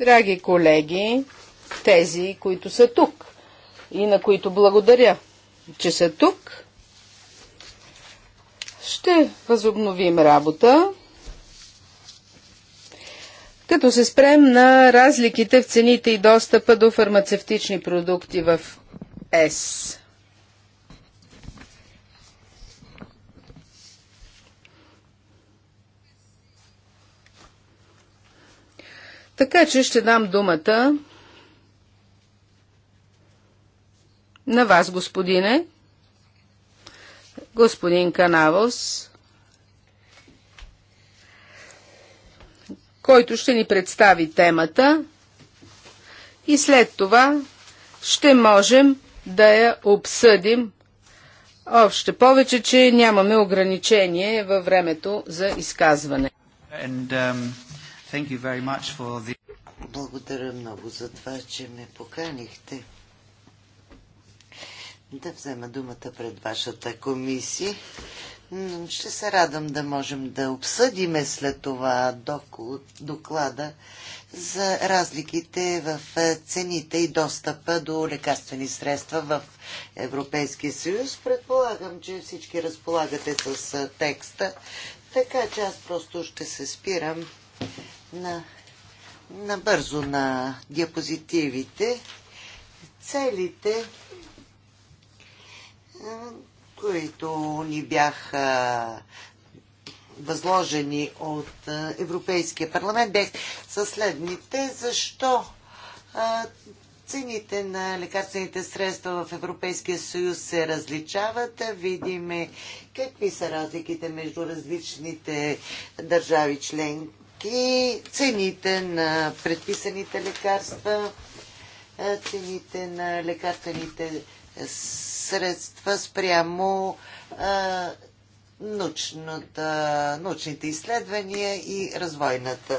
Драги колеги, тези, които са тук и на които благодаря, че са тук, ще възобновим работа, като се спрем на разликите в цените и достъпа до фармацевтични продукти в ЕС. Така че ще дам думата на вас, господине, господин Канавос, който ще ни представи темата и след това ще можем да я обсъдим още повече, че нямаме ограничение във времето за изказване. And, um... Thank you very much for the... Благодаря много за това, че ме поканихте да взема думата пред вашата комисия. Ще се радвам да можем да обсъдиме след това доклада за разликите в е, цените и достъпа до лекарствени средства в Европейския съюз. Предполагам, че всички разполагате с е, текста, така че аз просто ще се спирам на, бързо на диапозитивите целите, е, които ни бяха възложени от е, Европейския парламент, бях са следните. Защо е, цените на лекарствените средства в Европейския съюз се различават. Видиме какви са разликите между различните държави член, и цените на предписаните лекарства, е, цените на лекарствените средства спрямо е, научната, научните изследвания и развойната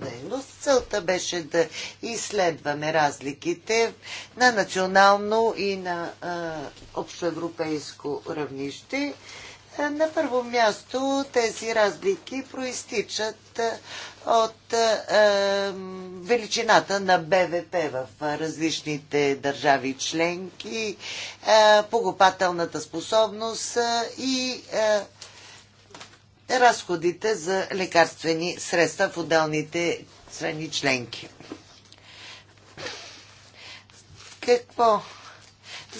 дейност. Целта беше да изследваме разликите на национално и на е, общоевропейско равнище. На първо място тези разлики проистичат е, от е, е, величината на БВП в различните държави членки, е, погопателната способност е, и е, разходите за лекарствени средства в отделните страни членки. Какво?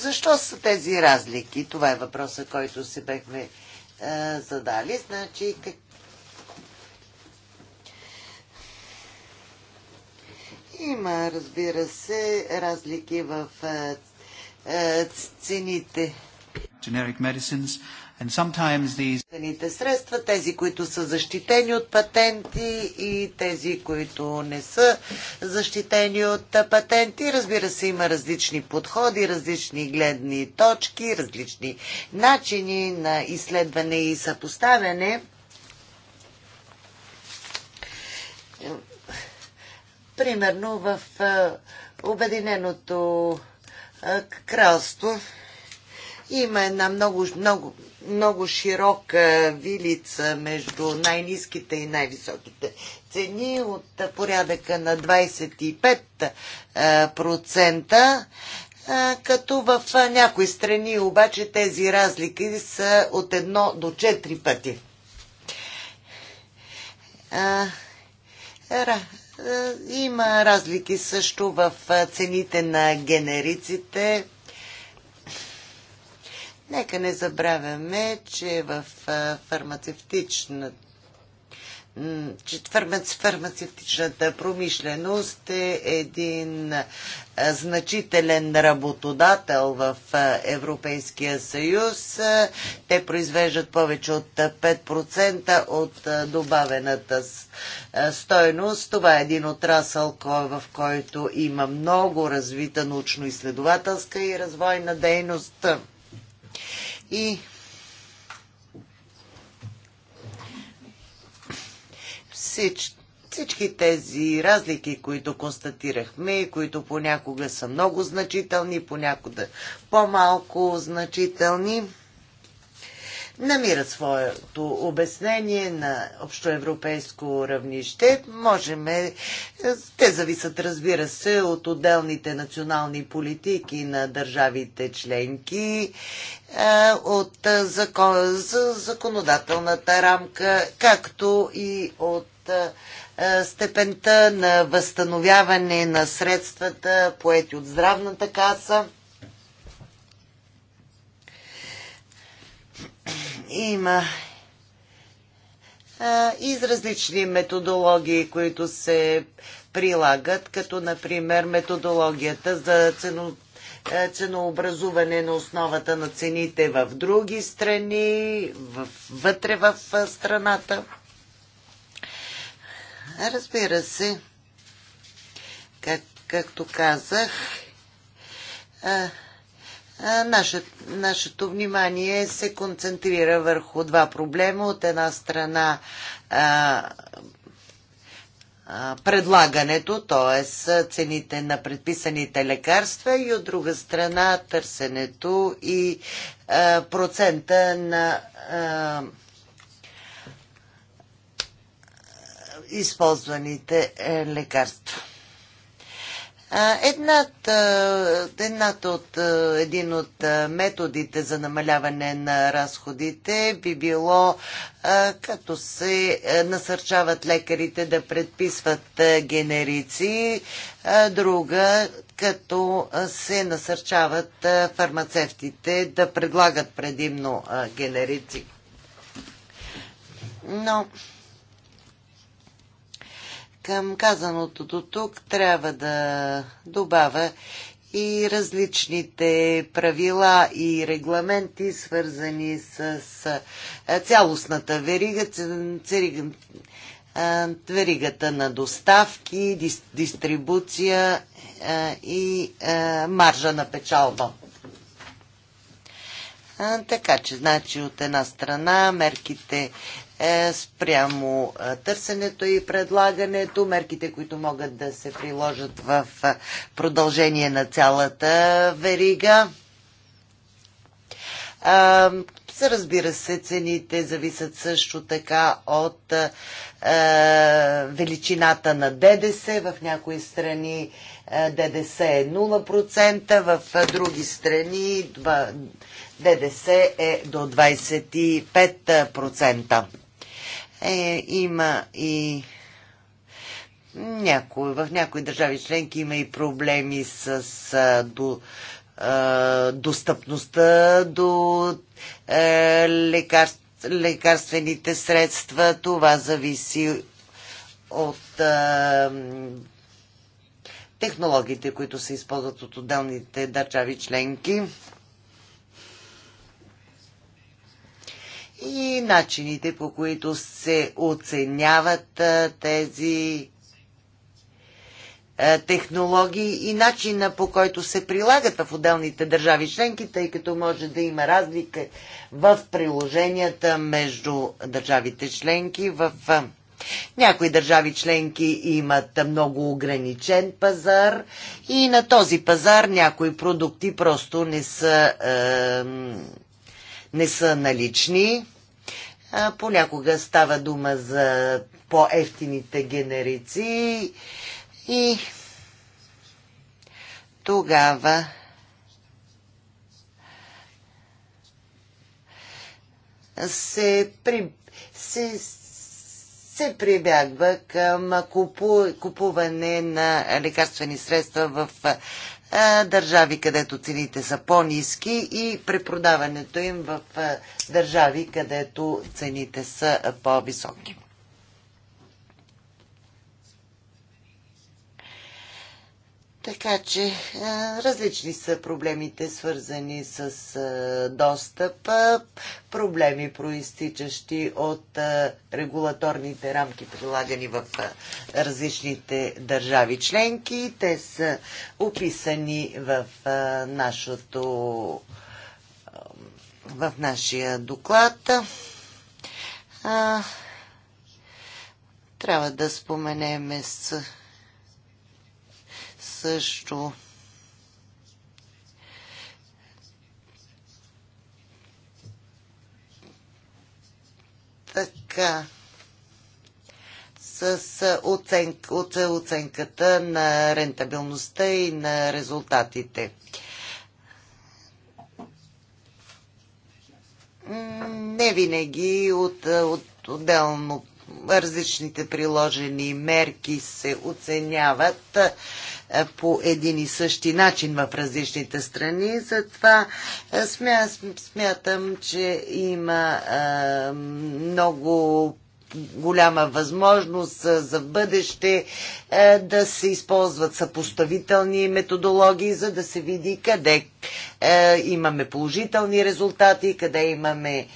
Защо са тези разлики? Това е въпроса, който се бехме а, е, задали. Значи, как... Има, разбира се, разлики в а, е, а, е, цените. Generic medicines These... средства, тези, които са защитени от патенти и тези, които не са защитени от патенти. Разбира се, има различни подходи, различни гледни точки, различни начини на изследване и съпоставяне. Примерно в Обединеното кралство има една много, много много широка вилица между най-низките и най-високите цени от порядъка на 25%, като в някои страни обаче тези разлики са от 1 до 4 пъти. Има разлики също в цените на генериците, Нека не забравяме, че в фармацевтичната че фармацевтичната промишленост е един значителен работодател в Европейския съюз. Те произвеждат повече от 5% от добавената стойност. Това е един отрасъл, в който има много развита научно-изследователска и развойна дейност. И всич, всички тези разлики, които констатирахме, които понякога са много значителни, понякога по-малко значителни, Намира своето обяснение на общоевропейско равнище. Можем, е, те зависят, разбира се, от отделните национални политики на държавите членки, е, от е, закон, за законодателната рамка, както и от степента на възстановяване на средствата, поети от здравната каса. Има изразлични методологии, които се прилагат, като например методологията за цено, ценообразуване на основата на цените в други страни, в, вътре в страната. Разбира се, как, както казах, Наше, нашето внимание се концентрира върху два проблема. От една страна а, а, предлагането, т.е. цените на предписаните лекарства и от друга страна търсенето и а, процента на а, използваните е, лекарства. Едната, едната от, един от методите за намаляване на разходите би било като се насърчават лекарите да предписват генерици, друга като се насърчават фармацевтите да предлагат предимно генерици. Но... No към казаното до тук трябва да добавя и различните правила и регламенти, свързани с цялостната верига, веригата на доставки, дистрибуция и маржа на печалба. Така че, значи, от една страна мерките е, спрямо е, търсенето и предлагането, мерките, които могат да се приложат в е, продължение на цялата верига. Разбира се, цените зависят също така от величината на ДДС. В някои страни ДДС е 0%, в други страни ДДС е до 25% е, има и някои, в някои държави членки има и проблеми с а, до, а, достъпността до а, е, лекар, лекарствените средства. Това зависи от а, технологиите, които се използват от отделните държави членки. и начините по които се оценяват тези технологии и начина по който се прилагат в отделните държави членки, тъй като може да има разлика в приложенията между държавите членки. В някои държави членки имат много ограничен пазар и на този пазар някои продукти просто не са, е, не са налични. Понякога става дума за по-ефтините генерици и тогава се, при, се, се прибягва към купу, купуване на лекарствени средства в държави, където цените са по-низки и препродаването им в държави, където цените са по-високи. Така че е, различни са проблемите, свързани с е, достъп, е, проблеми, проистичащи от регулаторните рамки, прилагани в различните държави членки. Те са описани в нашото в нашия доклад. Трябва да споменеме с също така с оценка, от оценката на рентабилността и на резултатите. Не винаги от, от отделно различните приложени мерки се оценяват по един и същи начин в различните страни. Затова смя, смятам, че има много голяма възможност за бъдеще да се използват съпоставителни методологии, за да се види къде имаме положителни резултати, къде имаме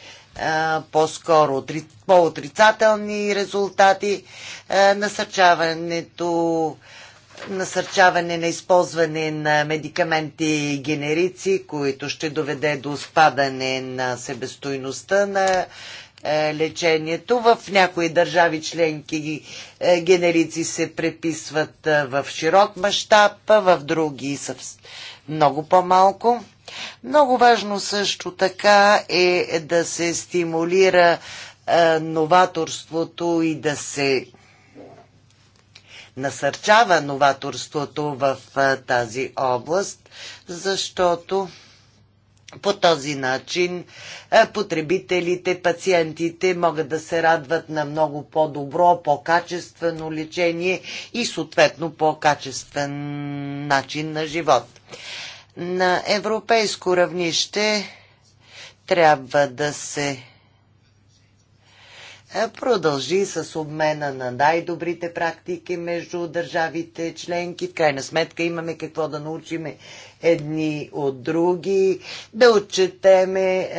по-скоро по-отрицателни резултати, насърчаването насърчаване на използване на медикаменти генерици, които ще доведе до спадане на себестойността на е, лечението. В някои държави членки е, генерици се преписват е, в широк мащаб, в други са много по-малко. Много важно също така е да се стимулира а, новаторството и да се насърчава новаторството в а, тази област, защото по този начин потребителите, пациентите могат да се радват на много по-добро, по-качествено лечение и съответно по-качествен начин на живот на европейско равнище трябва да се е, продължи с обмена на най-добрите практики между държавите членки. В крайна сметка имаме какво да научим едни от други, да отчетеме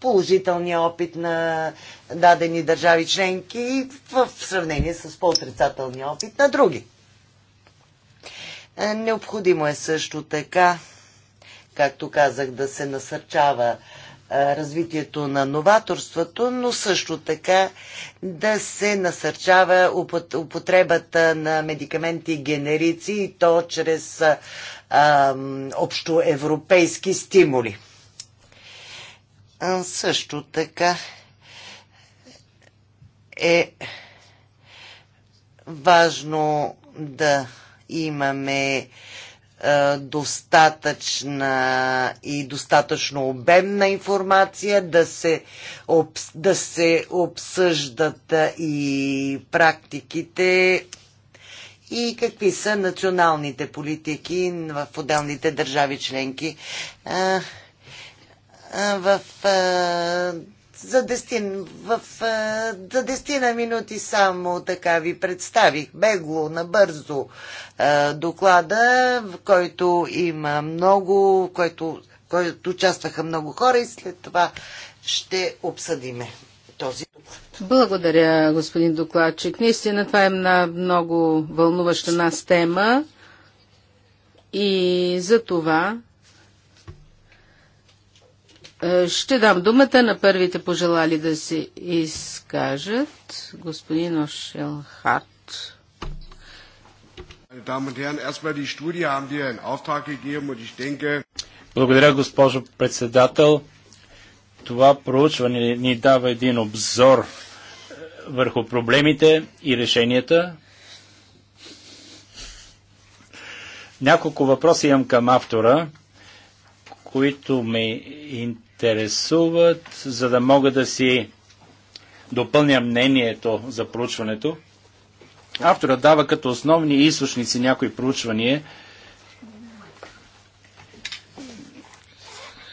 положителния опит на дадени държави членки в сравнение с по-отрицателния опит на други. Е, необходимо е също така както казах, да се насърчава развитието на новаторството, но също така да се насърчава употребата на медикаменти генерици и то чрез общоевропейски стимули. също така е важно да имаме е, достатъчна и достатъчно обемна информация, да се, да се обсъждат е, и практиките и какви са националните политики в отделните държави членки. Е, в за дестин, в, за дестина минути само така ви представих бегло, набързо доклада, в който има много, в който, в който участваха много хора и след това ще обсъдиме този доклад. Благодаря, господин докладчик. Наистина това е една много вълнуваща нас тема и за това е, ще дам думата на първите пожелали да се изкажат. Господин Ошелхарт. Благодаря, госпожо председател. Това проучване ни дава един обзор е, върху проблемите и решенията. Няколко въпроси имам към автора, които ме интересуват интересуват, за да мога да си допълня мнението за проучването. Авторът дава като основни източници някои проучвания.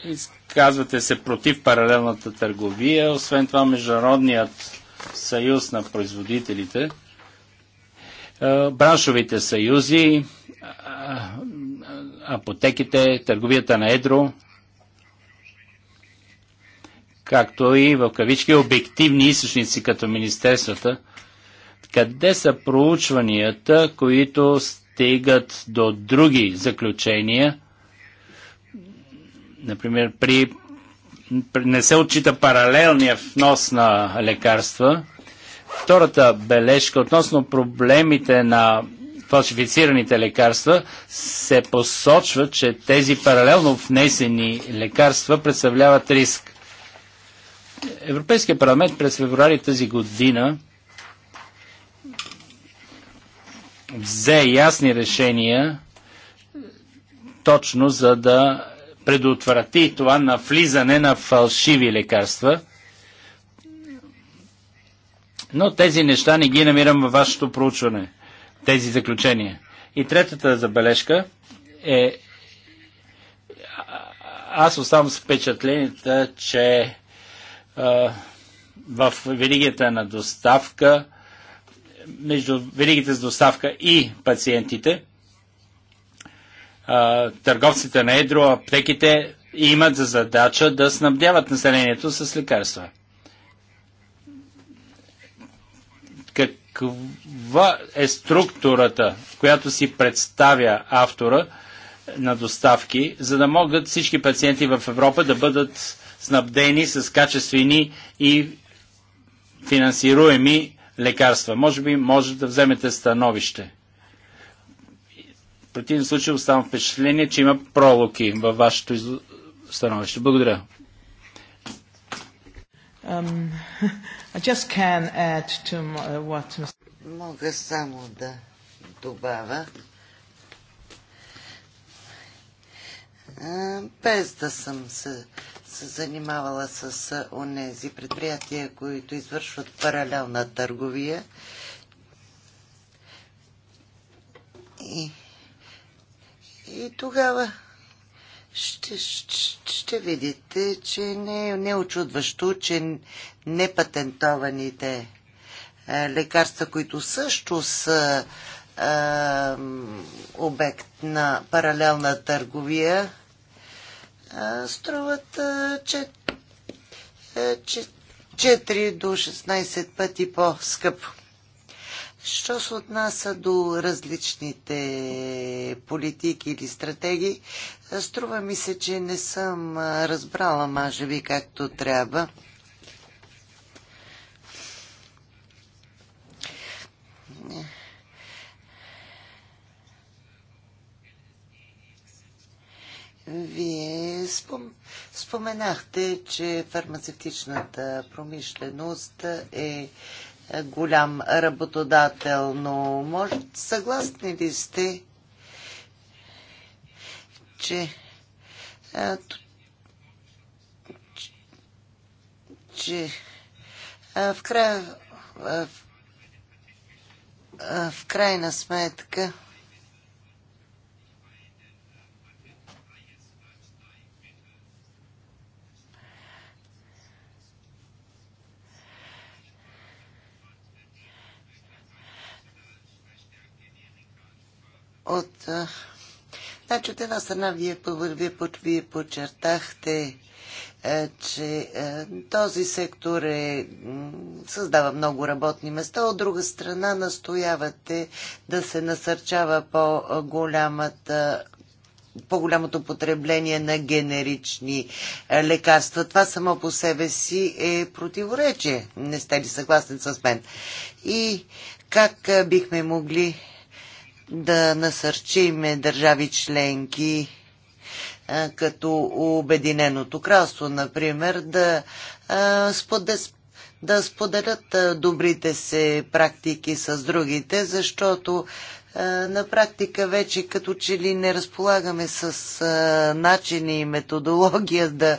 Изказвате се против паралелната търговия, освен това Международният съюз на производителите, браншовите съюзи, апотеките, търговията на едро, както и в кавички обективни източници, като министерствата, къде са проучванията, които стигат до други заключения, например, при не се отчита паралелния внос на лекарства. Втората бележка относно проблемите на фалшифицираните лекарства се посочва, че тези паралелно внесени лекарства представляват риск Европейския парламент през феврари тази година взе ясни решения точно за да предотврати това навлизане на фалшиви лекарства. Но тези неща не ги намирам във вашето проучване, тези заключения. И третата забележка е аз оставам с впечатлението, че в веригата на доставка, между веригите с доставка и пациентите, търговците на едро, аптеките имат за задача да снабдяват населението с лекарства. Каква е структурата, която си представя автора на доставки, за да могат всички пациенти в Европа да бъдат снабдени с качествени и финансируеми лекарства. Може би може да вземете становище. В противен случай оставам впечатление, че има пролоки във вашето становище. Благодаря. Um, what... Мога само да добавя без да съм се се занимавала с онези предприятия, които извършват паралелна търговия. И, и тогава ще, ще, ще видите, че не, не е очудващо, че непатентованите лекарства, които също са е, обект на паралелна търговия, струват 4, е, до 16 пъти по-скъпо. Що се отнася до различните политики или стратегии, струва ми се, че не съм разбрала, може би, както трябва. Вие спом... споменахте, че фармацевтичната промишленост е голям работодател, но може, съгласни ли сте, че, а, че, а, в, края, а, в, в крайна сметка от... Значи от една страна вие, вие, вие подчертахте, е, че е, този сектор е, създава много работни места. От друга страна настоявате да се насърчава по-голямата по-голямото потребление на генерични е, лекарства. Това само по себе си е противоречие. Не сте ли съгласни с мен? И как бихме могли да насърчиме държави членки като Обединеното кралство, например, да, споделят, да споделят добрите се практики с другите, защото е, на практика вече като че ли не разполагаме с а, е, начини и методология да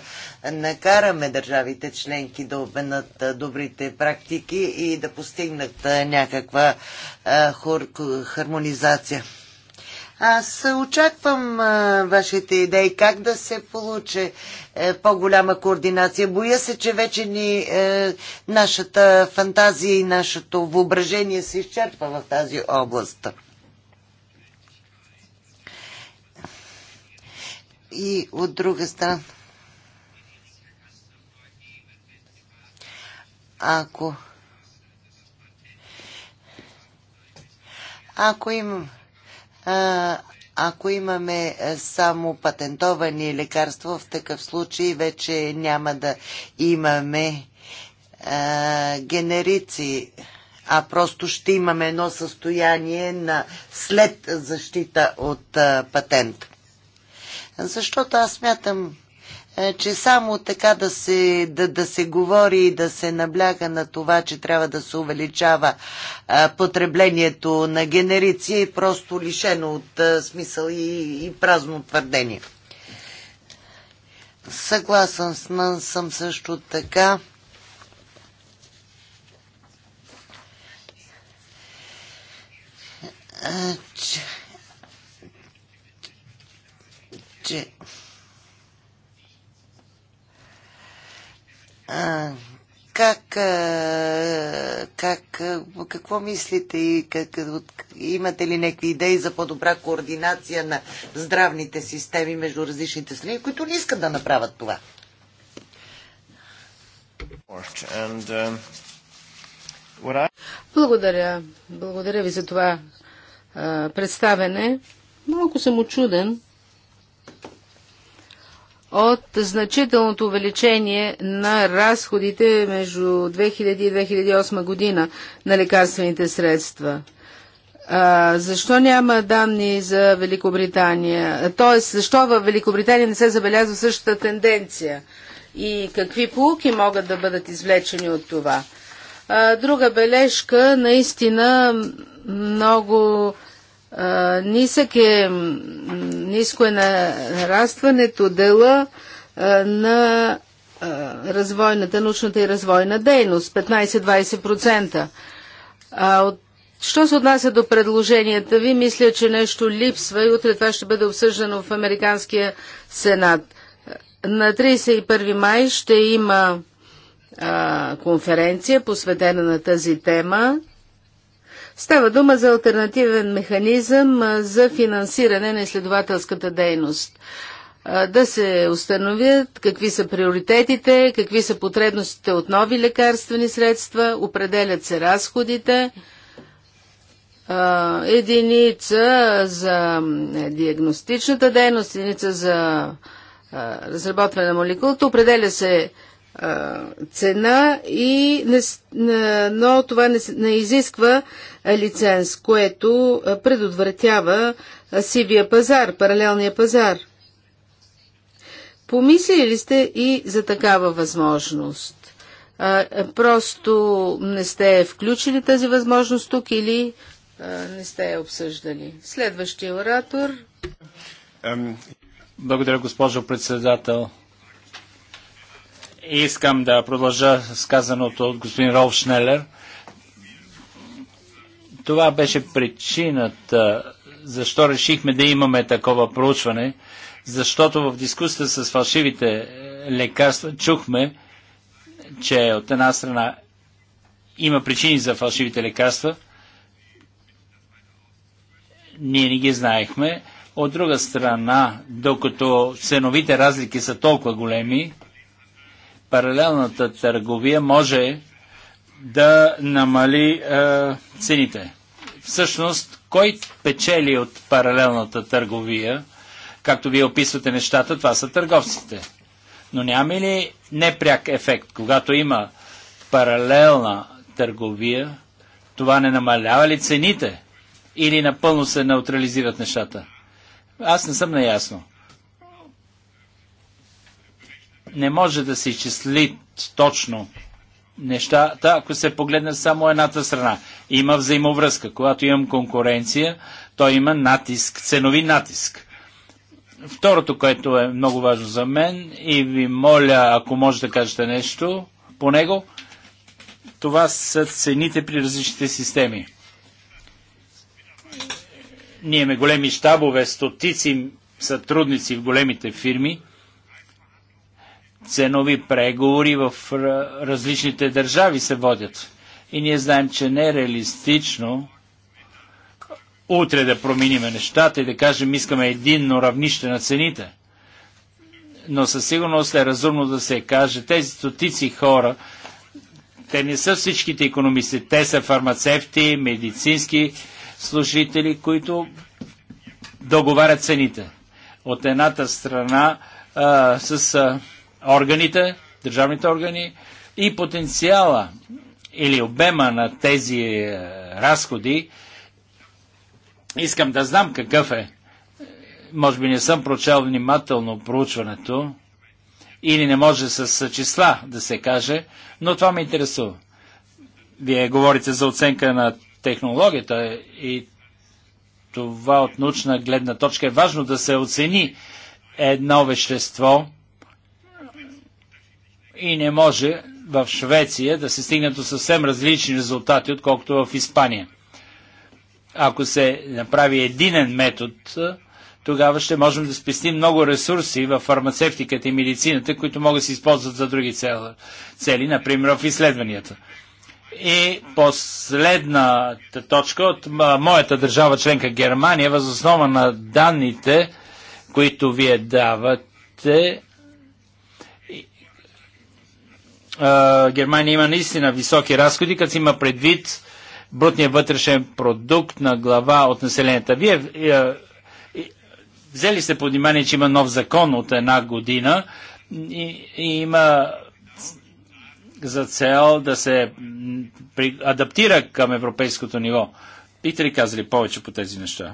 накараме държавите членки да обменят е, добрите практики и да постигнат а, някаква а, хор, хармонизация. Аз очаквам а, вашите идеи как да се получи е, по-голяма координация. Боя се, че вече ни е, нашата фантазия и нашето въображение се изчерпва в тази област. и от друга страна. Ако ако им а, ако имаме само патентовани лекарства, в такъв случай вече няма да имаме а, генерици, а просто ще имаме едно състояние на след защита от а, патент. Защото аз смятам, е, че само така да се, да, да се говори и да се набляга на това, че трябва да се увеличава е, потреблението на генерици е просто лишено от е, смисъл и, и празно твърдение. Съгласен съм, съм също така. Uh, че а, как, а, как, какво мислите и как, имате ли някакви идеи за по-добра координация на здравните системи между различните страни, които не искат да направят това? Uh, Благодаря. Благодаря ви за това а, представене. Малко съм очуден, от значителното увеличение на разходите между 2000 и 2008 година на лекарствените средства. А, защо няма данни за Великобритания? Тоест, защо в Великобритания не се забелязва същата тенденция? И какви полуки могат да бъдат извлечени от това? А, друга бележка, наистина много Нисък е, ниско е нарастването дела на развойната, научната и развойна дейност, 15-20%. А от Що се отнася до предложенията ви, мисля, че нещо липсва и утре това ще бъде обсъждано в Американския сенат. На 31 май ще има а, конференция, посветена на тази тема. Става дума за альтернативен механизъм за финансиране на изследователската дейност. Да се установят какви са приоритетите, какви са потребностите от нови лекарствени средства, определят се разходите, единица за е, диагностичната дейност, единица за разработване на молекулата, определя се цена, и не, но това не, не изисква лиценз, което предотвратява сивия пазар, паралелния пазар. Помислили ли сте и за такава възможност? А, просто не сте включили тази възможност тук или а, не сте обсъждали? Следващия оратор. Благодаря, госпожо председател. Искам да продължа сказаното от господин Ролф Шнелер. Това беше причината, защо решихме да имаме такова проучване, защото в дискусията с фалшивите е, лекарства чухме, че от една страна има причини за фалшивите лекарства, ние не ги знаехме. От друга страна, докато ценовите разлики са толкова големи, паралелната търговия може да намали е, цените. Всъщност, кой печели от паралелната търговия, както вие описвате нещата, това са търговците. Но няма ли непряк ефект? Когато има паралелна търговия, това не намалява ли цените? Или напълно се неутрализират нещата? Аз не съм наясно не може да се изчисли точно нещата, ако се погледне само едната страна. Има взаимовръзка. Когато имам конкуренция, то има натиск, ценови натиск. Второто, което е много важно за мен и ви моля, ако може да кажете нещо по него, това са цените при различните системи. Ние имаме големи щабове, стотици сътрудници в големите фирми – ценови преговори в различните държави се водят. И ние знаем, че не е реалистично утре да промениме нещата и да кажем искаме единно равнище на цените. Но със сигурност е разумно да се каже, тези стотици хора, те не са всичките економисти, те са фармацевти, медицински служители, които договарят цените. От едната страна а, с а, органите, държавните органи и потенциала или обема на тези е, разходи. Искам да знам какъв е. Може би не съм прочел внимателно проучването или не може с числа да се каже, но това ме интересува. Вие говорите за оценка на технологията и това от научна гледна точка е важно да се оцени едно вещество – и не може в Швеция да се стигне до съвсем различни резултати, отколкото в Испания. Ако се направи единен метод, тогава ще можем да спестим много ресурси в фармацевтиката и медицината, които могат да се използват за други цели, например в изследванията. И последната точка от моята държава членка Германия, възоснова на данните, които вие давате, Германия има наистина високи разходи, като има предвид брутния вътрешен продукт на глава от населението. Вие е, е, взели сте под внимание, че има нов закон от една година и, и има за цел да се адаптира към европейското ниво. Бихте ли казали повече по тези неща?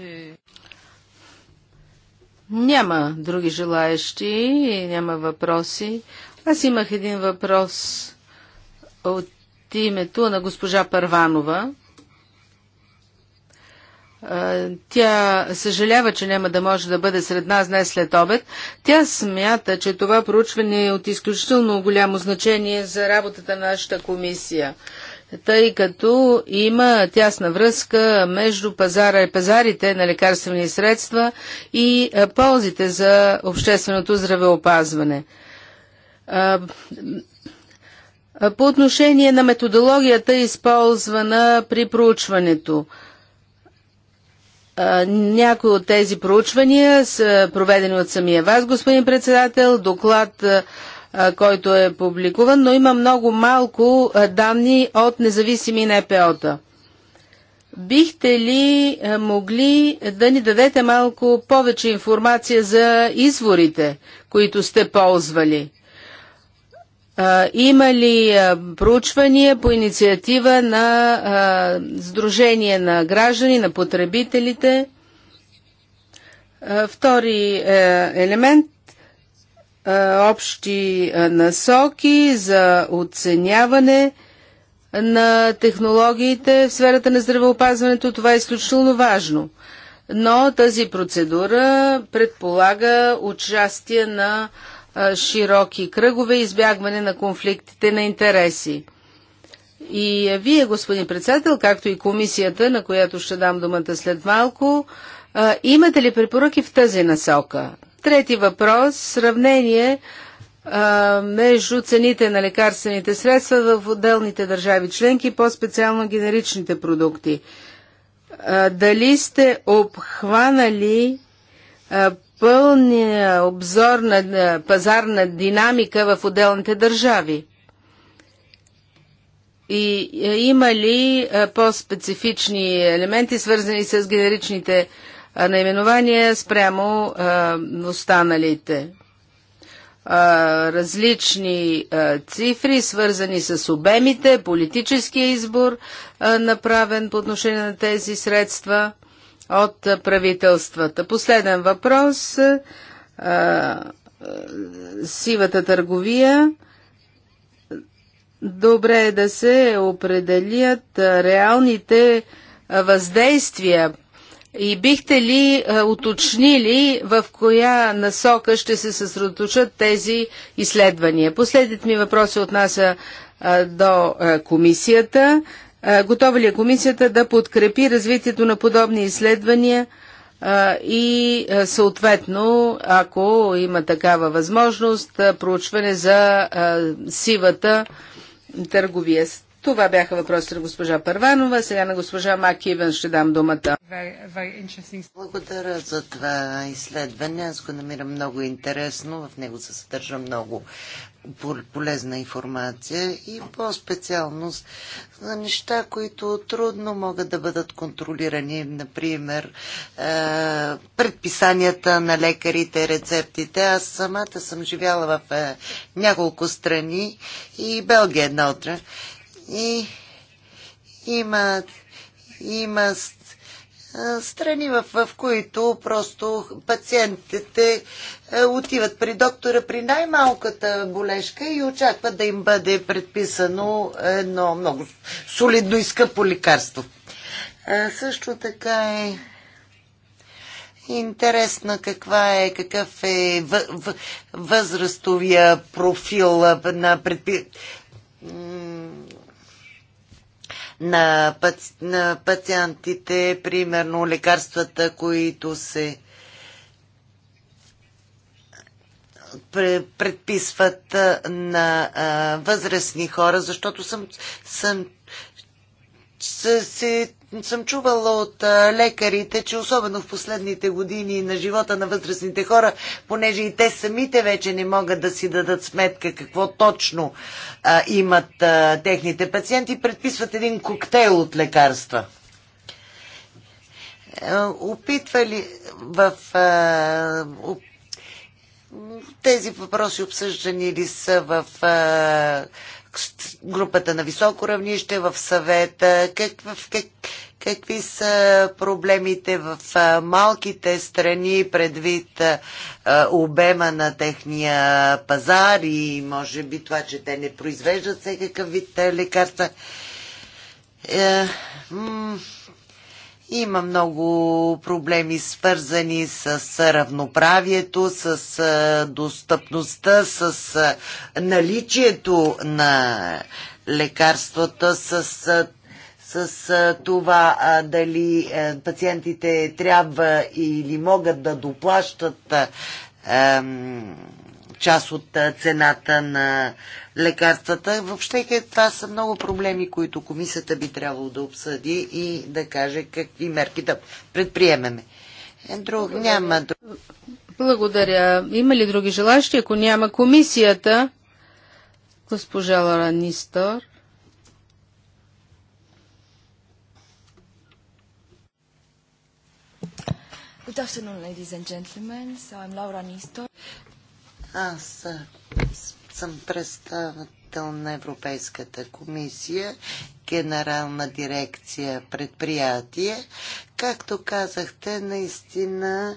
Euh, няма други желаящи, няма въпроси. Аз имах един въпрос от името на госпожа Първанова. Тя съжалява, че няма да може да бъде сред нас днес след обед. Тя смята, че това проучване е от изключително голямо значение за работата на нашата комисия тъй като има тясна връзка между пазара и пазарите на лекарствени средства и ползите за общественото здравеопазване. По отношение на методологията, използвана при проучването, някои от тези проучвания са проведени от самия вас, господин председател, доклад който е публикуван, но има много малко данни от независими НПО-та. Бихте ли могли да ни дадете малко повече информация за изворите, които сте ползвали? Има ли проучвания по инициатива на Сдружение на граждани, на потребителите? Втори е, елемент общи насоки за оценяване на технологиите в сферата на здравеопазването. Това е изключително важно. Но тази процедура предполага участие на широки кръгове и избягване на конфликтите на интереси. И вие, господин председател, както и комисията, на която ще дам думата след малко, имате ли препоръки в тази насока? Трети въпрос – сравнение а, между цените на лекарствените средства в отделните държави членки, по-специално генеричните продукти. А, дали сте обхванали а, пълния обзор на пазарна динамика в отделните държави? И има ли по-специфични елементи, свързани с генеричните продукти? наименование спрямо а, останалите. А, различни а, цифри, свързани с обемите, политическия избор, а, направен по отношение на тези средства от а, правителствата. Последен въпрос. А, а, сивата търговия. Добре е да се определят реалните въздействия и бихте ли а, е, уточнили в коя насока ще се съсредоточат тези изследвания? Последният ми въпрос се отнася а, е, до а, е, комисията. готова ли е комисията да подкрепи развитието на подобни изследвания и съответно, ако има такава възможност, проучване за сивата търговия? Това бяха въпросите на госпожа Първанова. Сега на госпожа Макивен ще дам думата. Благодаря за това изследване. Аз го намирам много интересно. В него се съдържа много полезна информация и по-специално за неща, които трудно могат да бъдат контролирани. Например, е, предписанията на лекарите, рецептите. Аз самата съм живяла в е, няколко страни и Белгия е една от и има, има страни, в, в които просто пациентите отиват при доктора при най-малката болешка и очакват да им бъде предписано едно много солидно и скъпо лекарство. А, също така е интересно каква е, какъв е възрастовия профил на предпи на, паци, на пациентите, примерно лекарствата, които се предписват на а, възрастни хора, защото съм, съм се, се съм чувала от лекарите, че особено в последните години на живота на възрастните хора, понеже и те самите вече не могат да си дадат сметка какво точно а, имат а, техните пациенти, предписват един коктейл от лекарства. Е, Опитвали в а, тези въпроси обсъждани ли са в а, групата на високо равнище, в съвета, как, в, как, какви са проблемите в малките страни предвид обема на техния пазар и може би това, че те не произвеждат всекакъв вид лекарства. Е, има много проблеми свързани с равноправието, с достъпността, с наличието на лекарствата, с с това дали пациентите трябва или могат да доплащат част от цената на лекарствата. Въобще е, това са много проблеми, които комисията би трябвало да обсъди и да каже какви мерки да предприемеме. Е, друг, няма друг. Благодаря. Има ли други желащи? Ако няма комисията, госпожа Лара Нистор. Good afternoon, ladies and gentlemen. So I'm Laura Nistor. Аз съм представител представител на Европейската комисия, генерална дирекция предприятие. Както казахте, наистина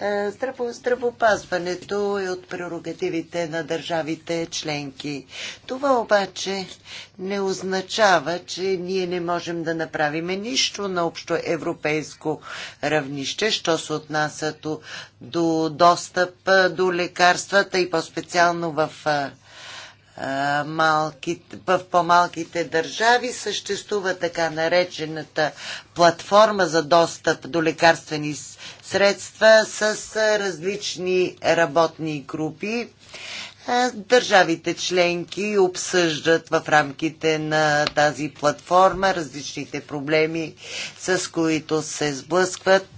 е, здравопазването е от прерогативите на държавите членки. Това обаче не означава, че ние не можем да направим нищо на общо европейско равнище, що се отнасято до достъп е, до лекарствата и по-специално в е, в по-малките държави съществува така наречената платформа за достъп до лекарствени средства с различни работни групи. Държавите членки обсъждат в рамките на тази платформа различните проблеми, с които се сблъскват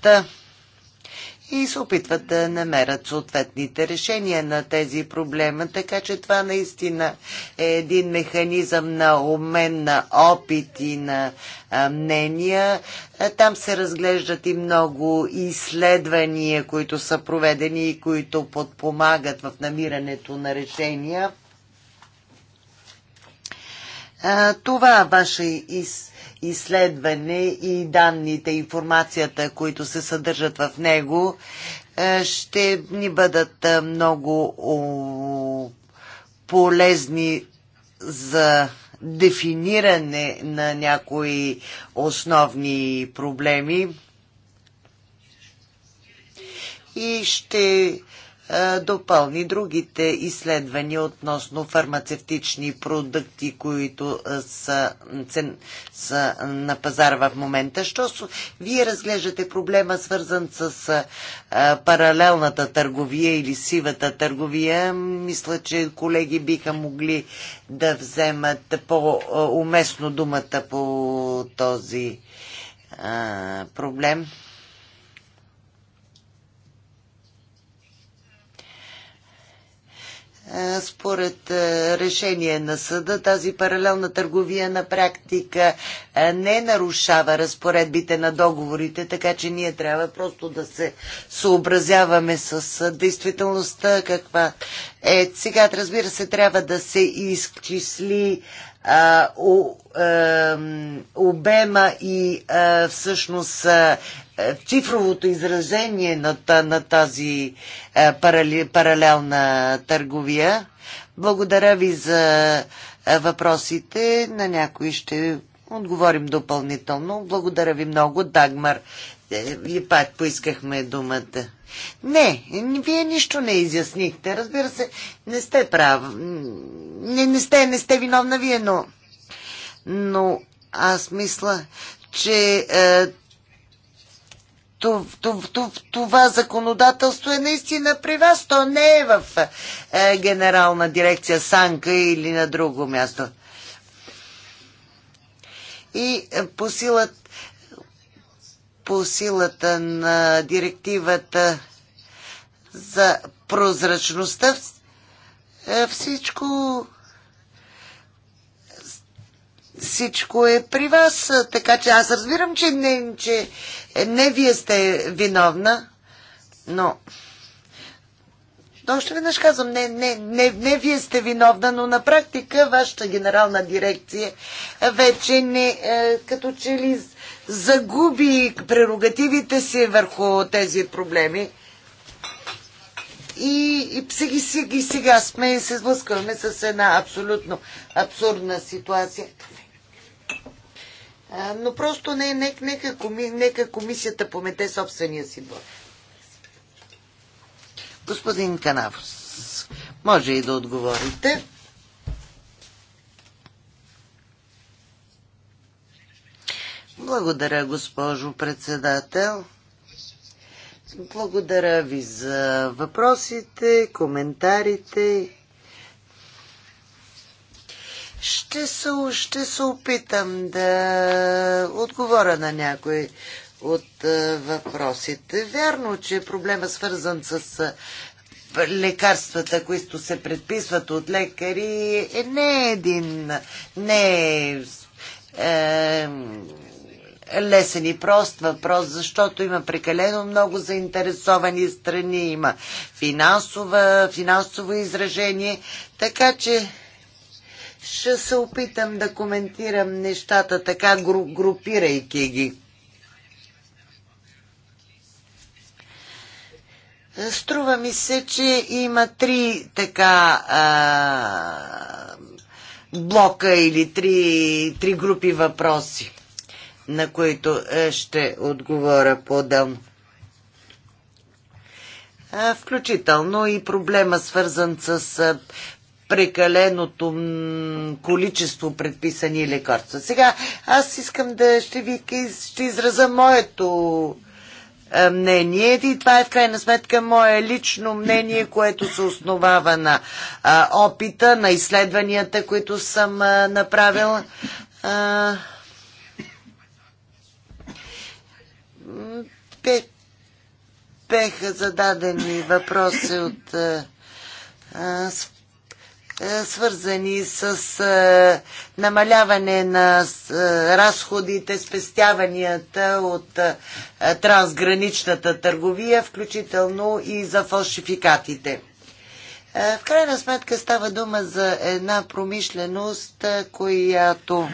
и се опитват да намерят съответните решения на тези проблеми. Така че това наистина е един механизъм на обмен на опит и на мнения. Там се разглеждат и много изследвания, които са проведени и които подпомагат в намирането на решения. Това ваше из изследване и данните, информацията, които се съдържат в него, е, ще ни бъдат е, много полезни за дефиниране на някои основни проблеми и ще е, допълни другите изследвания относно фармацевтични продукти, които е, са, са на пазар в момента. Що с... вие разглеждате проблема свързан с е, паралелната търговия или сивата търговия? Мисля, че колеги биха могли да вземат по-уместно думата по този проблем. Е, според е, решение на съда тази паралелна търговия на практика е, не нарушава разпоредбите на договорите, така че ние трябва просто да се съобразяваме с действителността, каква е. Сега, разбира се, трябва да се изчисли а, а, обема и а, всъщност а, е, цифровото изражение на, на тази е, парали, паралелна търговия. Благодаря ви за е, въпросите. На някои ще отговорим допълнително. Благодаря ви много, Дагмар. И пак поискахме думата. Не, вие нищо не изяснихте. Разбира се, не сте прав. Не, не, сте, не сте виновна вие, но... Но аз мисля, че е, това законодателство е наистина при вас. То не е в е, генерална дирекция Санка или на друго място. И е, по силата, по силата на директивата за прозрачността е, всичко всичко е при вас. Така че аз разбирам, че не, че е, не вие сте виновна, но... Но още веднъж казвам, не, не, не, не вие сте виновна, но на практика вашата генерална дирекция вече не, е, като че ли загуби прерогативите си върху тези проблеми. И, и, сега, сега, сега сме и се сблъскваме с една абсолютно абсурдна ситуация но просто не, не, нека, коми, нека комисията помете собствения си двор. Господин Канавос, може и да отговорите. Благодаря, госпожо председател. Благодаря ви за въпросите, коментарите ще се, ще се опитам да отговоря на някои от е, въпросите. Вярно, че проблема свързан с е, лекарствата, които се предписват от лекари, е не е един, не е, е лесен и прост въпрос, защото има прекалено много заинтересовани страни, има финансова, финансово изражение, така че ще се опитам да коментирам нещата така, групирайки ги. Струва ми се, че има три така а, блока или три, три групи въпроси, на които е, ще отговоря по-дълно. Включително и проблема свързан с прекаленото количество предписани лекарства. Сега аз искам да ще ви ще израза моето е, мнение. И това е в крайна сметка мое лично мнение, което се основава на а, е, опита, на изследванията, които съм а, е, направил. А, бе, беха зададени въпроси от а, а, е, свързани с е, намаляване на е, разходите, спестяванията от трансграничната търговия, включително и за фалшификатите. В крайна сметка става дума за една промишленост, която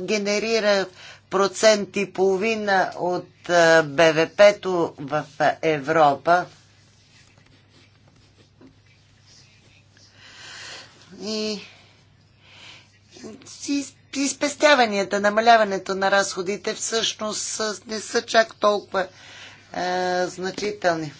генерира процент и половина от БВП-то в Европа. и изпестяванията, намаляването на разходите всъщност не са чак толкова е, значителни.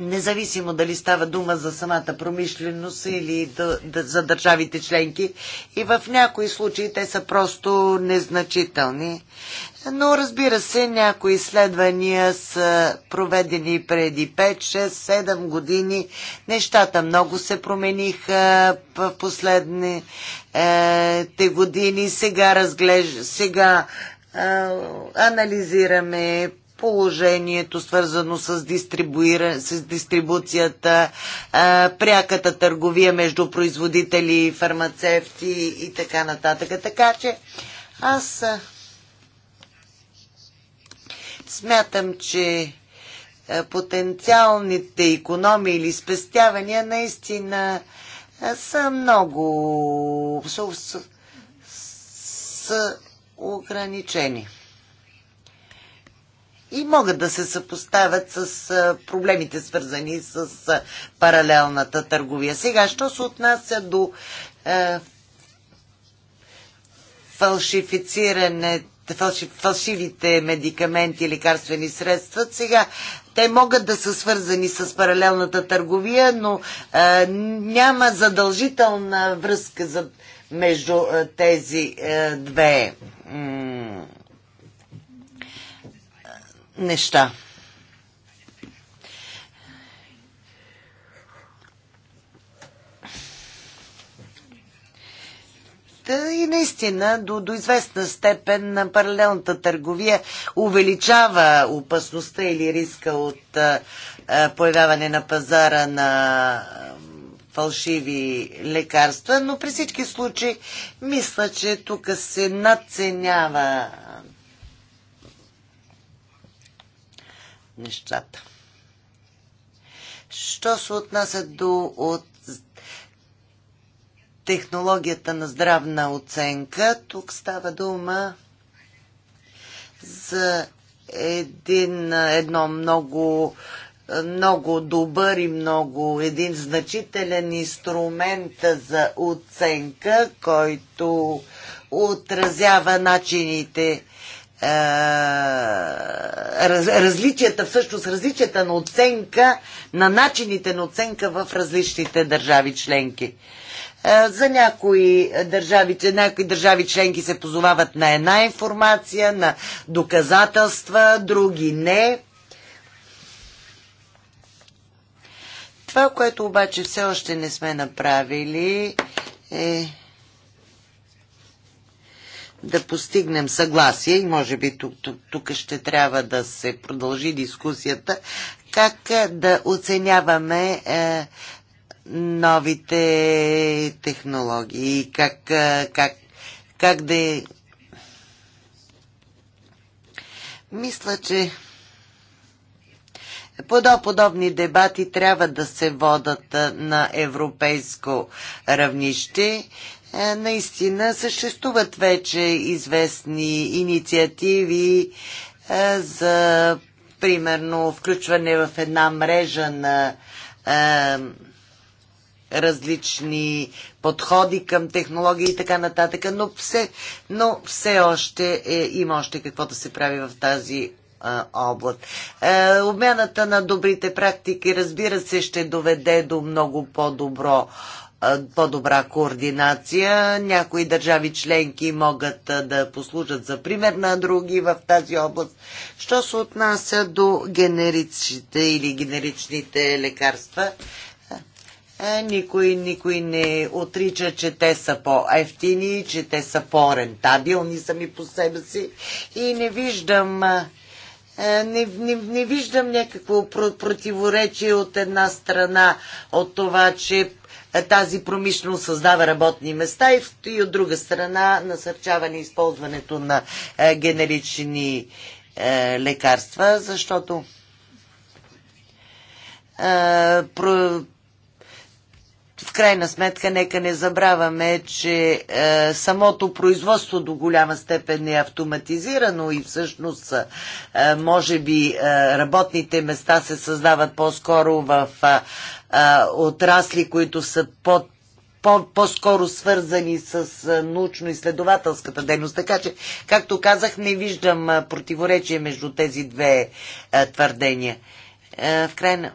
независимо дали става дума за самата промишленост или да, да, за държавите членки. И в някои случаи те са просто незначителни. Но разбира се, някои изследвания са проведени преди 5, 6, 7 години. Нещата много се промениха в последните е, години. Сега, разглеж... Сега а, е, анализираме положението, свързано с, дистрибуира... с дистрибуцията, а, е, пряката търговия между производители, фармацевти и така нататък. Така че аз Смятам, че е, потенциалните економии или спестявания наистина е, са много са, са, ограничени. И могат да се съпоставят с е, проблемите, свързани с паралелната търговия. Сега, що се отнася до е, фалшифицирането фалшивите медикаменти и лекарствени средства. Сега те могат да са свързани с паралелната търговия, но а, няма задължителна връзка за, между а, тези а, две неща. И наистина до, до известна степен на паралелната търговия увеличава опасността или риска от а, появяване на пазара на фалшиви лекарства, но при всички случаи мисля, че тук се надценява нещата. Що се отнася до от технологията на здравна оценка. Тук става дума за един, едно много, много добър и много един значителен инструмент за оценка, който отразява начините е, различията, всъщност различията на оценка, на начините на оценка в различните държави членки. Е, за някои държави, някои държави членки се позовават на една информация, на доказателства, други не. Това, което обаче все още не сме направили е да постигнем съгласие и може би тук, тук, тук ще трябва да се продължи дискусията, как е да оценяваме е, новите технологии, как, как, как да... Е? Мисля, че подобни дебати трябва да се водат на европейско равнище. Е, наистина съществуват вече известни инициативи е, за примерно включване в една мрежа на различни подходи към технологии и така нататък, но все, но все още е, има още какво да се прави в тази а, област. Е, обмяната на добрите практики, разбира се, ще доведе до много по-добро по-добра координация. Някои държави членки могат да послужат за пример на други в тази област. Що се отнася до генеричните или генеричните лекарства, е, никой, никой не отрича, че те са по-ефтини, че те са по-рентабилни сами по себе си и не виждам е, е, не, не, не виждам някакво противоречие от една страна от това, че тази промишленост създава работни места и, и от друга страна насърчаване използването на генерични лекарства, защото в крайна сметка, нека не забравяме, че е, самото производство до голяма степен е автоматизирано и всъщност е, може би е, работните места се създават по-скоро в е, е, отрасли, които са под по-скоро по свързани с е, научно-изследователската дейност. Така че, както казах, не виждам е, противоречие между тези две е, твърдения. В крайна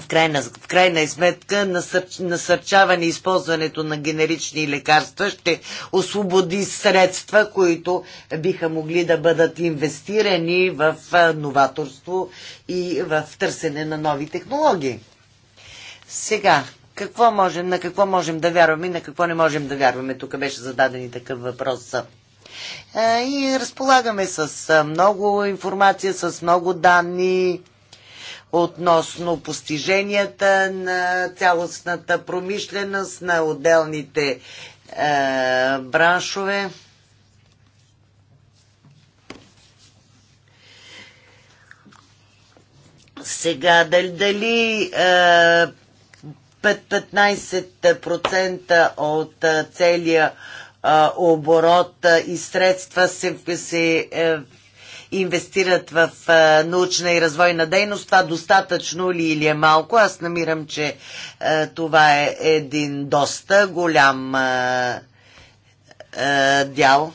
в крайна, в крайна сметка насър, насърчаване използването на генерични лекарства ще освободи средства, които биха могли да бъдат инвестирани в новаторство и в търсене на нови технологии. Сега, какво можем, на какво можем да вярваме и на какво не можем да вярваме? Тук беше зададен и такъв въпрос. И разполагаме с много информация, с много данни относно постиженията на цялостната промишленост на отделните е, браншове. Сега, дали, дали е, 15% от е, целия е, оборот е, и средства се, се инвестират в научна и развойна дейност. Това достатъчно ли или е малко? Аз намирам, че това е един доста голям дял.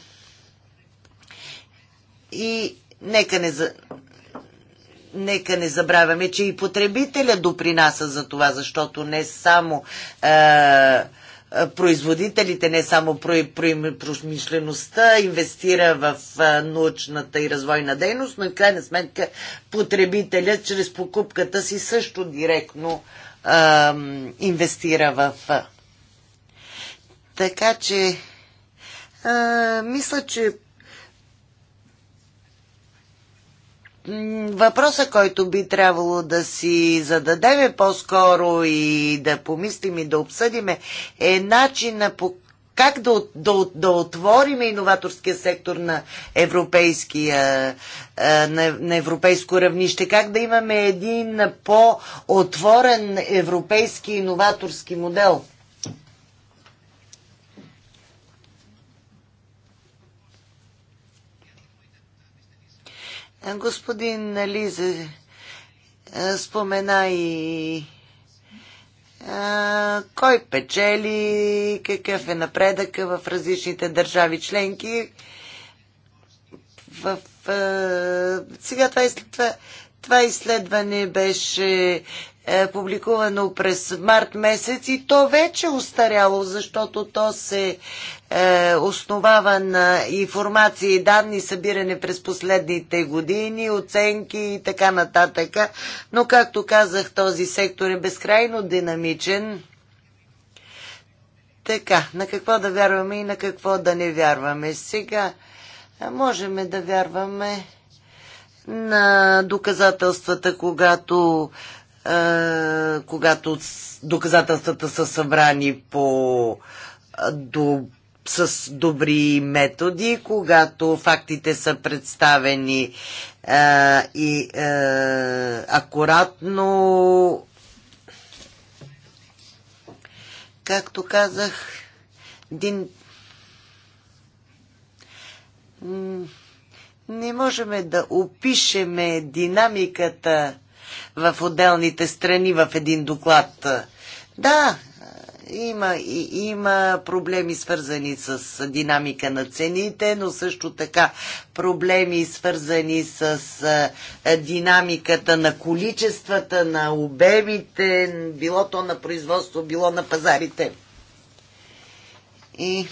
И нека не, нека не забравяме, че и потребителя допринася за това, защото не само производителите, не само промишлеността, инвестира в научната и развойна дейност, но и крайна сметка потребителя чрез покупката си също директно инвестира в. Така че мисля, че въпроса, който би трябвало да си зададеме по-скоро и да помислим и да обсъдиме е начина по как да, да, да отвориме иноваторския сектор на, европейския, е, на, на европейско равнище, как да имаме един по-отворен европейски иноваторски модел. Господин Лиза е, спомена и а, е, кой печели, какъв е напредъка в различните държави членки. В, а, е, сега това, това, това изследване беше публикувано през март месец и то вече устаряло, защото то се е, основава на информации и данни, събиране през последните години, оценки и така нататък. Но, както казах, този сектор е безкрайно динамичен. Така, на какво да вярваме и на какво да не вярваме. Сега е, можем да вярваме на доказателствата, когато, е, когато доказателствата са събрани по е, до с добри методи, когато фактите са представени а, е, и а, е, акуратно. Както казах, Дин... не можем да опишеме динамиката в отделните страни в един доклад. Да, има, и, има проблеми свързани с динамика на цените, но също така проблеми свързани с динамиката на количествата, на обемите, било то на производство, било на пазарите. И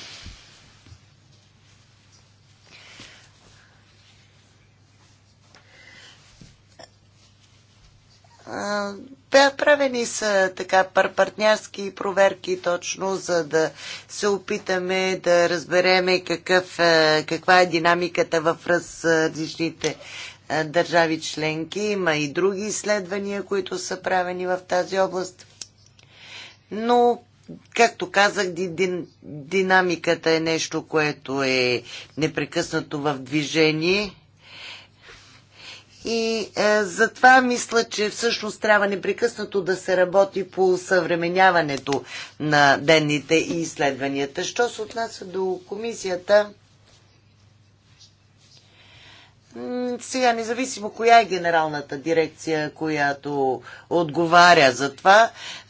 Правени са така партньорски проверки точно, за да се опитаме да разбереме какъв, е, каква е динамиката в различните е, държави членки. Има и други изследвания, които са правени в тази област. Но, както казах, дин, динамиката е нещо, което е непрекъснато в движение и е, затова мисля, че всъщност трябва непрекъснато да се работи по съвременяването на денните и изследванията. Що се отнася до комисията, сега, независимо коя е генералната дирекция, която отговаря за това,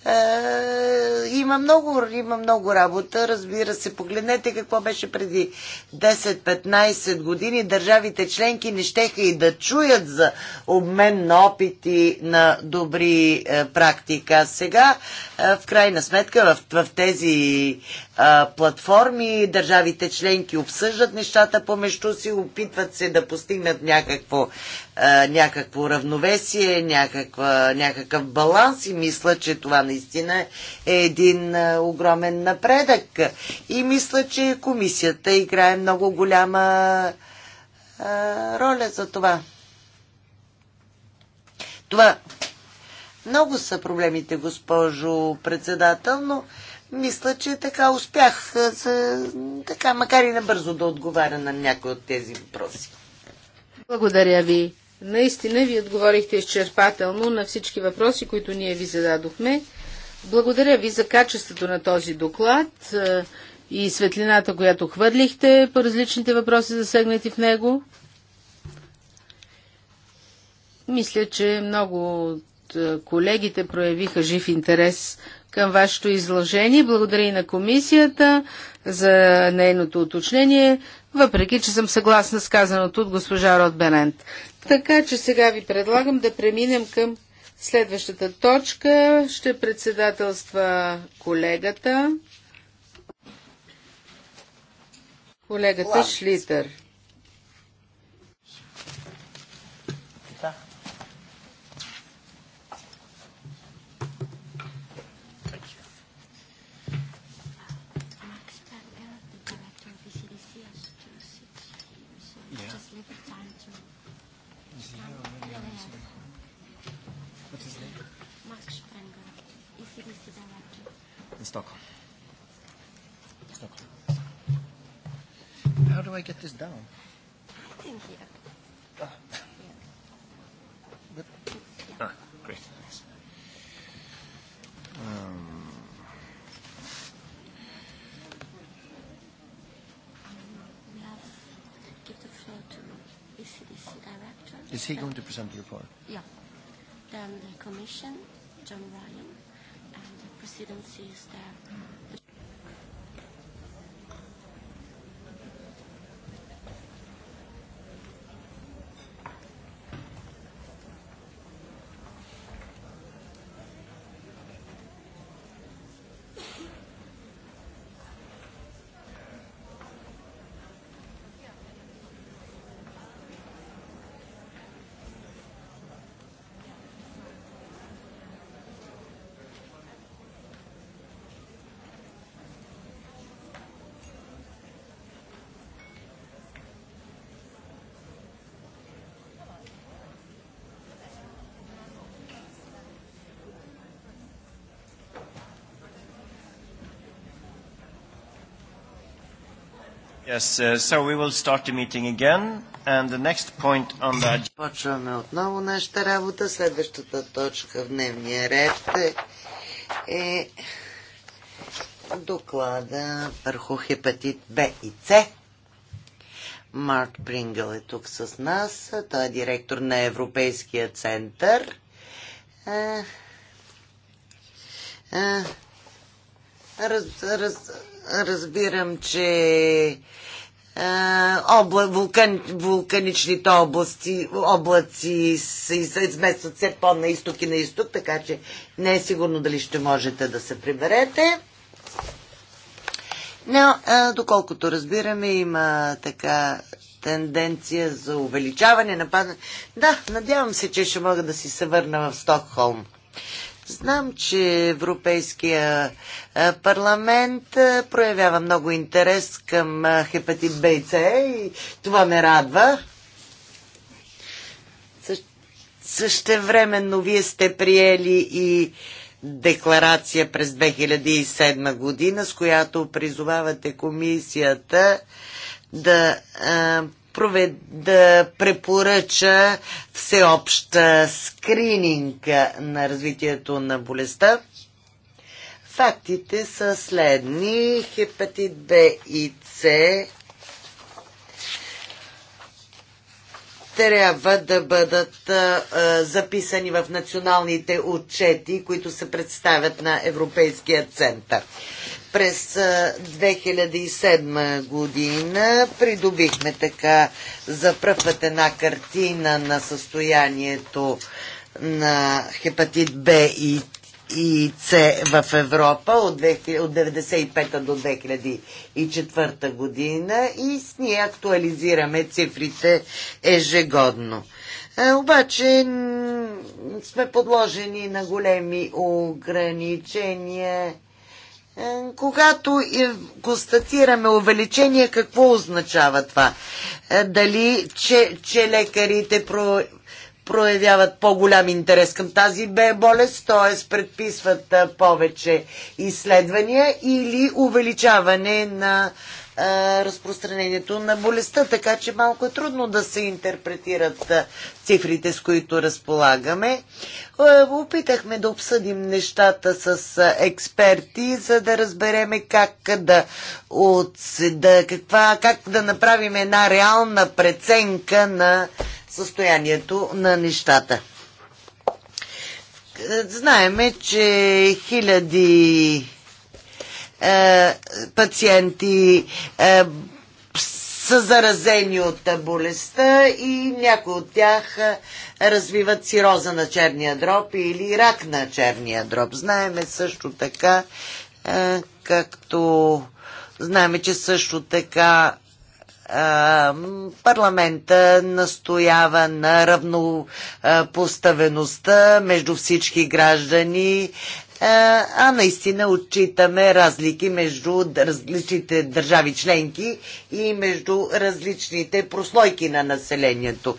е, има много, има много работа. Разбира се, погледнете какво беше преди 10-15 години. Държавите членки не щеха и да чуят за обмен на опити на добри е, практика. А сега, е, в крайна сметка, в, в тези платформи държавите членки обсъждат нещата помежду си, опитват се да постигнат някакво, някакво равновесие, някаква, някакъв баланс и мисля, че това не наистина е един огромен напредък. И мисля, че комисията играе много голяма роля за това. Това много са проблемите, госпожо председател, но мисля, че така успях, за, така, макар и набързо да отговаря на някои от тези въпроси. Благодаря ви. Наистина ви отговорихте изчерпателно на всички въпроси, които ние ви зададохме. Благодаря ви за качеството на този доклад е, и светлината, която хвърлихте по различните въпроси засегнати в него. Мисля, че много от е, колегите проявиха жив интерес към вашето изложение. Благодаря и на комисията за нейното уточнение, въпреки че съм съгласна с казаното от госпожа Род Бенент. Така че сега ви предлагам да преминем към Следващата точка ще председателства колегата. Колегата Шлитър. I get this down? I think here. Ah. But, ah, great. Thanks. Um, Is he going to present the report? Yeah. Then the commission, John Ryan, and the presidency is there. Yes, uh, we will start the meeting again. And the next point on the... Започваме отново нашата работа. Следващата точка в дневния ред е доклада върху хепатит Б и С. Марк Прингъл е тук с нас. Той е директор на Европейския център. Е, е, Раз, раз, разбирам, че е, обла, вулкан, вулканичните области, облаци се изместват все по-на изток и на изток, така че не е сигурно дали ще можете да се приберете. Но, е, доколкото разбираме, има така тенденция за увеличаване на падане. Да, надявам се, че ще мога да си се върна в Стокхолм. Знам, че Европейския парламент проявява много интерес към хепатит Б и С и това ме радва. Същевременно вие сте приели и декларация през 2007 година, с която призовавате комисията да провед, да препоръча всеобщ скрининг на развитието на болестта. Фактите са следни. Хепатит Б и С трябва да бъдат а, записани в националните отчети, които се представят на Европейския център през 2007 година придобихме така за пръв път една картина на състоянието на хепатит Б и и С в Европа от, 1995 до 2004 година и с ние актуализираме цифрите ежегодно. А, обаче сме подложени на големи ограничения е, когато констатираме увеличение, какво означава това? Е, дали, че, че лекарите про, проявяват по-голям интерес към тази болест, т.е. предписват е, повече изследвания или увеличаване на разпространението на болестта, така че малко е трудно да се интерпретират цифрите, с които разполагаме. Опитахме да обсъдим нещата с експерти, за да разбереме как да, от, да, каква, как да направим една реална преценка на състоянието на нещата. Знаеме, че хиляди е, пациенти е, са заразени от болестта и някои от тях е, развиват сироза на черния дроб или рак на черния дроб. Знаеме също така, както знаеме, че също така парламента настоява на равнопоставеността между всички граждани, а наистина отчитаме разлики между различните държави членки и между различните прослойки на населението.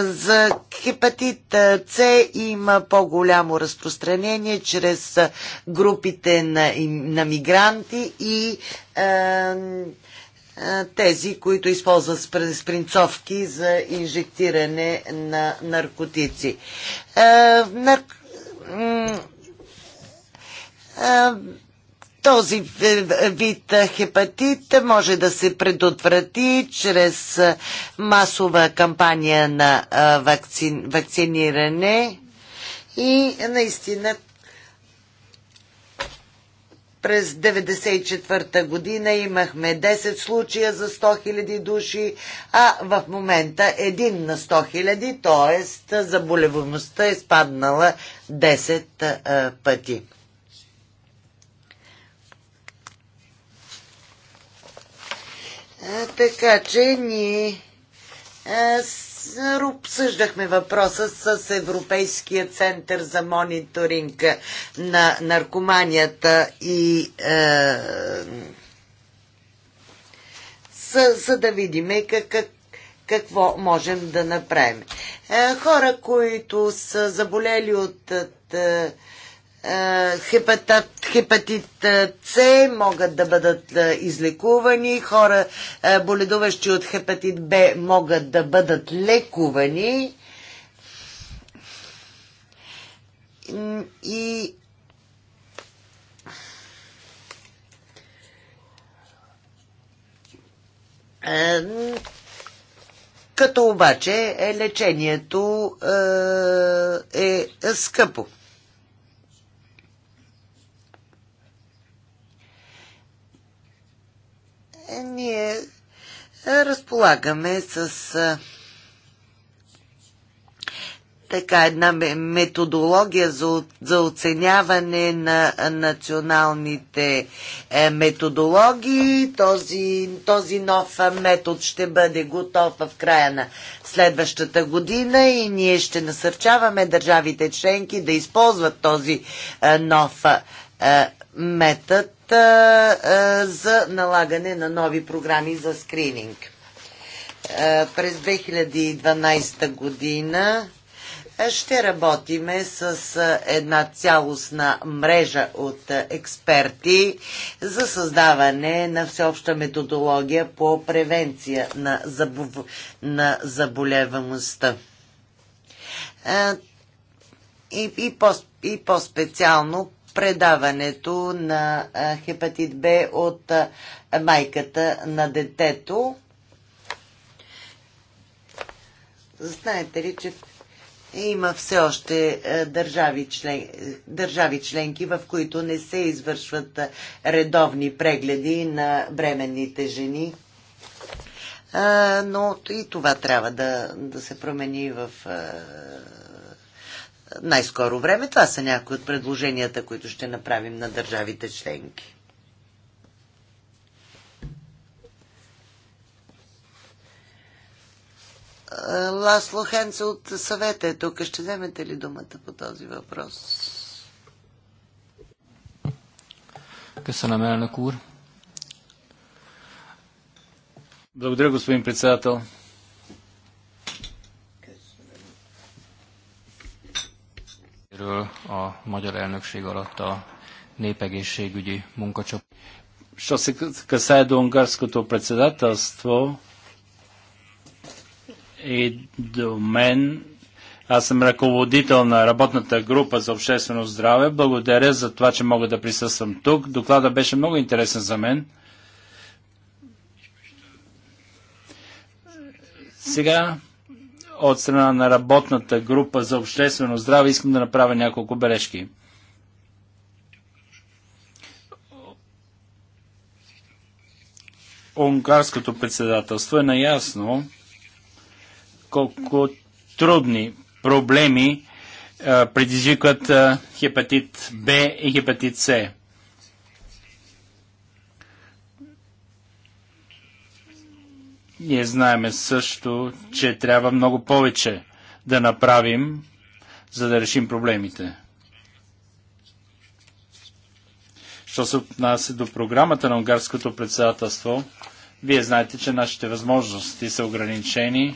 За хепатит С има по-голямо разпространение чрез групите на, на мигранти и тези, които използват спринцовки за инжектиране на наркотици. Нарк този вид хепатит може да се предотврати чрез масова кампания на вакци... вакциниране и наистина през 1994 година имахме 10 случая за 100 000 души, а в момента 1 на 100 000, т.е. заболеваността е спаднала 10 пъти. А, така че ние обсъждахме въпроса с Европейския център за мониторинг на наркоманията и за, да видим как, как, какво можем да направим. А, хора, които са заболели от, от е, хепатит, хепатит С могат да бъдат е, излекувани, хора е, боледуващи от хепатит Б могат да бъдат лекувани и като обаче лечението е скъпо. Е, ние е, разполагаме с е, така една методология за, за оценяване на националните е, методологии. Този, този нов метод ще бъде готов в края на следващата година и ние ще насърчаваме държавите членки да използват този е, нов е, метът а, а, за налагане на нови програми за скрининг. А, през 2012 година ще работиме с една цялостна мрежа от експерти за създаване на всеобща методология по превенция на, забол... на заболеваността. И, и, по, и по-специално предаването на хепатит Б от майката на детето. Знаете ли, че има все още държави, член, държави членки, в които не се извършват редовни прегледи на бременните жени. Но и това трябва да, да се промени в най-скоро време. Това са някои от предложенията, които ще направим на държавите членки. Ласло Хенце от съвета е тук. Ще вземете ли думата по този въпрос? Köszönöm, намерена кур. Благодаря, господин председател. ről a magyar elnökség alatt a népegészségügyi munkacsoport. Što se kasa do председателство и до мен, аз съм ръководител на работната група за обществено здраве. Благодаря за това, че мога да присъствам тук. Доклада беше много интересен за мен. Сега от страна на работната група за обществено здраве искам да направя няколко бележки. Унгарското председателство е наясно колко трудни проблеми предизвикват хепатит Б и хепатит С. Ние знаеме също, че трябва много повече да направим, за да решим проблемите. Що се отнася до програмата на унгарското председателство, вие знаете, че нашите възможности са ограничени.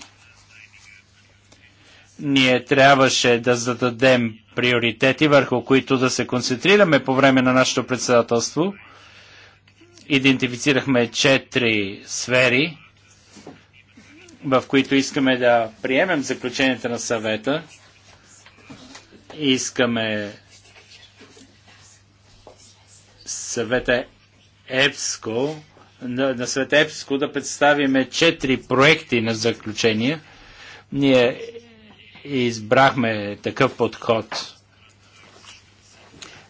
Ние трябваше да зададем приоритети, върху които да се концентрираме по време на нашето председателство. Идентифицирахме четири сфери – в които искаме да приемем заключенията на съвета, искаме съвета ЕПСКО, на, съвета ЕПСКО да представиме четири проекти на заключения. Ние избрахме такъв подход.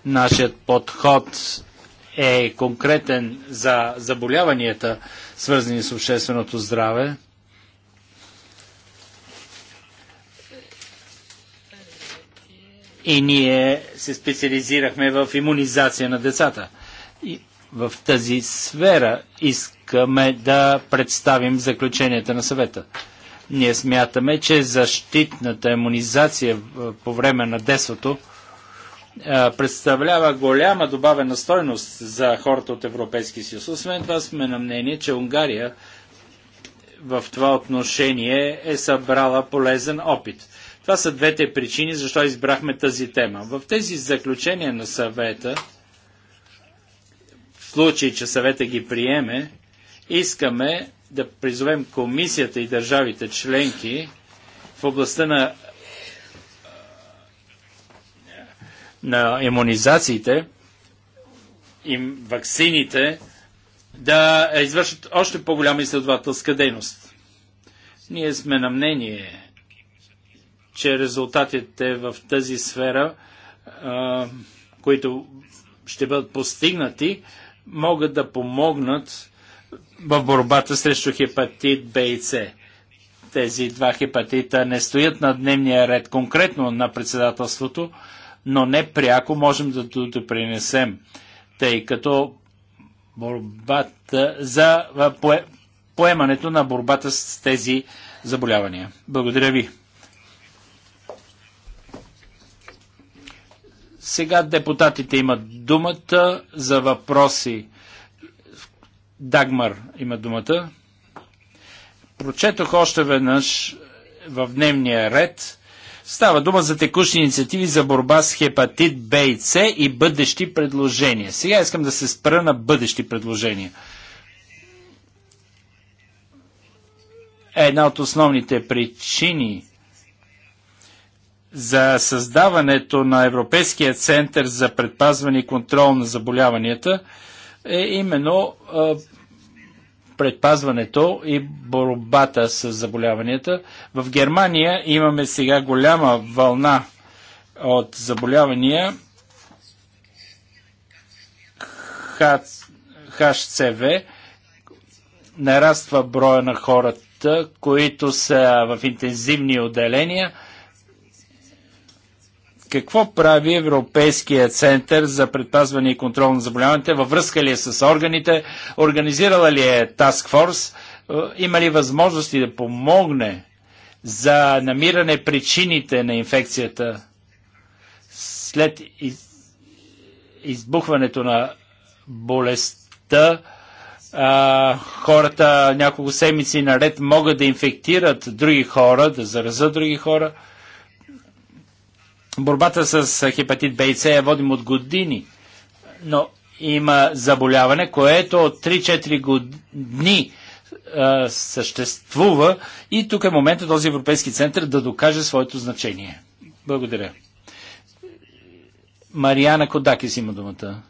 Нашият подход е конкретен за заболяванията, свързани с общественото здраве. и ние се специализирахме в иммунизация на децата. И в тази сфера искаме да представим заключенията на съвета. Ние смятаме, че защитната иммунизация е, по време на десото е, представлява голяма добавена стойност за хората от Европейския съюз. Освен това сме на мнение, че Унгария в това отношение е събрала полезен опит. Това са двете причини, защо избрахме тази тема. В тези заключения на съвета, в случай, че съвета ги приеме, искаме да призовем комисията и държавите членки в областта на, на иммунизациите и вакцините да извършат още по-голяма изследователска дейност. Ние сме на мнение, че резултатите в тази сфера, а, които ще бъдат постигнати, могат да помогнат в борбата срещу хепатит Б и С. Тези два хепатита не стоят на дневния ред конкретно на председателството, но не пряко можем да допринесем, тъй като борбата за поемането на борбата с тези заболявания. Благодаря ви. Сега депутатите имат думата за въпроси. Дагмар има думата. Прочетох още веднъж в дневния ред. Става дума за текущи инициативи за борба с хепатит Б и С и бъдещи предложения. Сега искам да се спра на бъдещи предложения. Е, една от основните причини за създаването на Европейския център за предпазване и контрол на заболяванията е именно предпазването и борбата с заболяванията. В Германия имаме сега голяма вълна от заболявания ХЦВ. Нараства броя на хората, които са в интензивни отделения – какво прави Европейския център за предпазване и контрол на заболяването? Във връзка ли е с органите? Организирала ли е Task Force? Е, има ли възможности да помогне за намиране причините на инфекцията след из... избухването на болестта? а, хората няколко седмици наред могат да инфектират други хора, да заразат други хора. Борбата с хепатит Б и С я водим от години, но има заболяване, което от 3-4 години дни съществува и тук е момента този Европейски център да докаже своето значение. Благодаря. Мариана Кодакис има думата.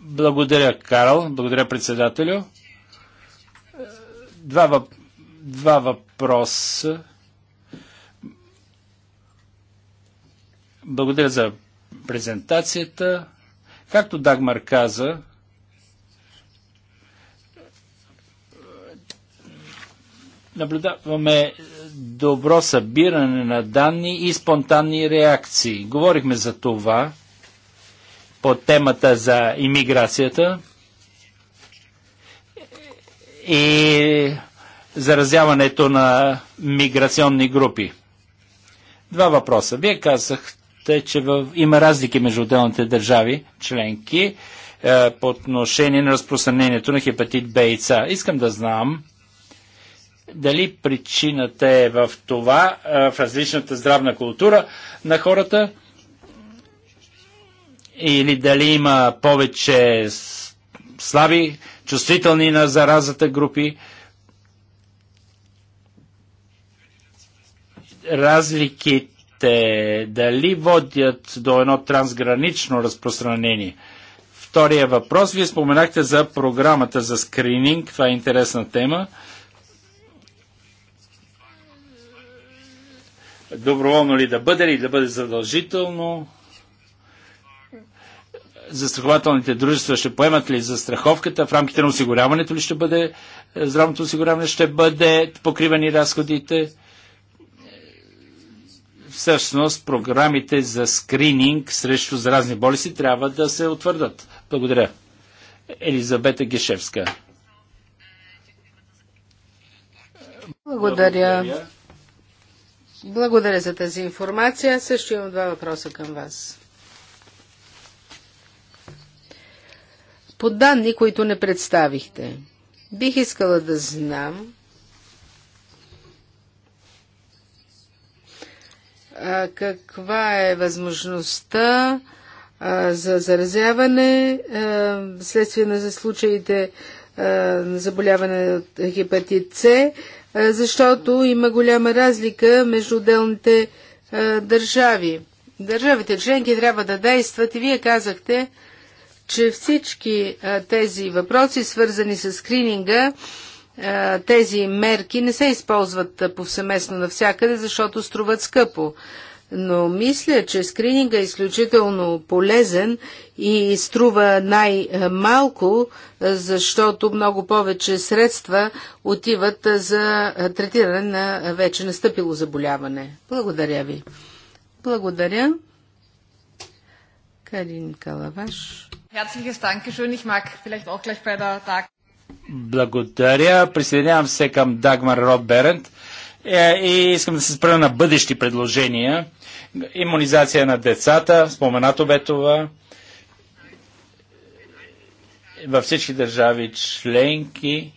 Благодаря, Карл. Благодаря, председателю. Два, въп... два въпроса. Благодаря за презентацията. Както Дагмар каза, наблюдаваме добро събиране на данни и спонтанни реакции. Говорихме за това по темата за иммиграцията и заразяването на миграционни групи. Два въпроса. Вие казах, е, че в... има разлики между отделните държави членки е, по отношение на разпространението на хепатит Б и С. Искам да знам дали причината е в това, е, в различната здравна култура на хората или дали има повече слаби, чувствителни на заразата групи. разликите те дали водят до едно трансгранично разпространение? Втория въпрос. Вие споменахте за програмата за скрининг. Това е интересна тема. Доброволно ли да бъде или да бъде задължително? застрахователните дружества ще поемат ли застраховката, в рамките на осигуряването ли ще бъде, здравното осигуряване ще бъде покривани разходите всъщност програмите за скрининг срещу заразни болести трябва да се утвърдат. Благодаря. Елизабета Гешевска. Благодаря. Благодаря за тази информация. Също имам два въпроса към вас. По данни, които не представихте, бих искала да знам каква е възможността за заразяване следствие на за случаите на заболяване от хепатит С, защото има голяма разлика между отделните държави. Държавите членки трябва да действат и вие казахте, че всички тези въпроси, свързани с скрининга, е, тези мерки не се използват повсеместно навсякъде, защото струват скъпо. Но мисля, че скрининга е изключително полезен и струва най-малко, защото много повече средства отиват за третиране на вече настъпило заболяване. Благодаря ви. Благодаря. Карин Калаваш. Herzliches Dankeschön. Ich mag vielleicht auch gleich bei der благодаря. Присъединявам се към Дагмар Роб Берент е, и искам да се спра на бъдещи предложения. Имунизация на децата, споменато бе това. Във всички държави членки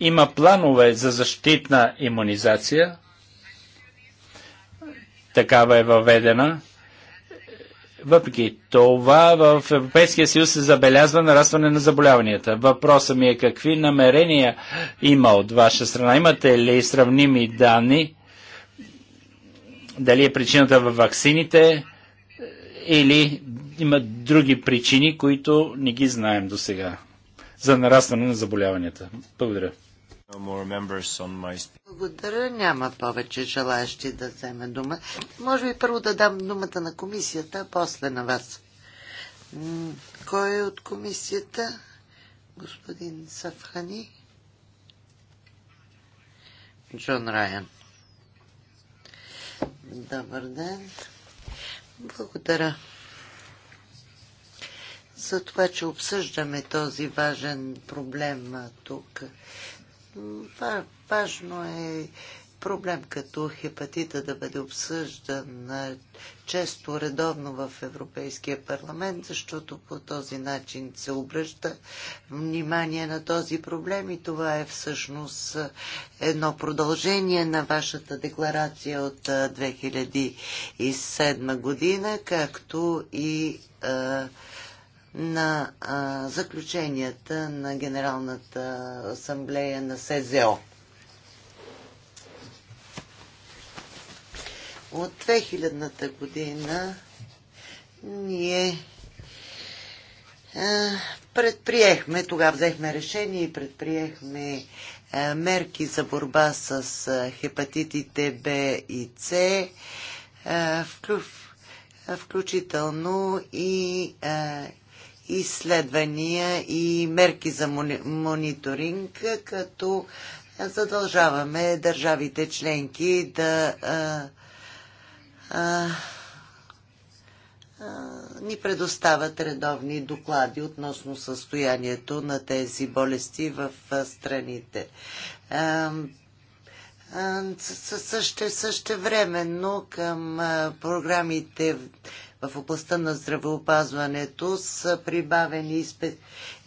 има планове за защитна имунизация. Такава е въведена. Въпреки това, в Европейския съюз се забелязва нарастване на заболяванията. Въпросът ми е какви намерения има от ваша страна? Имате ли сравними данни? Дали е причината във ваксините е, или има други причини, които не ги знаем до сега за нарастване на заболяванията? Благодаря. Благодаря. Няма повече желаящи да вземе дума. Може би първо да дам думата на комисията, а после на вас. Кой е от комисията? Господин Сафхани? Джон Райан. Добър ден. Благодаря за това, че обсъждаме този важен проблем тук важно е проблем като хепатита да бъде обсъждан често редовно в Европейския парламент, защото по този начин се обръща внимание на този проблем и това е всъщност едно продължение на вашата декларация от 2007 година, както и на а, заключенията на Генералната асамблея на СЗО. От 2000-та година ние а, предприехме, тогава взехме решение и предприехме а, мерки за борба с а, хепатитите Б и С, включително и а, изследвания и мерки за мониторинг, като задължаваме държавите членки да а, а, ни предоставят редовни доклади относно състоянието на тези болести в страните. Също, същевременно към програмите в областта на здравеопазването са прибавени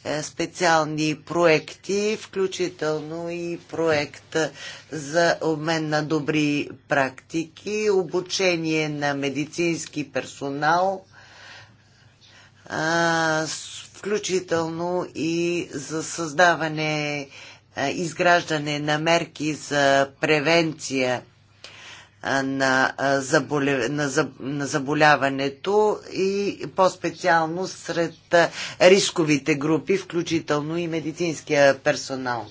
е, специални проекти, включително и проект за обмен на добри практики, обучение на медицински персонал, включително и за създаване, изграждане на мерки за превенция на, заболе... на, заболяването и по-специално сред рисковите групи, включително и медицинския персонал.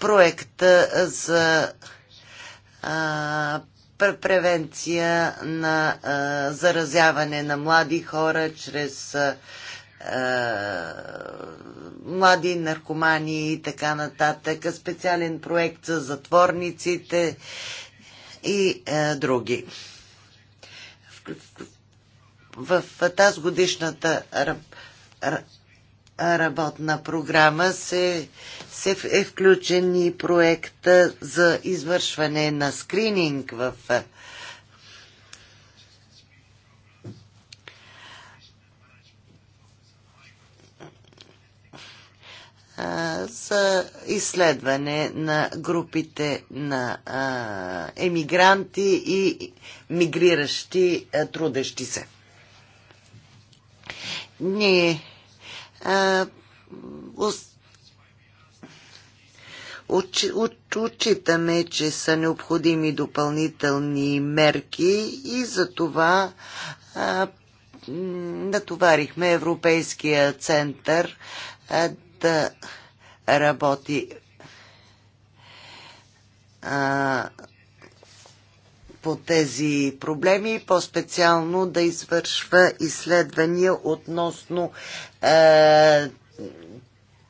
проекта за превенция на заразяване на млади хора чрез млади наркомани и така нататък, специален проект за затворниците и а, други. В, в тази годишната работна програма се, се е включен и проект за извършване на скрининг в за изследване на групите на емигранти и мигриращи трудещи се. Ние Отчитаме, че са необходими допълнителни мерки и за това натоварихме Европейския център да работи а, по тези проблеми по-специално да извършва изследвания относно е,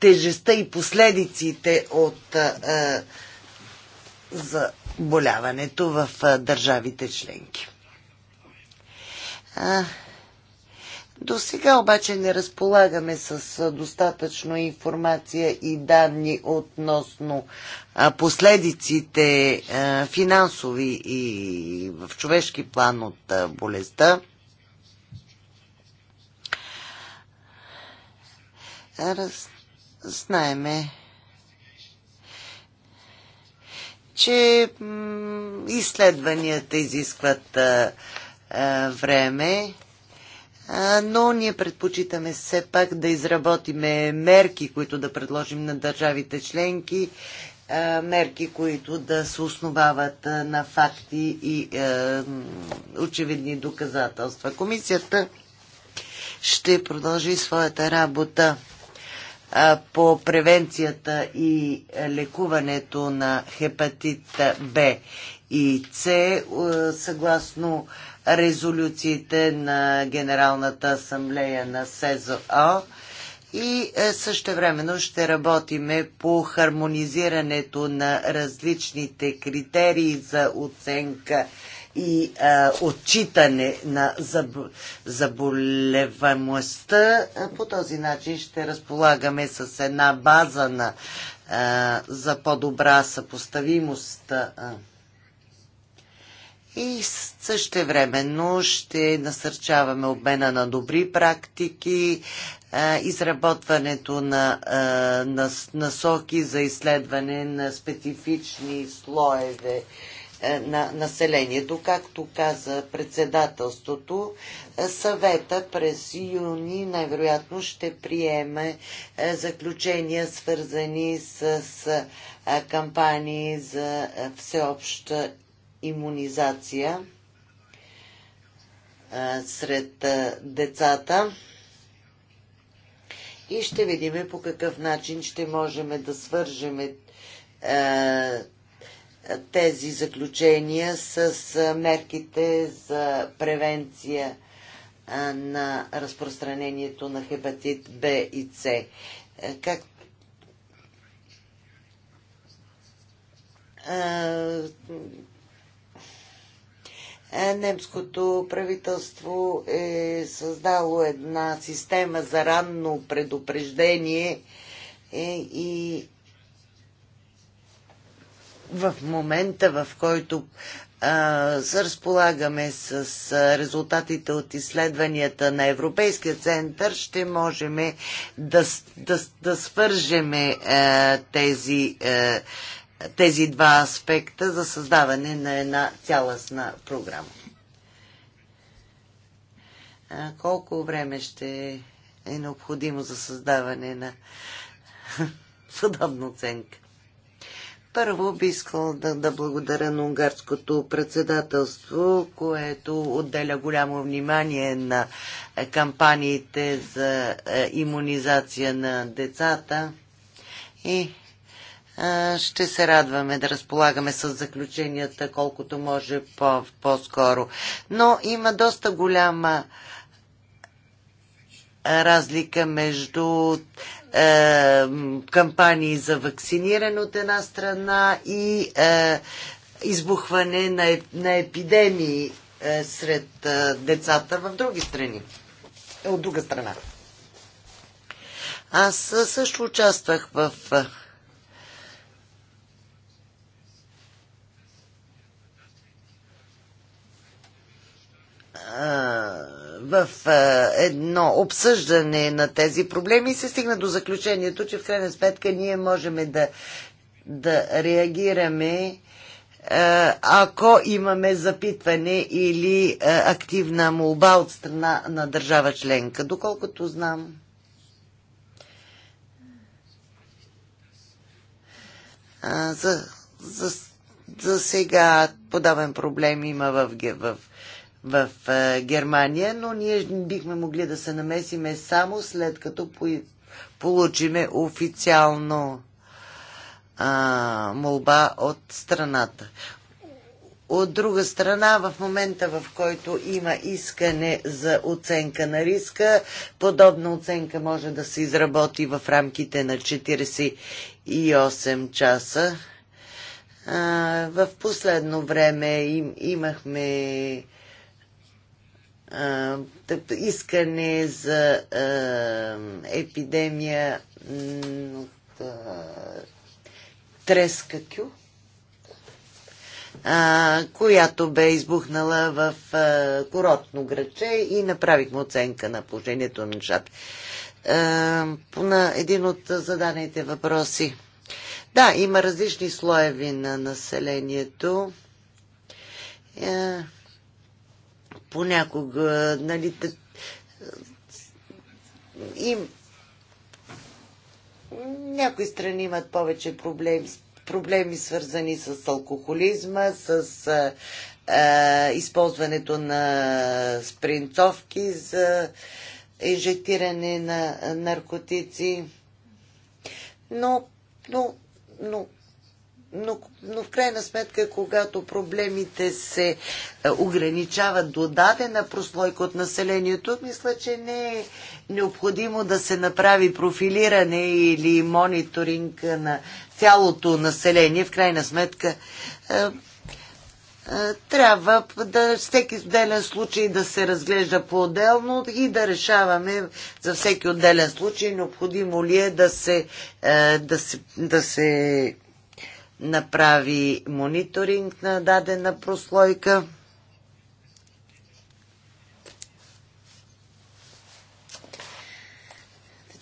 тежестта и последиците от е, заболяването в държавите членки. А, до сега обаче не разполагаме с достатъчно информация и данни относно последиците финансови и в човешки план от болестта. Раз... Знаеме, че изследванията изискват време но ние предпочитаме все пак да изработиме мерки, които да предложим на държавите членки, мерки, които да се основават на факти и очевидни доказателства. Комисията ще продължи своята работа по превенцията и лекуването на хепатит Б и С, съгласно резолюциите на Генералната асамблея на СЕЗО и е, също времено ще работиме по хармонизирането на различните критерии за оценка и а, е, отчитане на заб... заболеваемостта. По този начин ще разполагаме с една база на, а, е, за по-добра съпоставимост. А и същевременно ще насърчаваме обмена на добри практики, изработването на, на насоки за изследване на специфични слоеве на населението. Както каза председателството, съвета през юни най-вероятно ще приеме заключения, свързани с кампании за всеобща иммунизация сред децата и ще видим по какъв начин ще можем да свържем тези заключения с мерките за превенция на разпространението на хепатит Б и С. Как... Е, немското правителство е създало една система за ранно предупреждение е, и в момента, в който се разполагаме с резултатите от изследванията на Европейския център, ще можем да, да, да свържеме а, тези а, тези два аспекта за създаване на една цялостна програма. А колко време ще е необходимо за създаване на съдобна оценка? Първо би искал да, да благодаря на унгарското председателство, което отделя голямо внимание на е, кампаниите за е, иммунизация на децата и ще се радваме да разполагаме с заключенията колкото може по- по-скоро. Но има доста голяма разлика между е, кампании за вакциниране от една страна и е, избухване на, еп, на епидемии е, сред е, децата в други страни. От друга страна. Аз също участвах в в едно обсъждане на тези проблеми се стигна до заключението, че в крайна сметка ние можем да, да реагираме ако имаме запитване или активна молба от страна на държава членка. Доколкото знам. За, за, за сега подобен проблем има в, в в е, Германия, но ние бихме могли да се намесиме само след като получиме официално а, молба от страната. От друга страна, в момента в който има искане за оценка на риска, подобна оценка може да се изработи в рамките на 48 часа. А, в последно време им, имахме искане за епидемия от треска кю, която бе избухнала в коротно граче и направихме оценка на положението на нещата. На един от заданите въпроси. Да, има различни слоеви на населението. Е, понякога, нали, им, някои страни имат повече проблеми, проблеми свързани с алкохолизма, с а, а, използването на спринцовки за инжектиране на наркотици. Но, но, но но, но в крайна сметка, когато проблемите се е, ограничават до дадена прослойка от населението, мисля, че не е необходимо да се направи профилиране или мониторинг на цялото население. В крайна сметка, е, е, трябва да всеки отделен случай да се разглежда по-отделно и да решаваме за всеки отделен случай необходимо ли е да се, да се, да се направи мониторинг на дадена прослойка.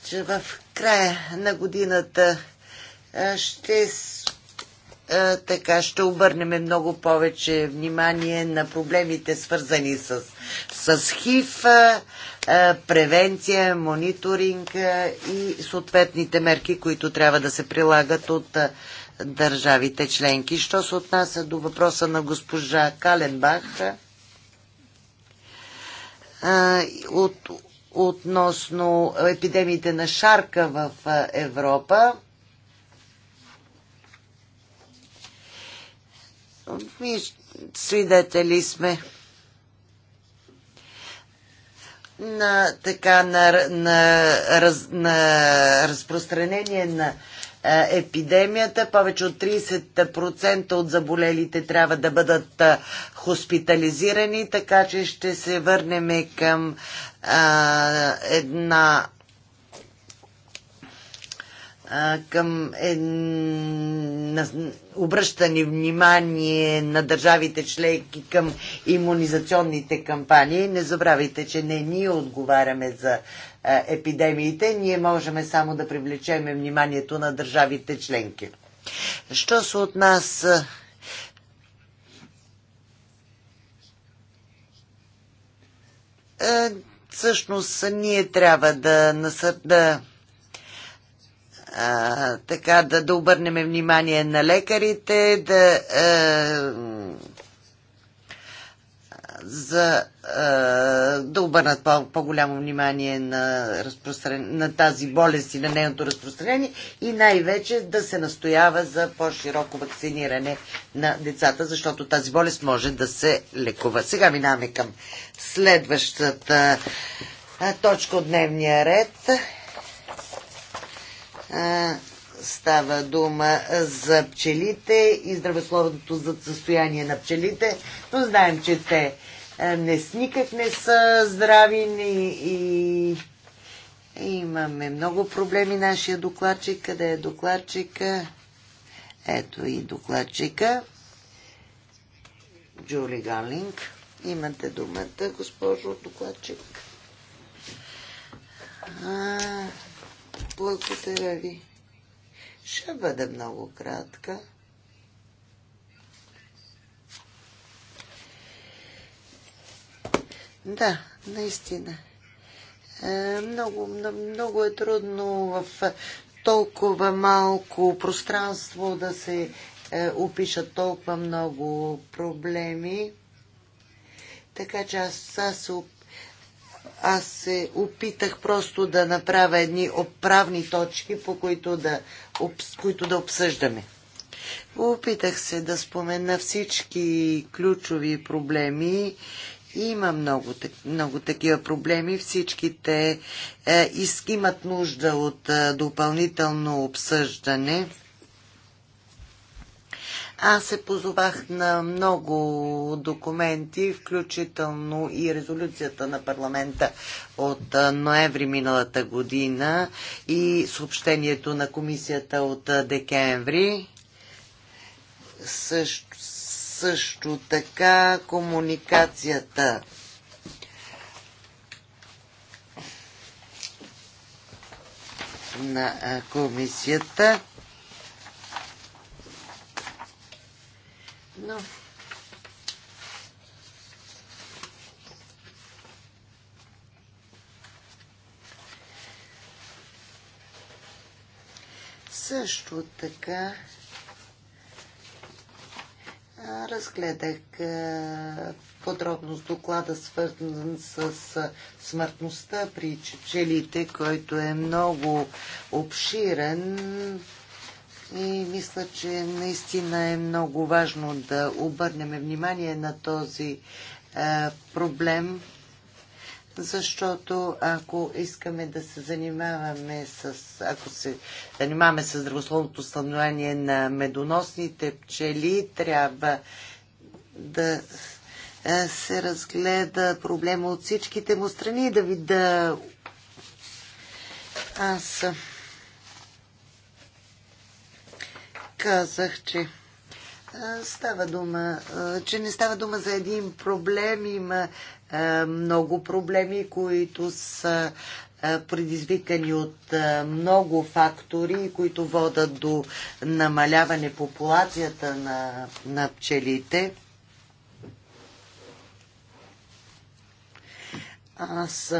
че в края на годината ще така ще обърнем много повече внимание на проблемите свързани с, с ХИВ, превенция, мониторинг и съответните мерки, които трябва да се прилагат от държавите членки. Що се отнася до въпроса на госпожа Каленбах от, относно епидемиите на шарка в Европа, свидетели сме на така на, на, раз, на разпространение на е, епидемията. Повече от 30% от заболелите трябва да бъдат е, хоспитализирани, така че ще се върнем към е, една към е, на, обръщане внимание на държавите членки към иммунизационните кампании. Не забравяйте, че не ние отговаряме за е, епидемиите, ние можем само да привлечеме вниманието на държавите членки. Що се от нас е, всъщност ние трябва да, насъп, да а, така да, да обърнем внимание на лекарите, да а, е, за а, е, да обърнат по- по-голямо внимание на, разпростран... на тази болест и на нейното разпространение и най-вече да се настоява за по-широко вакциниране на децата, защото тази болест може да се лекува. Сега минаваме към следващата е, точка от дневния ред става дума за пчелите и здравословното за състояние на пчелите, но знаем, че те не с никак не са здрави и, и имаме много проблеми. Нашия докладчик, къде е докладчика? Ето и докладчика. Джули Галинг. Имате думата, госпожо докладчик. А... Благодаря ви. Ще бъде много кратка. Да, наистина. Е, много, много е трудно в толкова малко пространство да се е, опишат толкова много проблеми. Така че аз, аз се опитам аз се опитах просто да направя едни оправни точки, по които да, които да обсъждаме. Опитах се да спомена всички ключови проблеми. Има много, много такива проблеми. Всичките е, имат нужда от е, допълнително обсъждане. Аз се позовах на много документи, включително и резолюцията на парламента от ноември миналата година и съобщението на комисията от декември. Също, също така комуникацията на комисията Но също така разгледах подробно с доклада, свързан с смъртността при чечелите, който е много обширен и мисля, че наистина е много важно да обърнем внимание на този е, проблем, защото ако искаме да се занимаваме с, ако се занимаваме с здравословното състояние на медоносните пчели, трябва да е, се разгледа проблема от всичките му страни, да ви да... Аз казах, че става дума, че не става дума за един проблем. Има много проблеми, които са предизвикани от много фактори, които водат до намаляване популацията на, на пчелите. Аз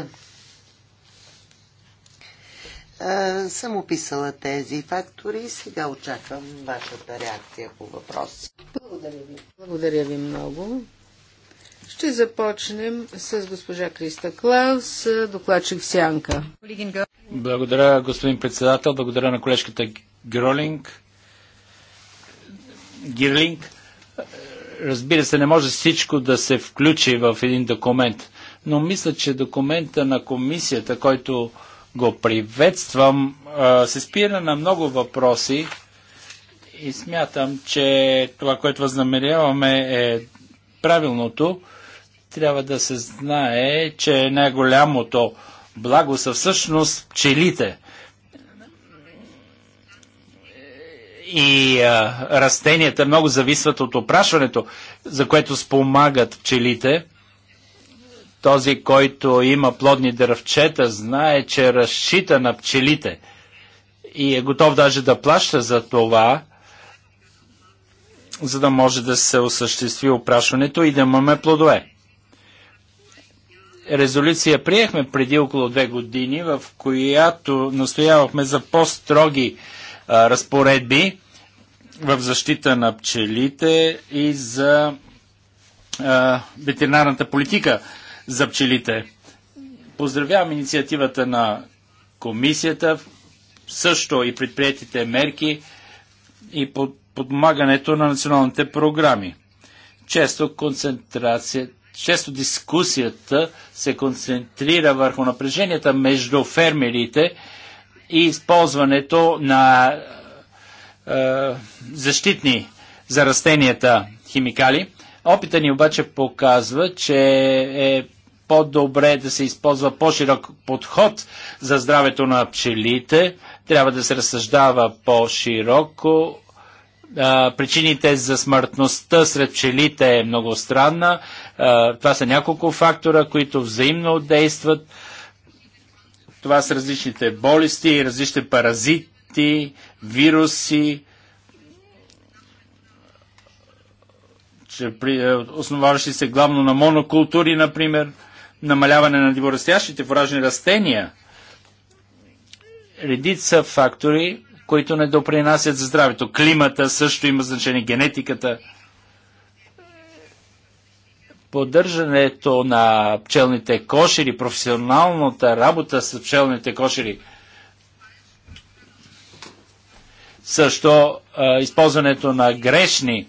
е, съм описала тези фактори и сега очаквам вашата реакция по въпрос. Благодаря ви. Благодаря ви много. Ще започнем с госпожа Криста Клаус, докладчик Сянка. Благодаря, господин председател. Благодаря на колежката Гролинг. Гирлинг. Разбира се, не може всичко да се включи в един документ, но мисля, че документа на комисията, който го приветствам. Се спира на много въпроси и смятам, че това, което възнамеряваме е правилното. Трябва да се знае, че най-голямото благо са всъщност пчелите. и а, растенията много зависват от опрашването, за което спомагат пчелите. Този, който има плодни дървчета, знае, че разчита на пчелите и е готов даже да плаща за това, за да може да се осъществи опрашването и да имаме плодове. Резолюция приехме преди около две години, в която настоявахме за по-строги разпоредби в защита на пчелите и за а, ветеринарната политика за пчелите. Поздравявам инициативата на комисията, също и предприятите мерки и подмагането на националните програми. Често концентрация, често дискусията се концентрира върху напреженията между фермерите и използването на е, защитни за растенията химикали. Опита ни обаче показва, че е по-добре да се използва по-широк подход за здравето на пчелите. Трябва да се разсъждава по-широко. Причините за смъртността сред пчелите е много странна, това са няколко фактора, които взаимно действат. Това са различните болести, различните паразити, вируси, е, основаващи се главно на монокултури, например – намаляване на диворастящите фуражни растения, редица фактори, които не допринасят за здравето. Климата също има значение, генетиката. Поддържането на пчелните кошери, професионалната работа с пчелните кошери, също а, използването на грешни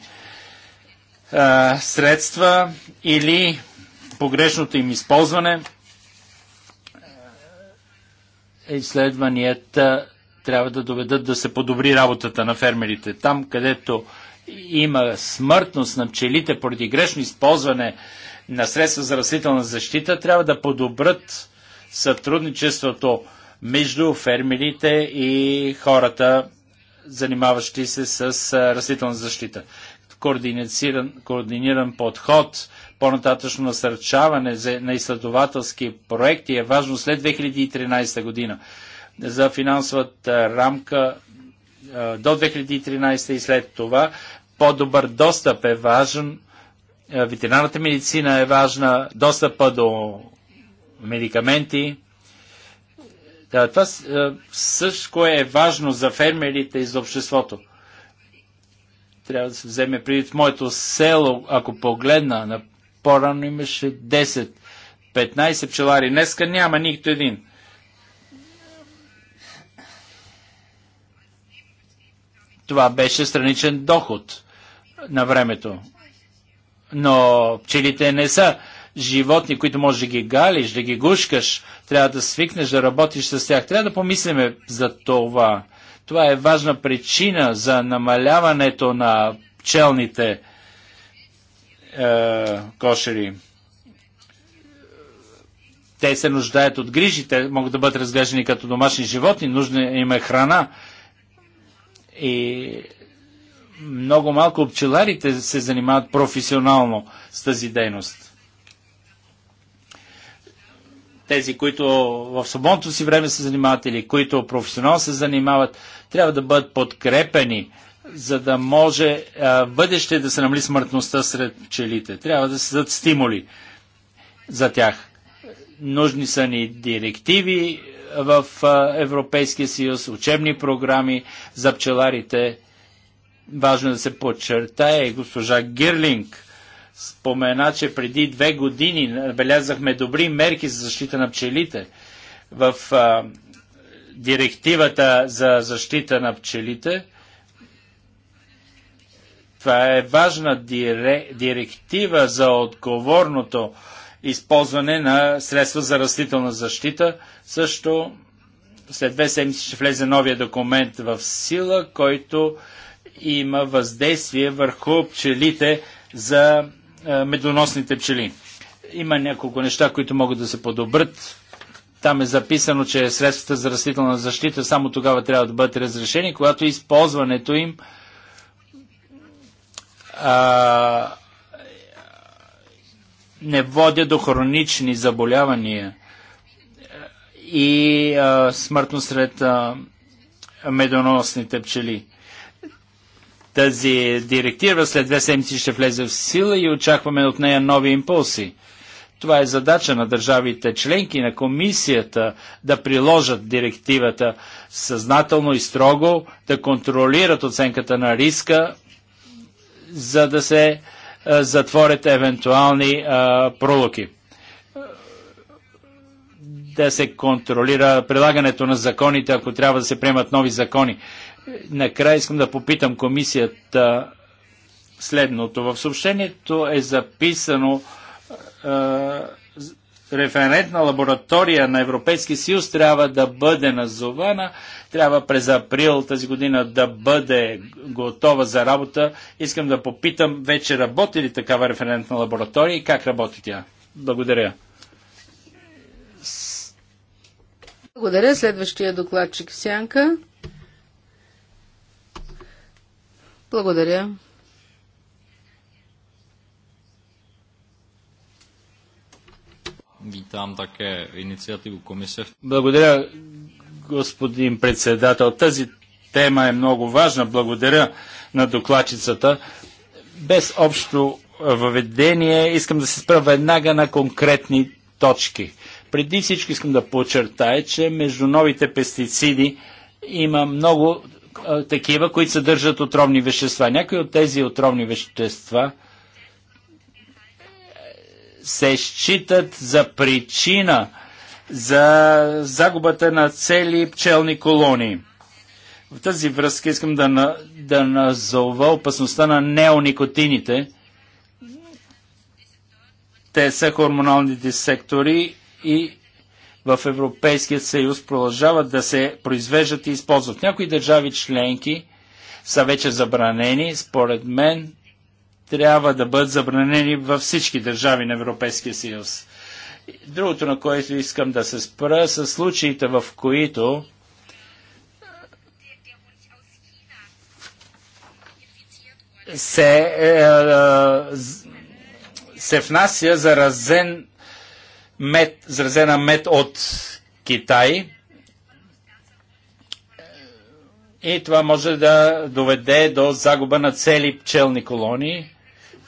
а, средства или погрешното им използване. Е, изследванията трябва да доведат да се подобри работата на фермерите. Там, където има смъртност на пчелите поради грешно използване на средства за растителна защита, трябва да подобрят сътрудничеството между фермерите и хората, занимаващи се с растителна защита. Координиран, координиран подход по-нататъчно насърчаване на изследователски проекти е важно след 2013 година за финансовата рамка до 2013 и след това. По-добър достъп е важен, ветеринарната медицина е важна, достъпа до медикаменти. Да, това също е важно за фермерите и за обществото. Трябва да се вземе предвид моето село, ако погледна на по-рано имаше 10, 15 пчелари. Днеска няма нито един. Това беше страничен доход на времето. Но пчелите не са животни, които можеш да ги галиш, да ги гушкаш. Трябва да свикнеш да работиш с тях. Трябва да помислиме за това. Това е важна причина за намаляването на пчелните е, кошери. Те се нуждаят от грижи, те могат да бъдат разглеждани като домашни животни, нужна им е храна. И много малко пчеларите се занимават професионално с тази дейност. Тези, които в свободното си време се занимават или които професионално се занимават, трябва да бъдат подкрепени за да може а, бъдеще да се намали смъртността сред пчелите. Трябва да се дадат стимули за тях. Нужни са ни директиви в а, Европейския съюз, учебни програми за пчеларите. Важно е да се подчертае, госпожа Гирлинг спомена, че преди две години набелязахме добри мерки за защита на пчелите. В а, директивата за защита на пчелите – това е важна директива за отговорното използване на средства за растителна защита. Също след две седмици ще влезе новия документ в сила, който има въздействие върху пчелите за медоносните пчели. Има няколко неща, които могат да се подобрят. Там е записано, че средствата за растителна защита само тогава трябва да бъдат разрешени, когато използването им а, не водя до хронични заболявания и а, смъртно сред а, медоносните пчели. Тази директива след две седмици ще влезе в сила и очакваме от нея нови импулси. Това е задача на държавите членки на комисията да приложат директивата съзнателно и строго, да контролират оценката на риска за да се е, затворят евентуални е, пролуки. Да се контролира прилагането на законите, ако трябва да се приемат нови закони. Накрая искам да попитам комисията следното. В съобщението е записано е, референтна лаборатория на Европейски съюз трябва да бъде назована, трябва през април тази година да бъде готова за работа. Искам да попитам, вече работи ли такава референтна лаборатория и как работи тя? Благодаря. Благодаря. Следващия докладчик Сянка. Благодаря. Vítám také iniciativu komise. Благодаря, господин председател. Тази тема е много важна. Благодаря на докладчицата. Без общо въведение искам да се спра веднага на конкретни точки. Преди всичко искам да подчертая, че между новите пестициди има много а, такива, които съдържат отровни вещества. Някои от тези отровни вещества – се считат за причина за загубата на цели пчелни колонии. В тази връзка искам да, на, да назова опасността на неоникотините. Те са хормоналните сектори и в Европейския съюз продължават да се произвеждат и използват. Някои държави членки са вече забранени. Според мен трябва да бъдат забранени във всички държави на Европейския съюз. Другото, на което искам да се спра, са случаите, в които се, е, е се внася заразен мед, заразена мед от Китай. И това може да доведе до загуба на цели пчелни колонии.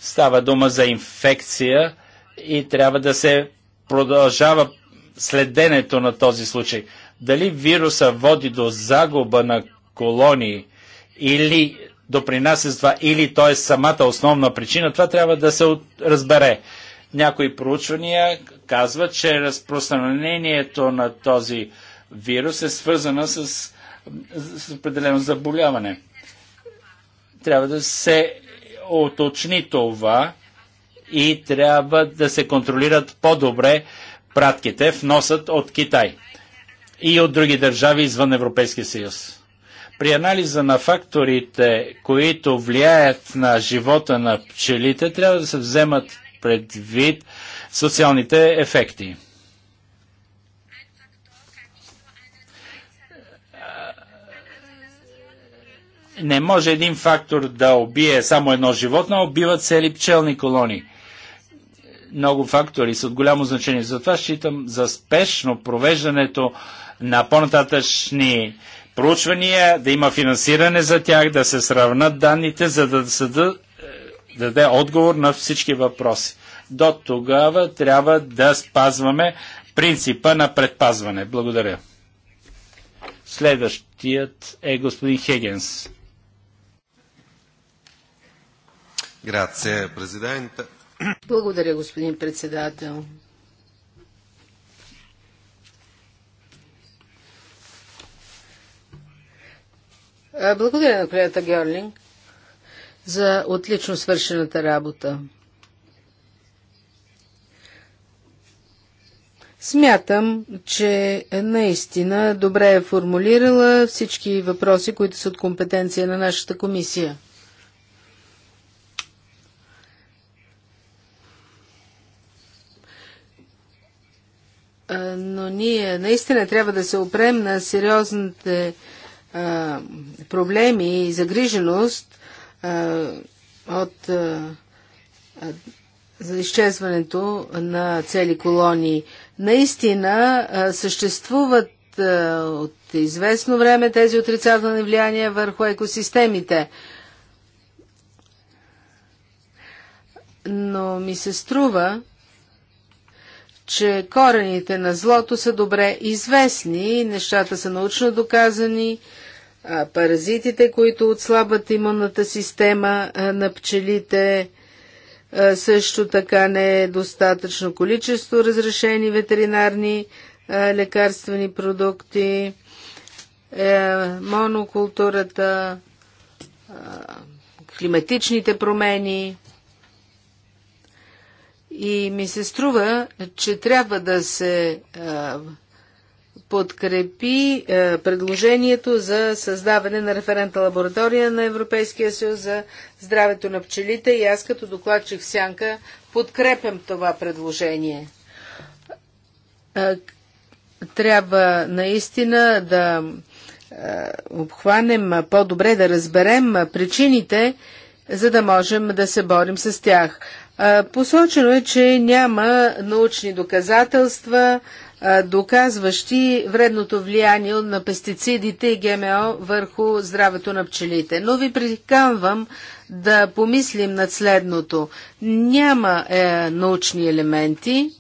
Става дума за инфекция и трябва да се продължава следенето на този случай. Дали вируса води до загуба на колонии или допринася с това, или той е самата основна причина, това трябва да се разбере. Някои проучвания казват, че разпространението на този вирус е свързано с, с определено заболяване. Трябва да се оточни това и трябва да се контролират по-добре пратките, вносът от Китай и от други държави извън Европейския съюз. При анализа на факторите, които влияят на живота на пчелите, трябва да се вземат предвид социалните ефекти. не може един фактор да убие само едно животно, а убива цели пчелни колони. Много фактори са от голямо значение. Затова считам за спешно провеждането на по-нататъчни проучвания, да има финансиране за тях, да се сравнат данните, за да се да, е, да даде отговор на всички въпроси. До тогава трябва да спазваме принципа на предпазване. Благодаря. Следващият е господин Хегенс. Благодаря, господин председател. Благодаря на колегата Георлинг за отлично свършената работа. Смятам, че наистина добре е формулирала всички въпроси, които са от компетенция на нашата комисия. но ние наистина трябва да се опрем на сериозните а, проблеми и загриженост а, от а, за изчезването на цели колонии. Наистина съществуват от известно време тези отрицателни влияния върху екосистемите. Но ми се струва, че корените на злото са добре известни, нещата са научно доказани, паразитите, които отслабват имунната система на пчелите, също така не е достатъчно количество разрешени ветеринарни лекарствени продукти, е, монокултурата, климатичните промени. И ми се струва, че трябва да се а, подкрепи а, предложението за създаване на референтна лаборатория на Европейския съюз за здравето на пчелите и аз като докладчик Сянка подкрепям това предложение. А, трябва наистина да обхванем по-добре, да разберем причините, за да можем да се борим с тях. Посочено е, че няма научни доказателства, доказващи вредното влияние на пестицидите и ГМО върху здравето на пчелите. Но ви приканвам да помислим над следното. Няма е, научни елементи,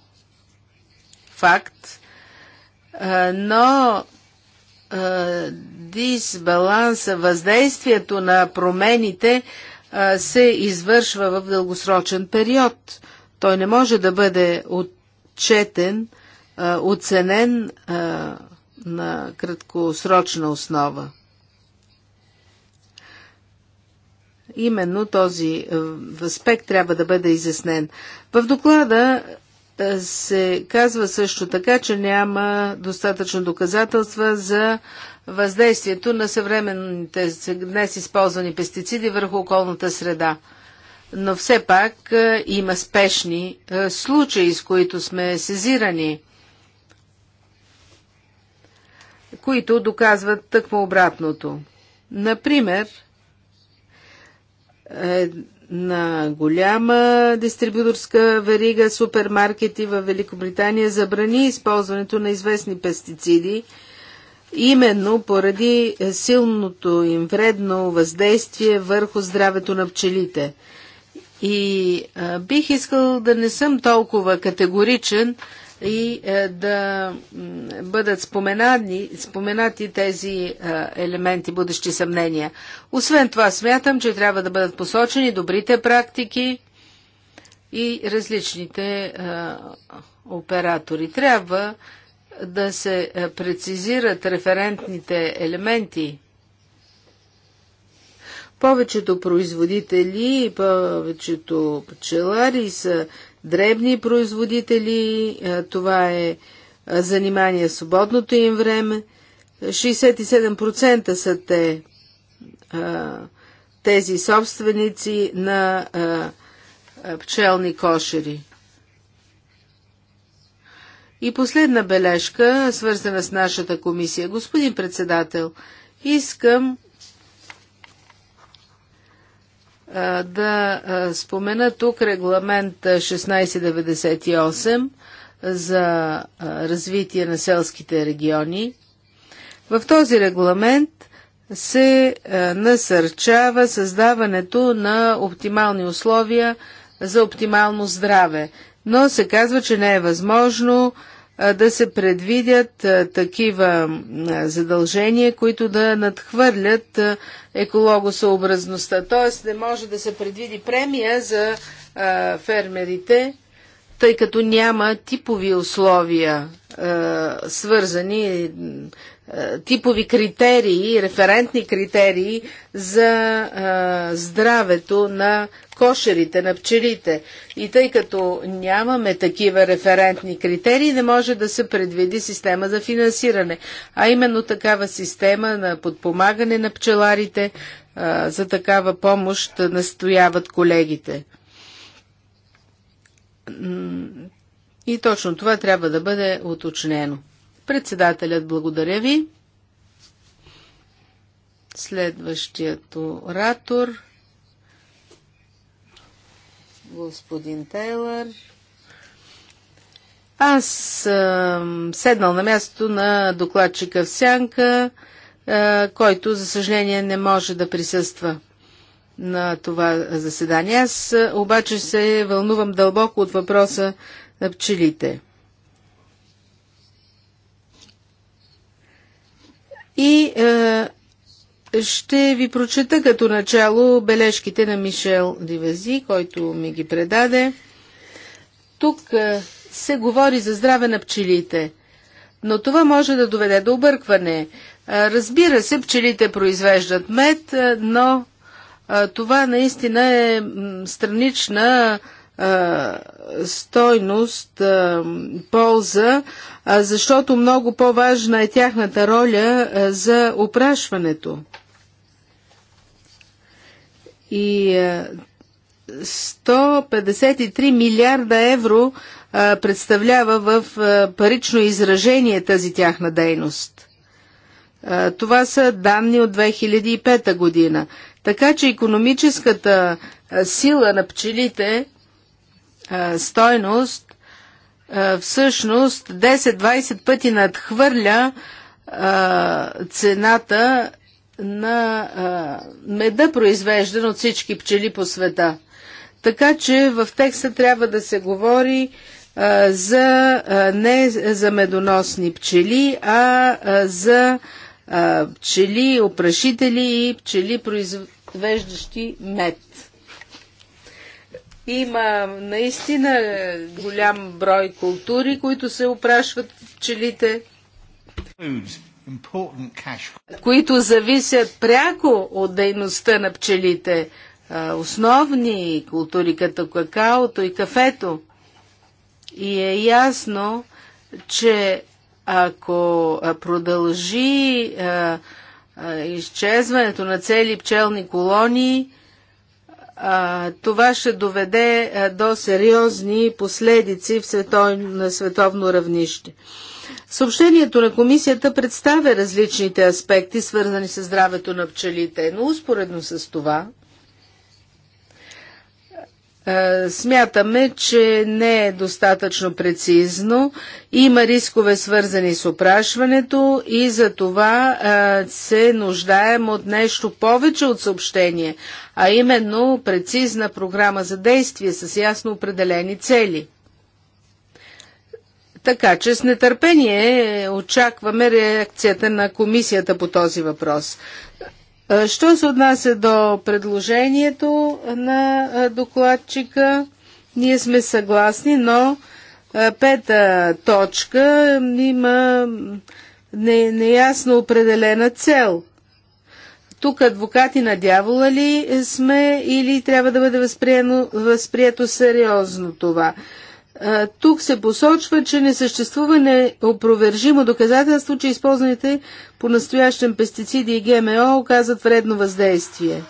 факт, е, но е, дисбаланса, въздействието на промените се извършва в дългосрочен период. Той не може да бъде отчетен, оценен на краткосрочна основа. Именно този аспект трябва да бъде изяснен. В доклада се казва също така, че няма достатъчно доказателства за въздействието на съвременните днес използвани пестициди върху околната среда. Но все пак е, има спешни е, случаи, с които сме сезирани, които доказват тъкмо обратното. Например, на голяма дистрибюторска верига супермаркети в Великобритания забрани използването на известни пестициди – именно поради силното им вредно въздействие върху здравето на пчелите. И а, бих искал да не съм толкова категоричен и а, да бъдат споменани, споменати тези а, елементи, бъдещи съмнения. Освен това, смятам, че трябва да бъдат посочени добрите практики и различните а, оператори. Трябва да се е, прецизират референтните елементи. Повечето производители и повечето пчелари са дребни производители. Е, това е, е занимание в свободното им време. 67% са те, тези собственици на пчелни кошери. И последна бележка, свързана с нашата комисия. Господин председател, искам да спомена тук регламент 1698 за развитие на селските региони. В този регламент се насърчава създаването на оптимални условия за оптимално здраве но се казва, че не е възможно да се предвидят такива задължения, които да надхвърлят екологосъобразността. Т.е. не може да се предвиди премия за фермерите, тъй като няма типови условия, свързани е, типови критерии, референтни критерии за а, е, здравето на кошерите, на пчелите. И тъй като нямаме такива референтни критерии, не може да се предвиди система за финансиране. А именно такава система на подпомагане на пчеларите, а, е, за такава помощ настояват колегите. И точно това трябва да бъде уточнено. Председателят, благодаря ви. Следващият оратор господин Тейлър. Аз съм седнал на мястото на докладчика в Сянка, който, за съжаление, не може да присъства на това заседание. Аз обаче се вълнувам дълбоко от въпроса на пчелите. И е, ще ви прочета като начало бележките на Мишел Дивази, който ми ги предаде. Тук е, се говори за здраве на пчелите, но това може да доведе до объркване. Е, разбира се, пчелите произвеждат мед, е, но е, това наистина е странична стойност, полза, защото много по-важна е тяхната роля за опрашването. И 153 милиарда евро представлява в парично изражение тази тяхна дейност. Това са данни от 2005 година. Така че економическата сила на пчелите стойност всъщност 10-20 пъти надхвърля цената на меда, произвеждан от всички пчели по света. Така че в текста трябва да се говори за не за медоносни пчели, а за пчели, опрашители и пчели, произвеждащи мед. Има наистина голям брой култури, които се опрашват пчелите, които зависят пряко от дейността на пчелите. Основни култури като какаото и кафето. И е ясно, че ако продължи изчезването на цели пчелни колонии, това ще доведе до сериозни последици в светов... на световно равнище. Съобщението на комисията представя различните аспекти, свързани с здравето на пчелите, но успоредно с това е, смятаме, че не е достатъчно прецизно. Има рискове свързани с опрашването и за това е, се нуждаем от нещо повече от съобщение, а именно прецизна програма за действие с ясно определени цели. Така че с нетърпение очакваме реакцията на комисията по този въпрос. Що се отнася до предложението на докладчика, ние сме съгласни, но пета точка има не, неясно определена цел. Тук адвокати на дявола ли сме или трябва да бъде възприето сериозно това? Тук се посочва, че не съществува неопровержимо доказателство, че използваните по настоящен пестициди и ГМО оказват вредно въздействие.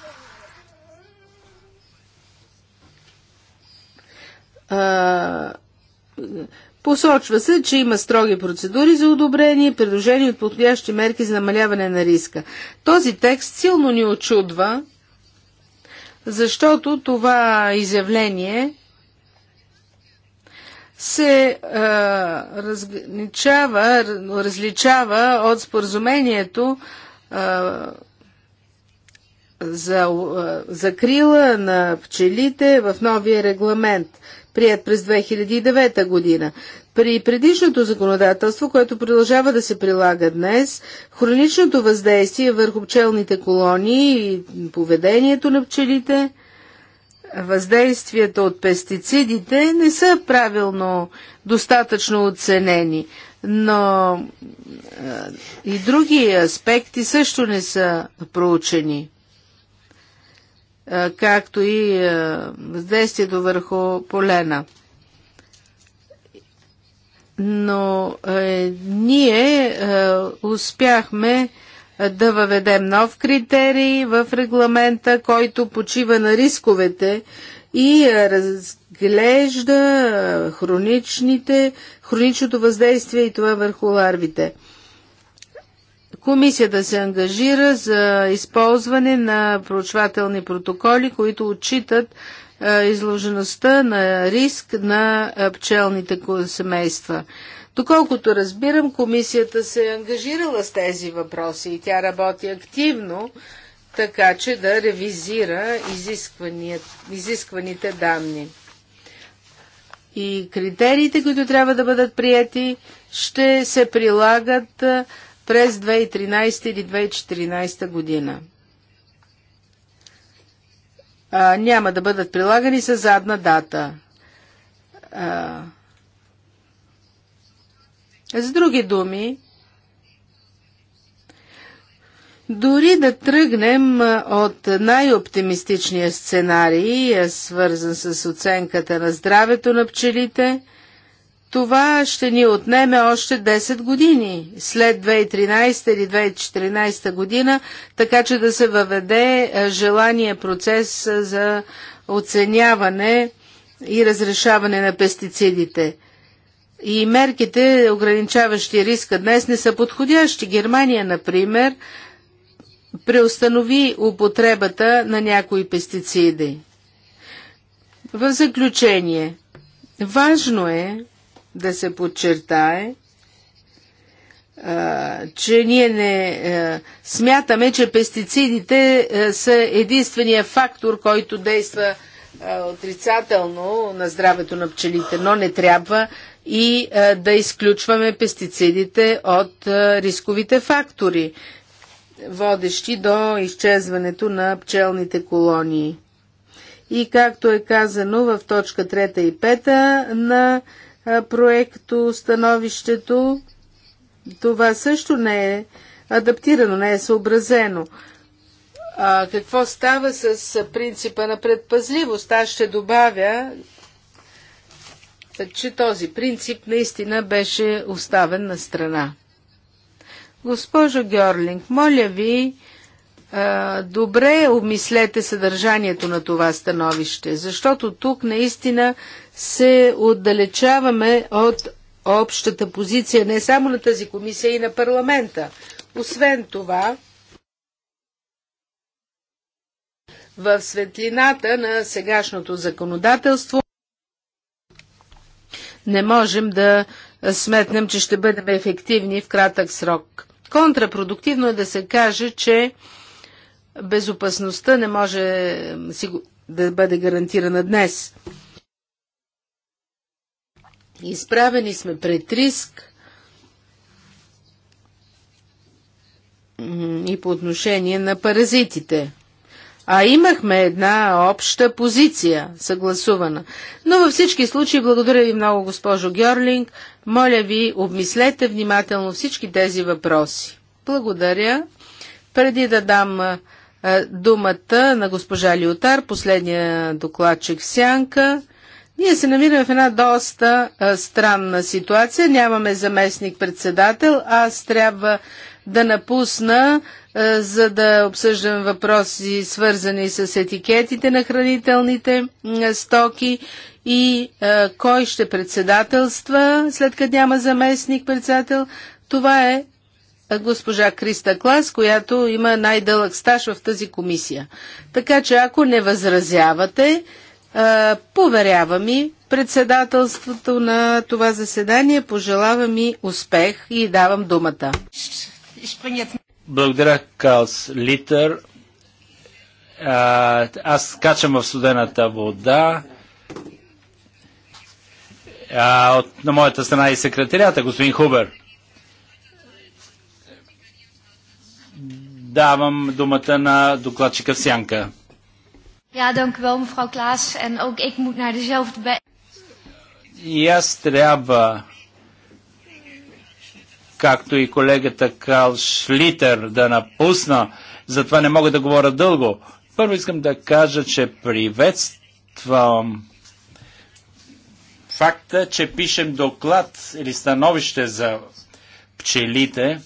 Посочва се, че има строги процедури за одобрение и предложени от подходящи мерки за намаляване на риска. Този текст силно ни очудва, защото това изявление се а, е, различава, различава от споразумението а, е, за е, закрила на пчелите в новия регламент, прият през 2009 година. При предишното законодателство, което продължава да се прилага днес, хроничното въздействие върху пчелните колонии и поведението на пчелите въздействията от пестицидите не са правилно достатъчно оценени, но е, и други аспекти също не са проучени, е, както и е, въздействието върху полена. Но е, ние е, успяхме да въведем нов критерий в регламента, който почива на рисковете и разглежда хроничните, хроничното въздействие и това върху ларвите. Комисията се ангажира за използване на проучвателни протоколи, които отчитат изложеността на риск на пчелните семейства. Доколкото разбирам, комисията се е ангажирала с тези въпроси и тя работи активно, така че да ревизира изискваните данни. И критериите, които трябва да бъдат прияти, ще се прилагат през 2013 или 2014 година. А, няма да бъдат прилагани със задна дата. А, с други думи, дори да тръгнем от най-оптимистичния сценарий, свързан с оценката на здравето на пчелите, това ще ни отнеме още 10 години, след 2013 или 2014 година, така че да се въведе желания процес за оценяване и разрешаване на пестицидите. И мерките, ограничаващи риска днес, не са подходящи. Германия, например, преустанови употребата на някои пестициди. В заключение, важно е да се подчертае, че ние не смятаме, че пестицидите са единствения фактор, който действа отрицателно на здравето на пчелите, но не трябва и е, да изключваме пестицидите от е, рисковите фактори, водещи до изчезването на пчелните колонии. И както е казано в точка 3 и 5 на е, проекто становището, това също не е адаптирано, не е съобразено. А, какво става с принципа на предпазливост? Аз ще добавя че този принцип наистина беше оставен на страна. Госпожо Георлинг, моля ви, добре обмислете съдържанието на това становище, защото тук наистина се отдалечаваме от общата позиция не само на тази комисия и на парламента. Освен това, в светлината на сегашното законодателство не можем да сметнем, че ще бъдем ефективни в кратък срок. Контрапродуктивно е да се каже, че безопасността не може да бъде гарантирана днес. Изправени сме пред риск и по отношение на паразитите. А имахме една обща позиция, съгласувана. Но във всички случаи, благодаря ви много, госпожо Гьорлинг. Моля ви, обмислете внимателно всички тези въпроси. Благодаря. Преди да дам думата на госпожа Лиотар, последния докладчик в Сянка, ние се намираме в една доста а, странна ситуация. Нямаме заместник-председател. Аз трябва да напусна е, за да обсъждам въпроси свързани с етикетите на хранителните стоки и е, кой ще председателства, след като няма заместник председател. Това е, е госпожа Криста Клас, която има най-дълъг стаж в тази комисия. Така че ако не възразявате, поверява ми председателството на това заседание, пожелава ми успех и давам думата. Благодаря, Калс Литър. А, аз качам в студената вода. А, от, на моята страна и секретарията, господин Хубер. Давам думата на докладчика в Сянка. Ja, dank u wel, mevrouw Klaas. En ook ik moet naar dezelfde bed. Ja, аз трябва както и колегата Карл Шлитер да напусна, затова не мога да говоря дълго. Първо искам да кажа, че приветствам факта, че пишем доклад или становище за пчелите.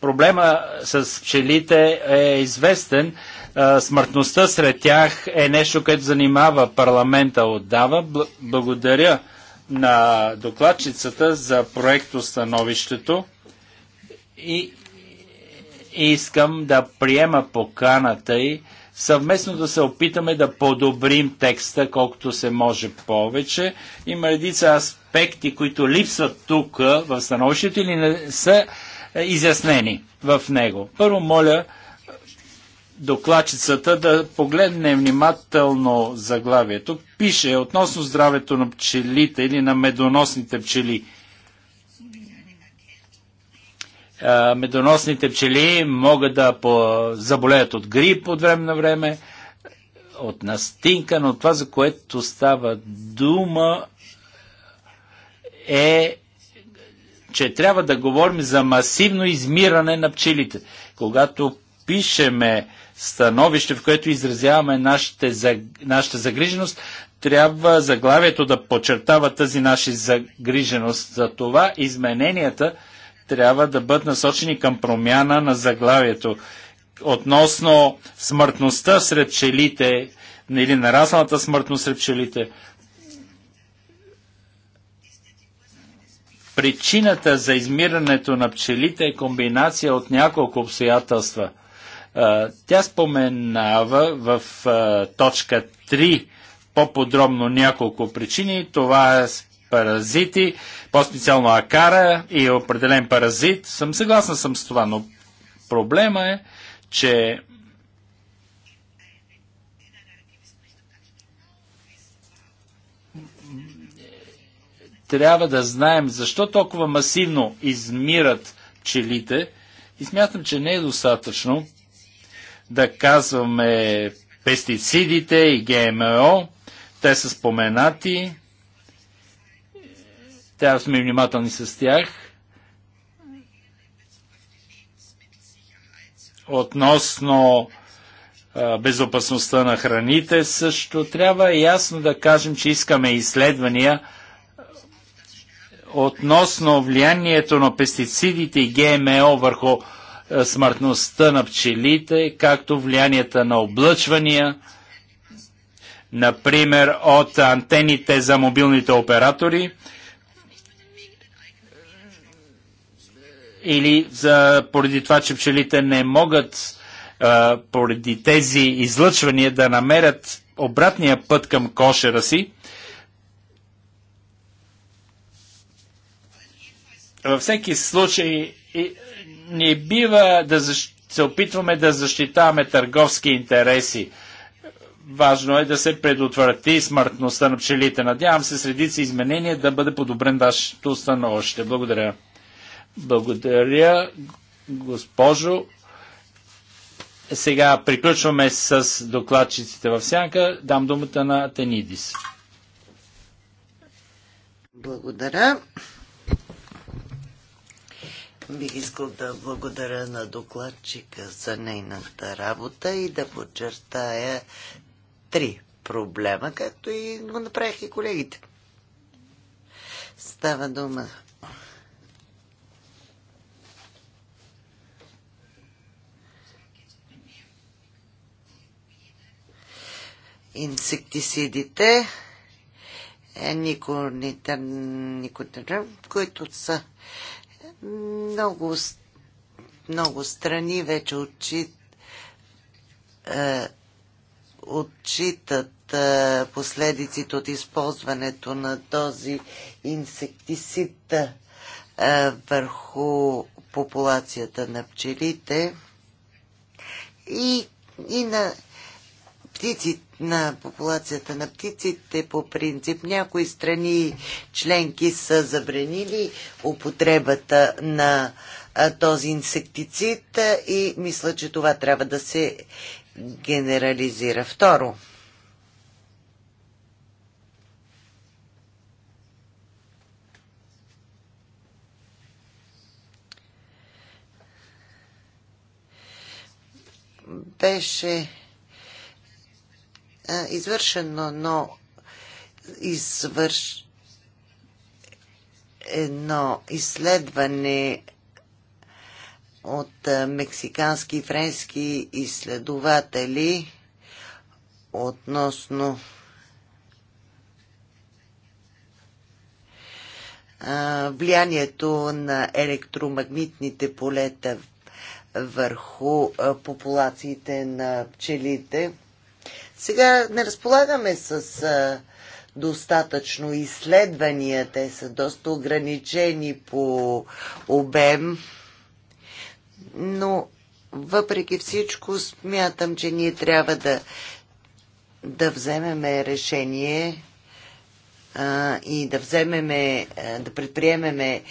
Проблема с пчелите е известен. Смъртността сред тях е нещо, което занимава парламента отдава. Благодаря на докладчицата за проектостановището и искам да приема поканата й съвместно да се опитаме да подобрим текста колкото се може повече. Има редица аспекти, които липсват тук в становището или не са е, изяснени в него. Първо моля докладчицата да погледне внимателно заглавието. Пише относно здравето на пчелите или на медоносните пчели. медоносните пчели могат да заболеят от грип от време на време, от настинка, но това, за което става дума е, че трябва да говорим за масивно измиране на пчелите. Когато пишеме становище, в което изразяваме нашите, нашата загриженост, трябва заглавието да подчертава тази наша загриженост. За това измененията трябва да бъдат насочени към промяна на заглавието. Относно смъртността сред пчелите или нарасналата смъртност сред пчелите, причината за измирането на пчелите е комбинация от няколко обстоятелства – тя споменава в точка 3 по-подробно няколко причини. Това е паразити, по-специално акара и определен паразит. Съм съгласна съм с това, но проблема е, че трябва да знаем защо толкова масивно измират пчелите и смятам, че не е достатъчно да казваме пестицидите и ГМО. Те са споменати. Трябва сме внимателни с тях. Относно а, безопасността на храните също трябва ясно да кажем, че искаме изследвания относно влиянието на пестицидите и ГМО върху е, смъртността на пчелите, както влиянията на облъчвания, например от антените за мобилните оператори или за, поради това, че пчелите не могат а, е, поради тези излъчвания да намерят обратния път към кошера си. Във всеки случай не бива да защ... се опитваме да защитаваме търговски интереси. Важно е да се предотврати смъртността на пчелите. Надявам се средица изменения да бъде подобрен вашето становище. Благодаря. Благодаря, госпожо. Сега приключваме с докладчиците в сянка. Дам думата на Тенидис. Благодаря. Бих искал да благодаря на докладчика за нейната работа и да подчертая три проблема, както и го направих и колегите. Става дума инсектицидите, е, никотинръм, които са много, много страни вече отчит, е, отчитат е, последиците от използването на този инсектицид е, върху популацията на пчелите и, и на птици, на популацията на птиците по принцип. Някои страни членки са забранили употребата на този инсектицид и мисля, че това трябва да се генерализира. Второ, беше е, извършено, но извърш... едно изследване от е, мексикански и френски изследователи относно е, влиянието на електромагнитните полета върху популациите на пчелите. Сега не разполагаме с а, достатъчно изследвания, те са доста ограничени по обем, но въпреки всичко смятам, че ние трябва да, да вземеме решение а, и да вземеме, а, да предприемеме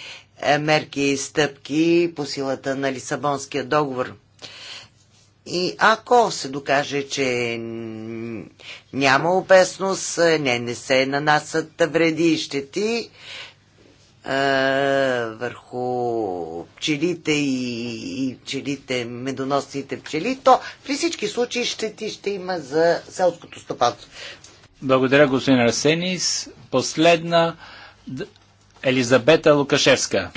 мерки и стъпки по силата на Лисабонския договор. И ако се докаже, че няма опасност, е, не, не се нанасят вреди и щети а, е, върху пчелите и, и пчелите, медоносните пчели, то при всички случаи щети ще има за селското стопанство. Благодаря, господин Арсенис. Последна Елизабета Лукашевска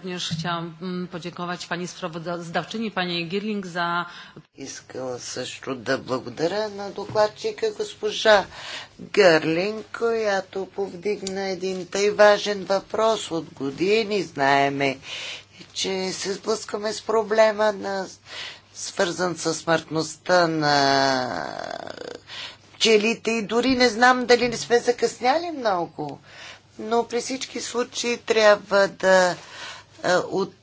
również chciałam mm, podziękować pani sprawozdawczyni, pani Girling за... Искала също да благодаря на докладчика госпожа Гърлинг, която повдигна един тъй важен въпрос от години. Знаеме, че се сблъскаме с проблема на свързан с смъртността на пчелите и дори не знам дали не сме закъсняли много. Но при всички случаи трябва да е, от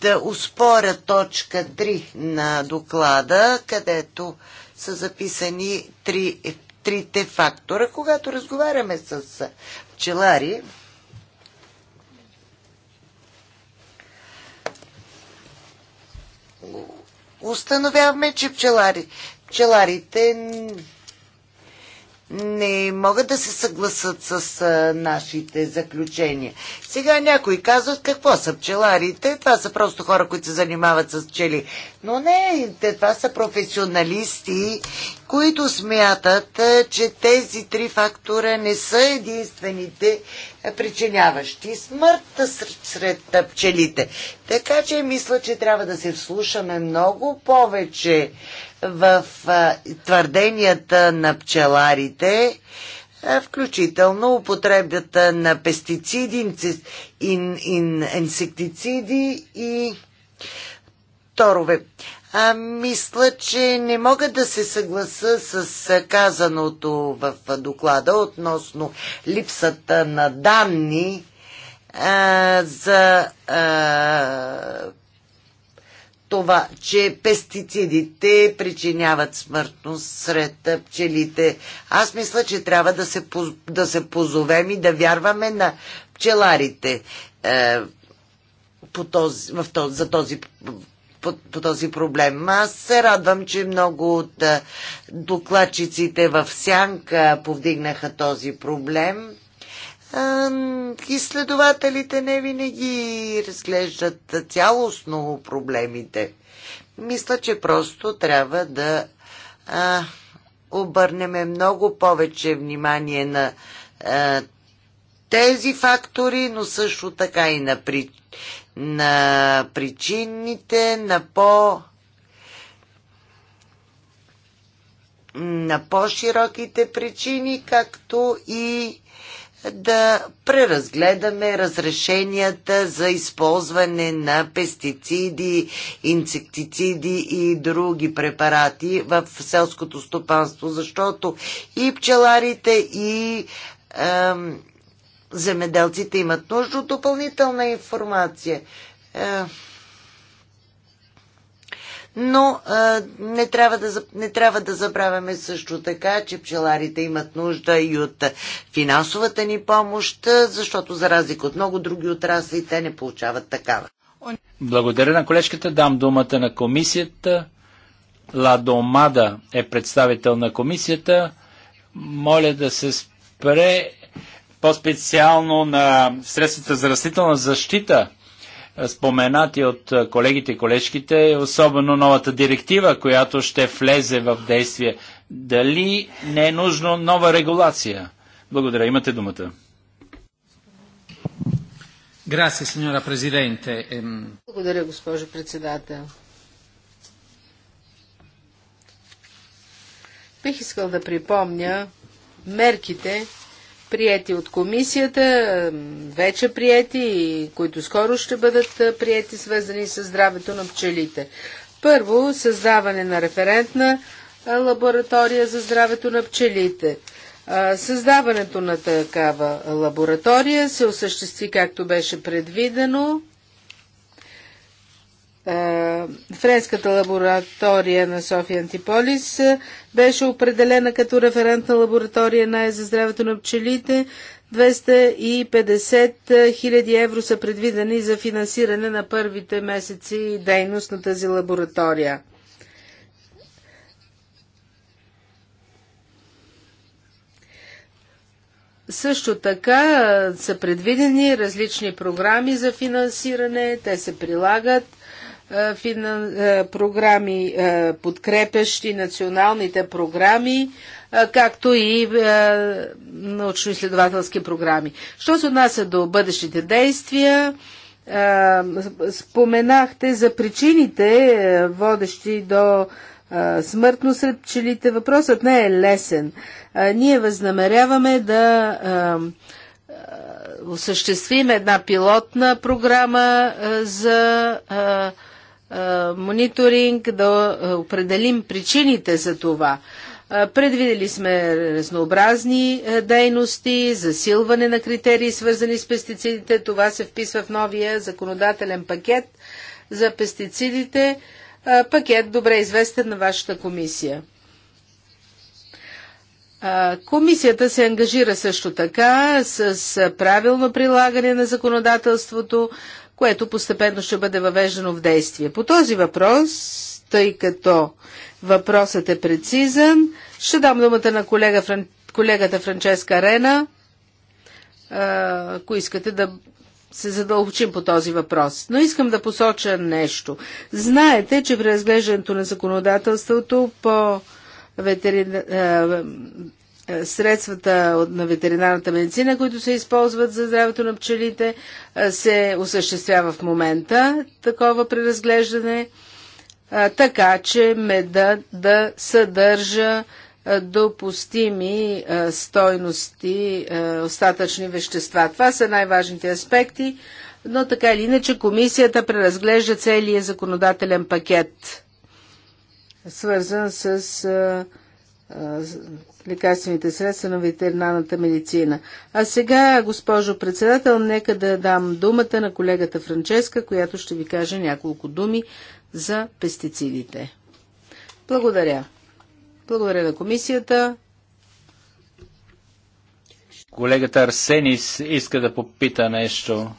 да успоря точка 3 на доклада, където са записани три, трите фактора. Когато разговаряме с пчелари, установяваме, че пчелари, пчеларите не могат да се съгласат с а, нашите заключения. Сега някои казват какво са пчеларите. Това са просто хора, които се занимават с пчели. Но не, те, това са професионалисти, които смятат, а, че тези три фактора не са единствените а, причиняващи смъртта сред пчелите. Така че мисля, че трябва да се вслушаме много повече в твърденията на пчеларите, включително употребата на пестициди, ин, ин, инсектициди и торове. А, мисля, че не мога да се съгласа с казаното в доклада относно липсата на данни а, за а, това, че пестицидите причиняват смъртност сред пчелите. Аз мисля, че трябва да се, да се позовем и да вярваме на пчеларите е, по този, в този, за този по, по този проблем. Аз се радвам, че много от е, докладчиците в Сянка повдигнаха този проблем изследователите не винаги разглеждат цялостно проблемите. Мисля, че просто трябва да а, обърнем много повече внимание на а, тези фактори, но също така и на, при, на причините, на по на по-широките причини, както и да преразгледаме разрешенията за използване на пестициди, инсектициди и други препарати в селското стопанство, защото и пчеларите, и ем, земеделците имат нужда от допълнителна информация. Ем, но а, не, трябва да, не трябва да забравяме също така, че пчеларите имат нужда и от финансовата ни помощ, защото за разлика от много други отрасли, те не получават такава. Благодаря на колежката. Дам думата на комисията. Ладомада е представител на комисията. Моля да се спре по-специално на средствата за растителна защита споменати от колегите и колежките, е особено новата директива, която ще влезе в действие. Дали не е нужно нова регулация? Благодаря. Имате думата. сеньора президенте. Благодаря, госпожо председател. Бих искал да припомня мерките, Приети от комисията, вече прияти и които скоро ще бъдат прияти, свързани с здравето на пчелите. Първо, създаване на референтна лаборатория за здравето на пчелите. Създаването на такава лаборатория се осъществи както беше предвидено е, френската лаборатория на София Антиполис е, беше определена като референтна лаборатория на е за здравето на пчелите. 250 хиляди евро са предвидени за финансиране на първите месеци дейност на тази лаборатория. Също така е, са предвидени различни програми за финансиране, те се прилагат е, е, програми, е, подкрепящи националните програми, както и научно-изследователски програми. Що се отнася до бъдещите действия, споменахте за причините, водещи до смъртно сред пчелите. Въпросът не е лесен. Ние възнамеряваме да осъществим една пилотна програма за мониторинг, да определим причините за това. Предвидели сме разнообразни дейности, засилване на критерии, свързани с пестицидите. Това се вписва в новия законодателен пакет за пестицидите. Пакет добре известен на вашата комисия. Комисията се ангажира също така с правилно прилагане на законодателството, което постепенно ще бъде въвеждано в действие. По този въпрос, тъй като въпросът е прецизен, ще дам думата на колега, колегата Франческа Рена, ако искате да се задълбочим по този въпрос. Но искам да посоча нещо. Знаете, че при разглеждането на законодателството по ветерина... Е, средствата на ветеринарната медицина, които се използват за здравето на пчелите, е, се осъществява в момента такова преразглеждане, е, така че меда да съдържа допустими стойности, остатъчни вещества. Това са най-важните аспекти, но така или иначе комисията преразглежда целият законодателен пакет, свързан с лекарствените средства на ветеринарната медицина. А сега, госпожо председател, нека да дам думата на колегата Франческа, която ще ви каже няколко думи за пестицидите. Благодаря. Благодаря на комисията. Колегата Арсенис иска да попита нещо.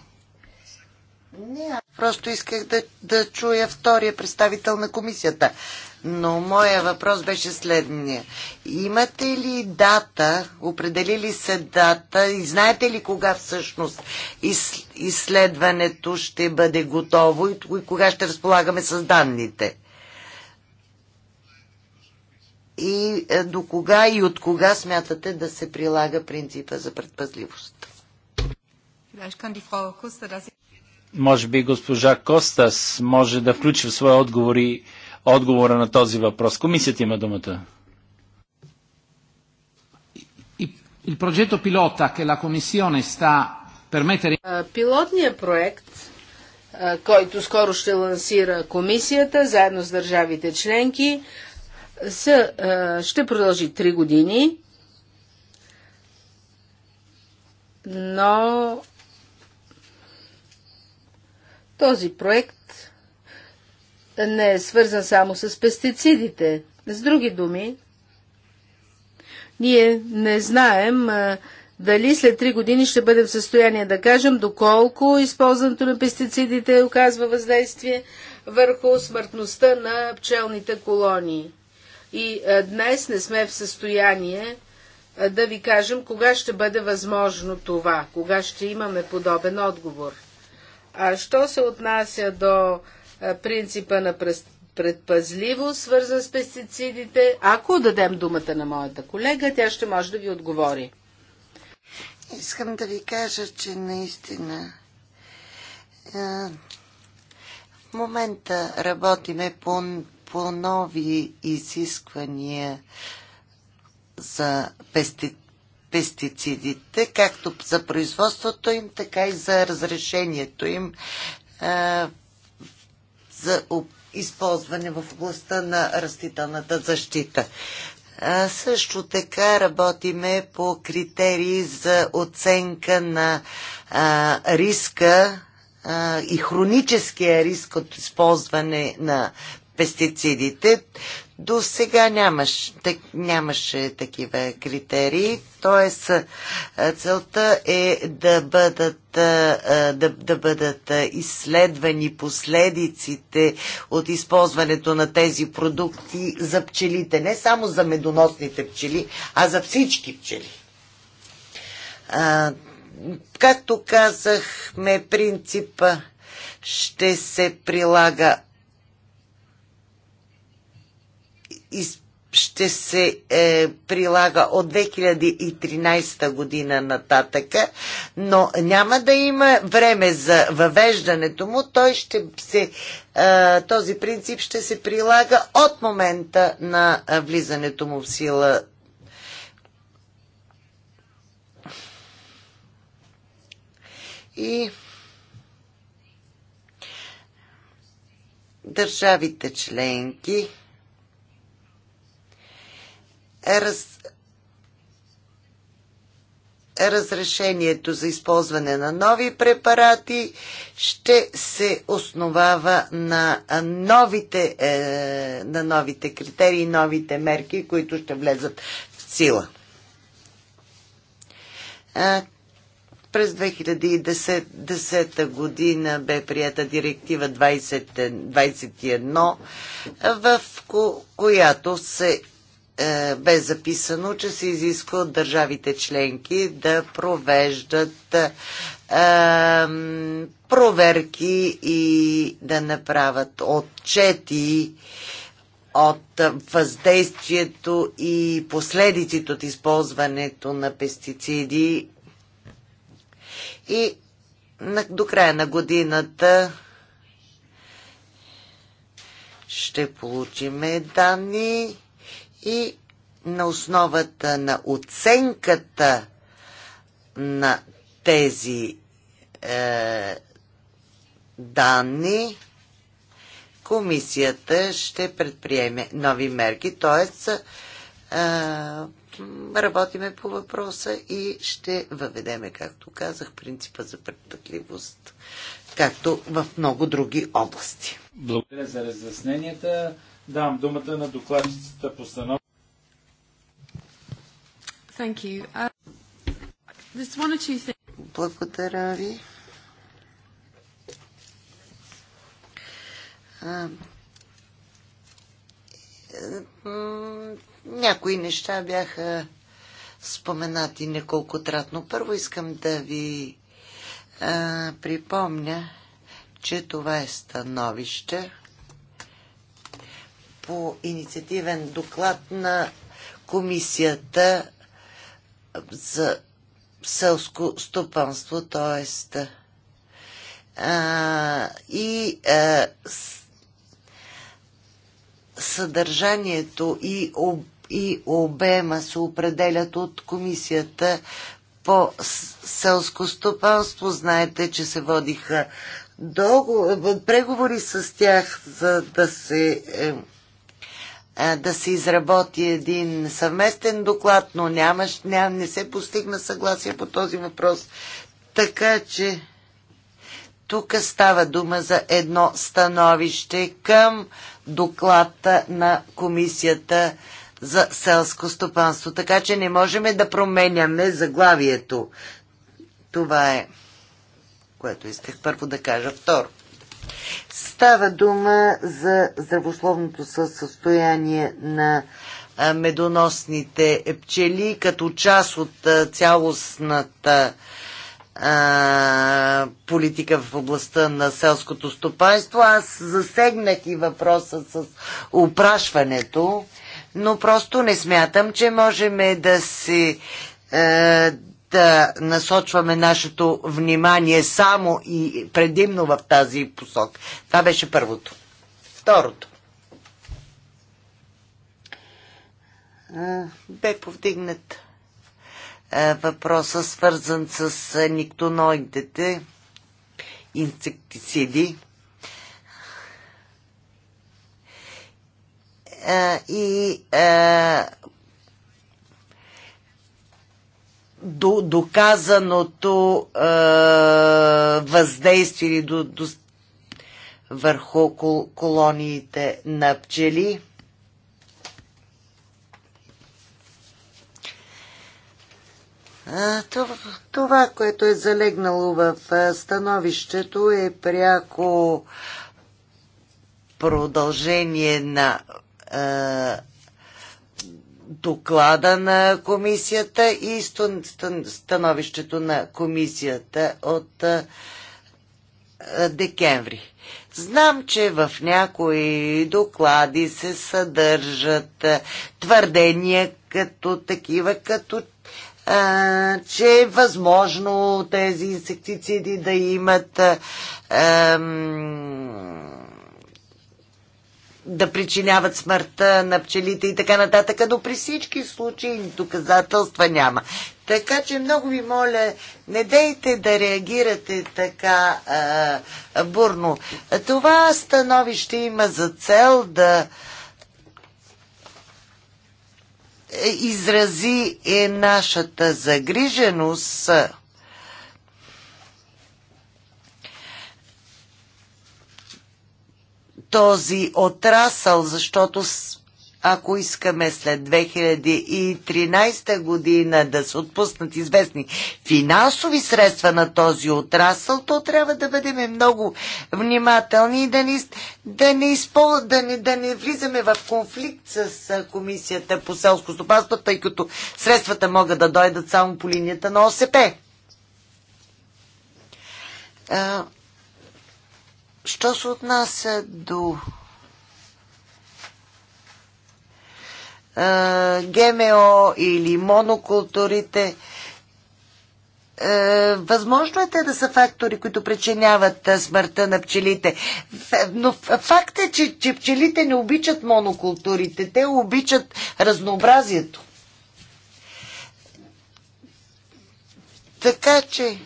Не, просто исках да, да чуя втория представител на комисията. Но моя въпрос беше следния. Имате ли дата, определили се дата и знаете ли кога всъщност изследването ще бъде готово и, и кога ще разполагаме с данните? И е, до кога и от кога смятате да се прилага принципа за предпазливост? Може би госпожа Костас може да включи в своя отговор и отговора на този въпрос. Комисията има думата. Il progetto pilota che la Commissione sta per mettere... in... Пилотният проект, който скоро ще лансира комисията, заедно с държавите членки, са, ще продължи 3 години, но този проект не е свързан само с пестицидите. С други думи, ние не знаем дали след 3 години ще бъдем в състояние да кажем доколко използването на пестицидите оказва въздействие върху смъртността на пчелните колонии. И днес не сме в състояние да ви кажем кога ще бъде възможно това, кога ще имаме подобен отговор. А що се отнася до принципа на предпазливост, свързан с пестицидите. Ако дадем думата на моята колега, тя ще може да ви отговори. Искам да ви кажа, че наистина в момента работиме по, по нови изисквания за пести, пестицидите, както за производството им, така и за разрешението им. А, за използване в областта на растителната защита. А, също така работиме по критерии за оценка на а, риска а, и хроническия риск от използване на пестицидите. До сега нямаш, так, нямаше такива критерии, т.е. целта е да бъдат, да, да бъдат изследвани последиците от използването на тези продукти за пчелите, не само за медоносните пчели, а за всички пчели. А, както казахме, принципа ще се прилага ще се е, прилага от 2013 година нататъка, но няма да има време за въвеждането му. Той ще се, е, този принцип ще се прилага от момента на е, влизането му в сила и държавите членки е раз, е разрешението за използване на нови препарати ще се основава на новите, е, на новите критерии, новите мерки, които ще влезат в сила. През 2010, 2010 година бе прията директива 20, 21, в ко, която се е, бе записано, че се изисква от държавите членки да провеждат е, проверки и да направят отчети от въздействието и последиците от използването на пестициди и до края на годината ще получиме данни и на основата на оценката на тези е, данни комисията ще предприеме нови мерки, т.е. Е, работиме по въпроса и ще въведеме, както казах, принципа за предпътливост, както в много други области. Благодаря за разясненията. Давам думата на докладчицата по станов. Uh, Благодаря ви. някои неща бяха споменати неколкотратно. Първо искам да ви а, припомня, че това е становище по инициативен доклад на Комисията за селско стопанство, т.е. и а, съдържанието и, об, и обема се определят от комисията по селско стопанство. Знаете, че се водиха договор, преговори с тях, за да се е, да се изработи един съвместен доклад, но нямаш, ням, не се постигна съгласие по този въпрос. Така че тук става дума за едно становище към доклада на комисията за селско стопанство. Така че не можем да променяме заглавието. Това е, което исках първо да кажа. Второ. Става дума за здравословното състояние на медоносните пчели като част от цялостната политика в областта на селското стопанство. Аз засегнах и въпроса с опрашването, но просто не смятам, че можем да се да насочваме нашето внимание само и предимно в тази посок. Това беше първото. Второто. Бе повдигнат въпроса, свързан с никтоноидите, инсектициди. и до доказаното е, въздействие или до, до, върху кол, колониите на пчели. Е, това, това, което е залегнало в е, становището е пряко продължение на е, доклада на комисията и становището на комисията от декември. Знам, че в някои доклади се съдържат твърдения като такива, като а, че е възможно тези инсектициди да имат а, да причиняват смъртта на пчелите и така нататък, но при всички случаи доказателства няма. Така че много ви моля, не дейте да реагирате така а, бурно. Това становище има за цел да е, изрази е нашата загриженост този отрасъл, защото ако искаме след 2013 година да се отпуснат известни финансови средства на този отрасъл, то трябва да бъдем много внимателни и да не, да не, изпол... да не, да не влизаме в конфликт с Комисията по селско стопанство, тъй като средствата могат да дойдат само по линията на ОСП. Що се отнася до ГМО или монокултурите, възможно е те да са фактори, които причиняват смъртта на пчелите. Но факт е, че, че пчелите не обичат монокултурите, те обичат разнообразието. Така че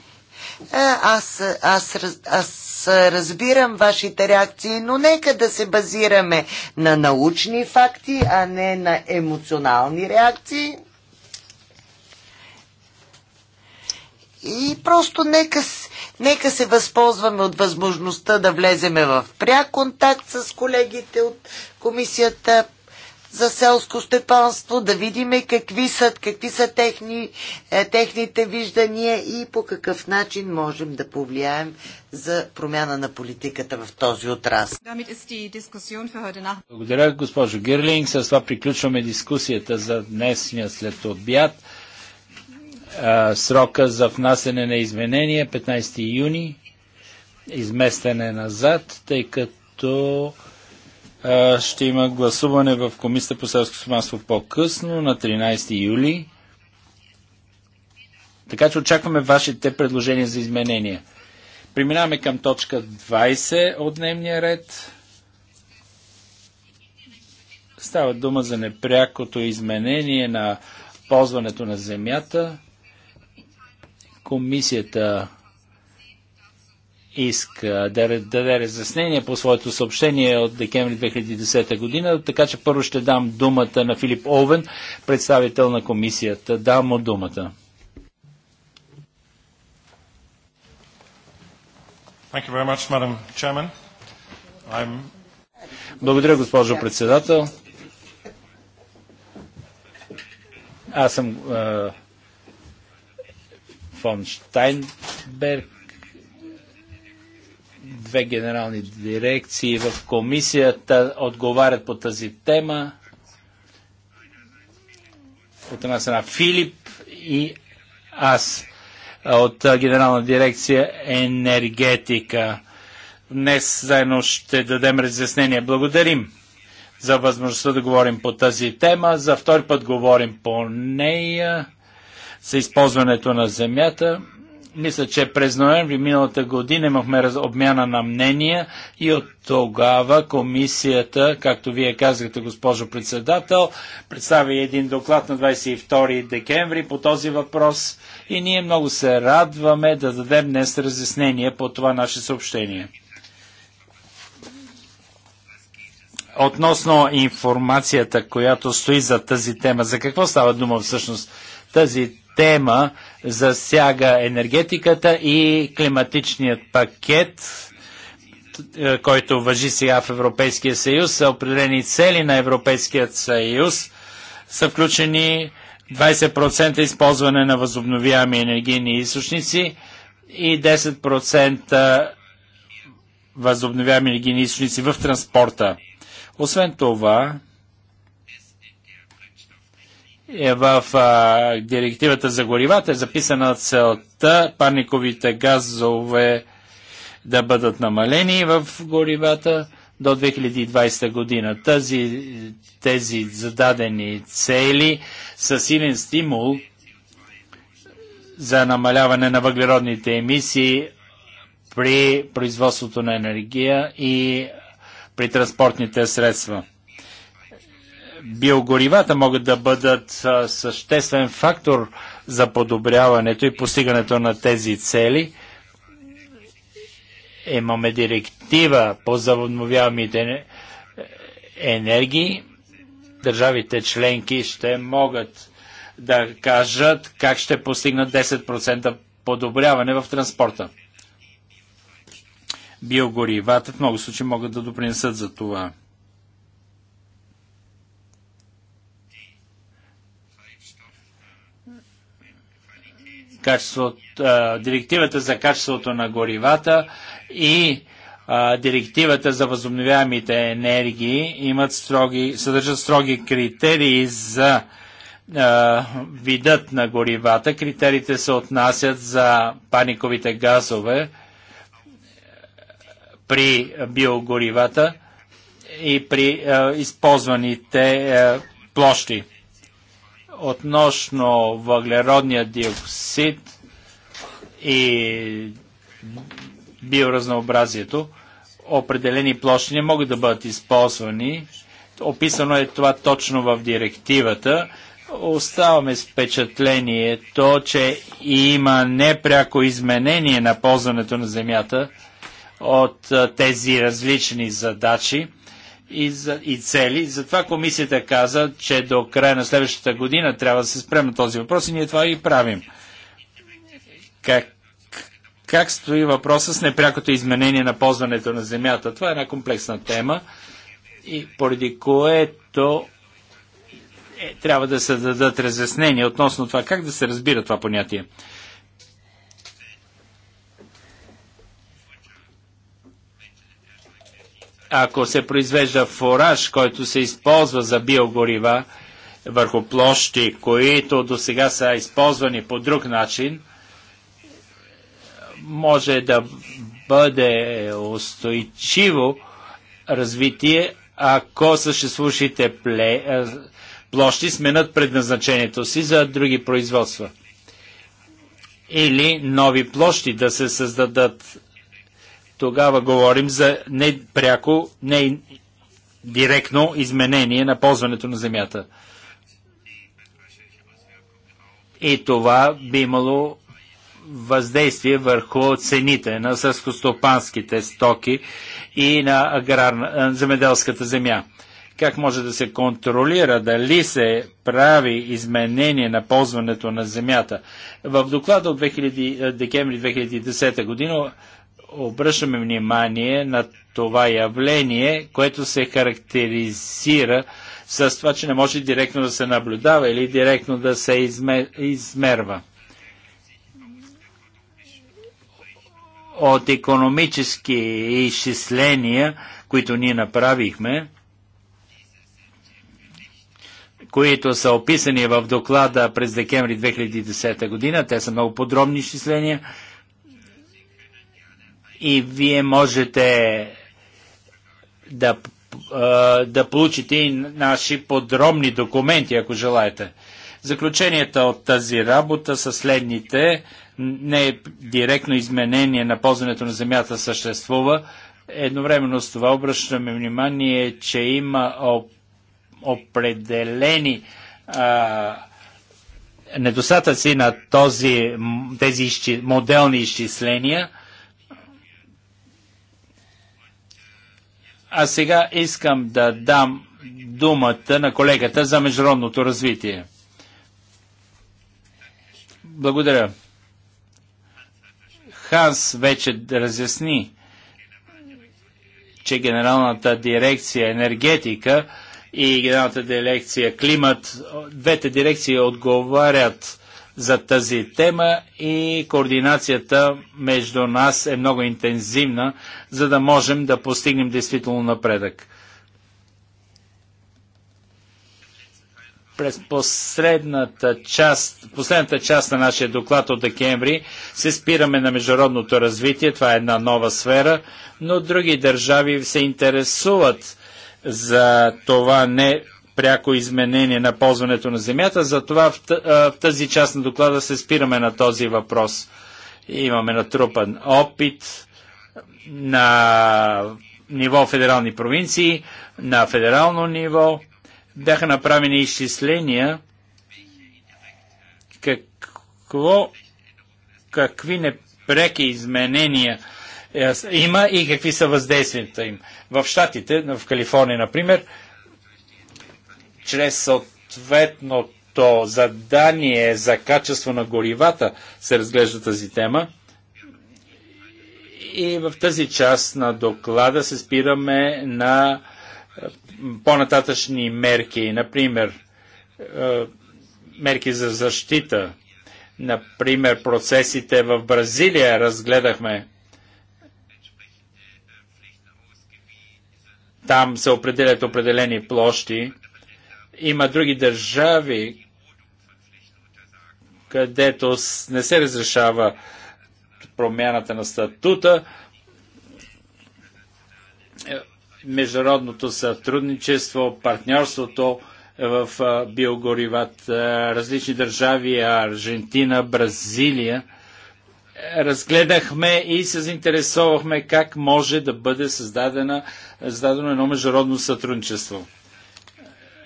аз, аз, аз, аз разбирам вашите реакции, но нека да се базираме на научни факти, а не на емоционални реакции. И просто нека, нека се възползваме от възможността да влеземе в пряк контакт с колегите от комисията за селско степанство, да видим какви са, какви са техни, е, техните виждания и по какъв начин можем да повлияем за промяна на политиката в този отрас. Благодаря, госпожо Гирлинг. С това приключваме дискусията за днесния след обяд. Срока за внасене на изменения 15 юни, изместене назад, тъй като ще има гласуване в Комисията по селско стопанство по-късно, на 13 юли. Така че очакваме вашите предложения за изменения. Преминаваме към точка 20 от дневния ред. Става дума за непрякото изменение на ползването на земята. Комисията иска да даде разяснение по своето съобщение от декември 2010 година, така че първо ще дам думата на Филип Овен, представител на комисията. Дам му думата. Much, Благодаря, госпожо председател. Аз съм фон Штайнберг две генерални дирекции в комисията отговарят по тази тема. От една страна Филип и аз от генерална дирекция енергетика. Днес заедно ще дадем разяснение. Благодарим за възможността да говорим по тази тема. За втори път говорим по нея, за използването на земята. Мисля, че през ноември миналата година имахме обмяна на мнения и от тогава комисията, както вие казахте, госпожо председател, представи един доклад на 22 декември по този въпрос и ние много се радваме да дадем днес разяснение по това наше съобщение. Относно информацията, която стои за тази тема, за какво става дума всъщност? Тази тема засяга енергетиката и климатичният пакет, е, който въжи сега в Европейския съюз, са определени цели на Европейския съюз, са включени 20% използване на възобновяеми енергийни източници и 10% възобновяваме енергийни източници в транспорта. Освен това, е в а, директивата за горивата е записана целта парниковите газове да бъдат намалени в горивата до 2020 година. Тази, тези зададени цели са силен стимул за намаляване на въглеродните емисии при производството на енергия и при транспортните средства биогоривата могат да бъдат съществен фактор за подобряването и постигането на тези цели. Имаме директива по завъдновяваните е, енергии. Държавите членки ще могат да кажат как ще постигнат 10% подобряване в транспорта. Биогоривата в много случаи могат да допринесат за това. качеството, директивата за качеството на горивата и директивата за възобновяемите енергии имат строги, съдържат строги критерии за видът на горивата. Критериите се отнасят за паниковите газове при биогоривата и при а, използваните а, площи относно въглеродния диоксид и биоразнообразието, определени площи не могат да бъдат използвани. Описано е това точно в директивата. Оставаме с впечатлението, че има непряко изменение на ползването на земята от тези различни задачи и, за, и цели. Затова комисията каза, че до края на следващата година трябва да се спрем на този въпрос и ние това и правим. Как, как стои въпроса с непрякото изменение на ползването на земята? Това е една комплексна тема и поради което е, трябва да се дадат разяснения относно това как да се разбира това понятие. ако се произвежда фораж, който се използва за биогорива върху площи, които до сега са използвани по друг начин, може да бъде устойчиво развитие, ако съществуващите пле, площи сменят предназначението си за други производства. Или нови площи да се създадат тогава говорим за непряко, не директно изменение на ползването на земята. И това би имало въздействие върху цените на сърскостопанските стоки и на аграрна, земеделската земя. Как може да се контролира дали се прави изменение на ползването на земята? В доклада от 2000, декември 2010 година обръщаме внимание на това явление, което се характеризира с това, че не може директно да се наблюдава или директно да се измерва. От економически изчисления, които ние направихме, които са описани в доклада през декември 2010 година, те са много подробни изчисления, и вие можете да, да получите и наши подробни документи, ако желаете. Заключенията от тази работа са следните. Не е директно изменение на ползването на земята съществува. Едновременно с това обръщаме внимание, че има определени а, недостатъци на този, тези изчи, моделни изчисления – А сега искам да дам думата на колегата за международното развитие. Благодаря. Ханс вече разясни, че Генералната дирекция енергетика и Генералната дирекция климат, двете дирекции отговарят за тази тема и координацията между нас е много интензивна, за да можем да постигнем действително напредък. през последната част, последната част на нашия доклад от декември се спираме на международното развитие. Това е една нова сфера, но други държави се интересуват за това не пряко изменение на ползването на земята, затова в тази част на доклада се спираме на този въпрос. Имаме натрупан опит на ниво федерални провинции, на федерално ниво. Бяха направени изчисления какво, какви непреки изменения е, има и какви са въздействията им. В Штатите, в Калифорния, например, чрез съответното задание за качество на горивата се разглежда тази тема. И в тази част на доклада се спираме на е, по-нататъчни мерки, например е, мерки за защита, например процесите в Бразилия разгледахме. Там се определят определени площи има други държави, където не се разрешава промяната на статута. Е, международното сътрудничество, партньорството в биогориват, различни държави, Аржентина, Бразилия. Разгледахме и се заинтересовахме как може да бъде създадено едно международно сътрудничество.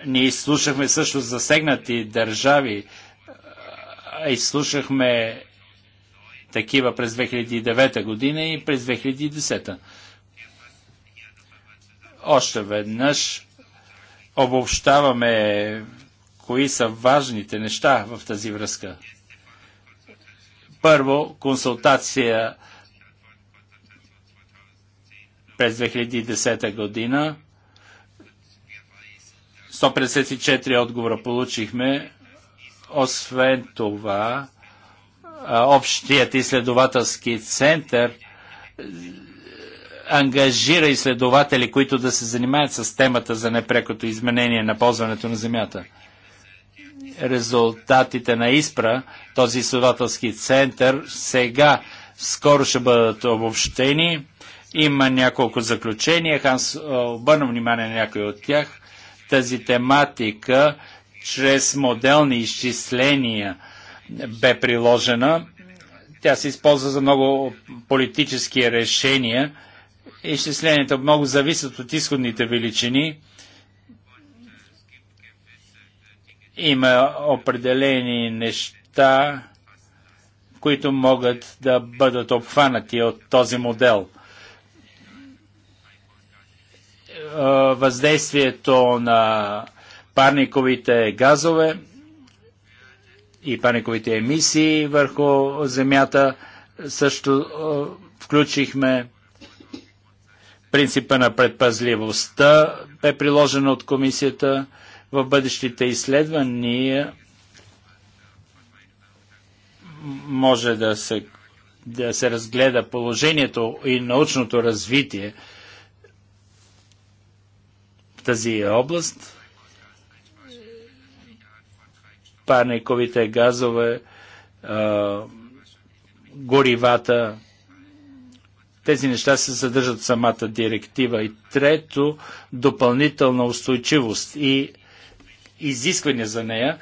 Ние изслушахме също засегнати държави, изслушахме такива през 2009 година и през 2010. Още веднъж обобщаваме кои са важните неща в тази връзка. Първо, консултация през 2010 година 154 отговора получихме. Освен това, общият изследователски център е, ангажира изследователи, които да се занимават с темата за непрекото изменение на ползването на земята. Резултатите на ИСПРА, този изследователски център, сега скоро ще бъдат обобщени. Има няколко заключения. Ханс обърна внимание на някои от тях тази тематика чрез моделни изчисления бе приложена. Тя се използва за много политически решения. Изчисленията много зависят от изходните величини. Има определени неща, които могат да бъдат обхванати от този модел. въздействието на парниковите газове и парниковите емисии върху Земята. Също включихме принципа на предпазливостта, бе приложен от комисията в бъдещите изследвания. Може да се, да се разгледа положението и научното развитие тази област. Парниковите газове, горивата, тези неща се съдържат в самата директива. И трето, допълнителна устойчивост и изисквания за нея.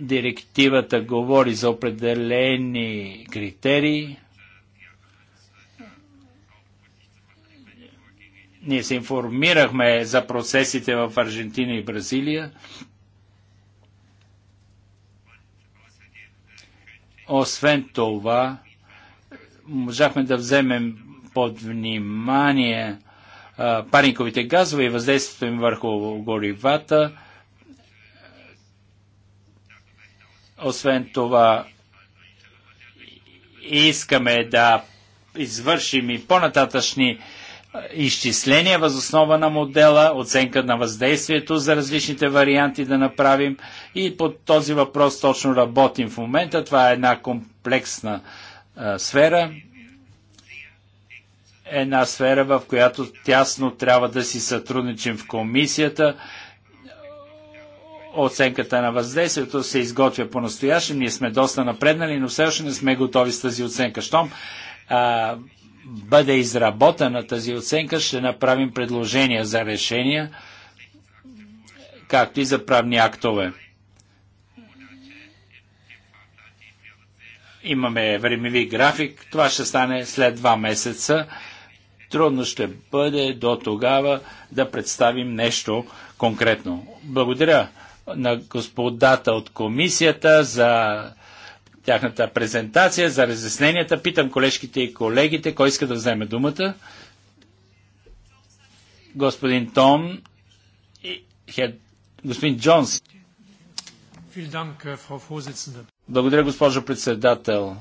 Директивата говори за определени критерии, Ние се информирахме за процесите в Аржентина и Бразилия. Освен това, можахме да вземем под внимание а, парниковите газове и въздействието им върху горивата. Освен това, искаме да извършим и по-нататъчни изчисления възоснова на модела, оценка на въздействието за различните варианти да направим и под този въпрос точно работим в момента. Това е една комплексна а, сфера, една сфера, в която тясно трябва да си сътрудничим в комисията. Оценката на въздействието се изготвя по-настоящем. Ние сме доста напреднали, но все още не сме готови с тази оценка. Щом а, бъде изработена тази оценка, ще направим предложения за решения, както и за правни актове. Имаме времеви график. Това ще стане след два месеца. Трудно ще бъде до тогава да представим нещо конкретно. Благодаря на господата от комисията за тяхната презентация, за разясненията. Питам колежките и колегите, кой иска да вземе думата. Господин Том и хед... господин Джонс. Äh, Благодаря, госпожо председател.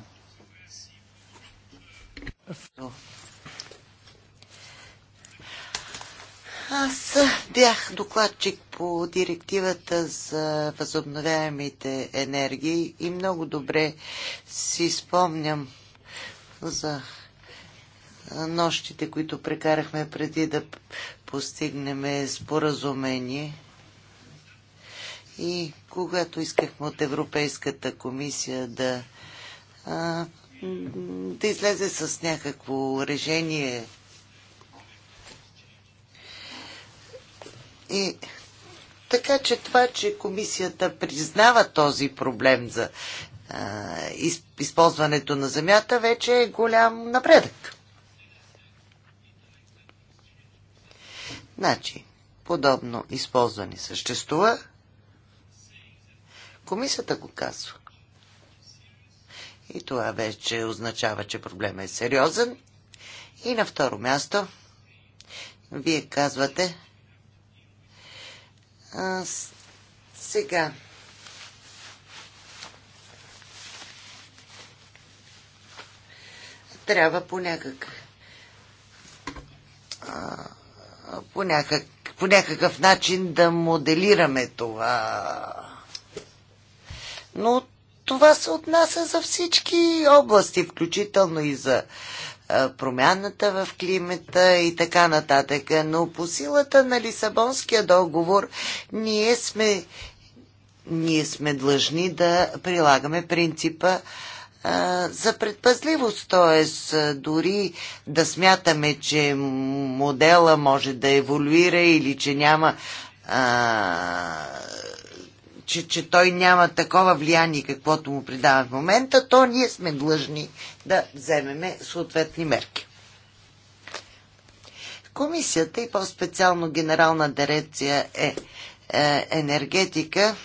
Аз бях докладчик по директивата за възобновяемите енергии и много добре си спомням за нощите, които прекарахме преди да постигнем споразумение. И когато искахме от Европейската комисия да, а, да излезе с някакво решение И така че това, че комисията признава този проблем за а, из, използването на земята, вече е голям напредък. Значи, подобно използване съществува. Комисията го казва. И това вече означава, че проблема е сериозен. И на второ място, вие казвате, а, сега. Трябва по някак по, някак, по някакъв начин да моделираме това. Но това се отнася за всички области, включително и за промяната в климата и така нататък. Но по силата на Лисабонския договор ние сме, ние сме длъжни да прилагаме принципа за предпазливост, т.е. дори да смятаме, че модела може да еволюира или че няма а, че, че той няма такова влияние, каквото му придава в момента, то ние сме длъжни да вземеме съответни мерки. Комисията и по-специално Генерална дирекция е, е енергетика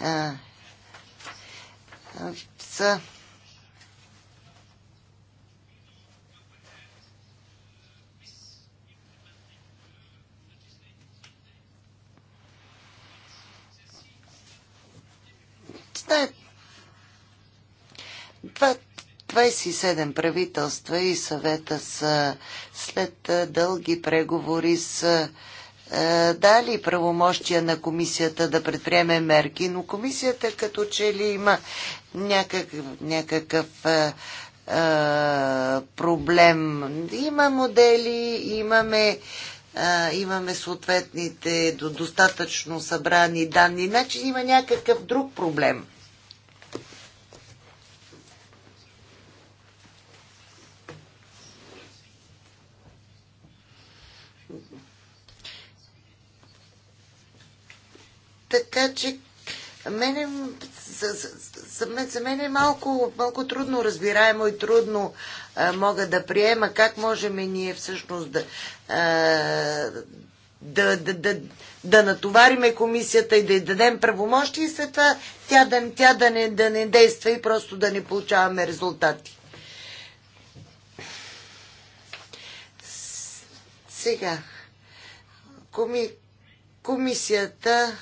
е, са Знаете, 27 правителства и съвета са след дълги преговори с дали правомощия на комисията да предприеме мерки, но комисията като че ли има някакъв, някакъв а, проблем. Има модели, имаме, а, имаме съответните достатъчно събрани данни, значи има някакъв друг проблем. Така че мене, за, за, за, за мен е малко, малко трудно разбираемо и трудно а, мога да приема как можем ние всъщност да, а, да, да, да, да натовариме комисията и да й дадем правомощи и след това тя да, тя да, не, да не действа и просто да не получаваме резултати. Сега, коми, комисията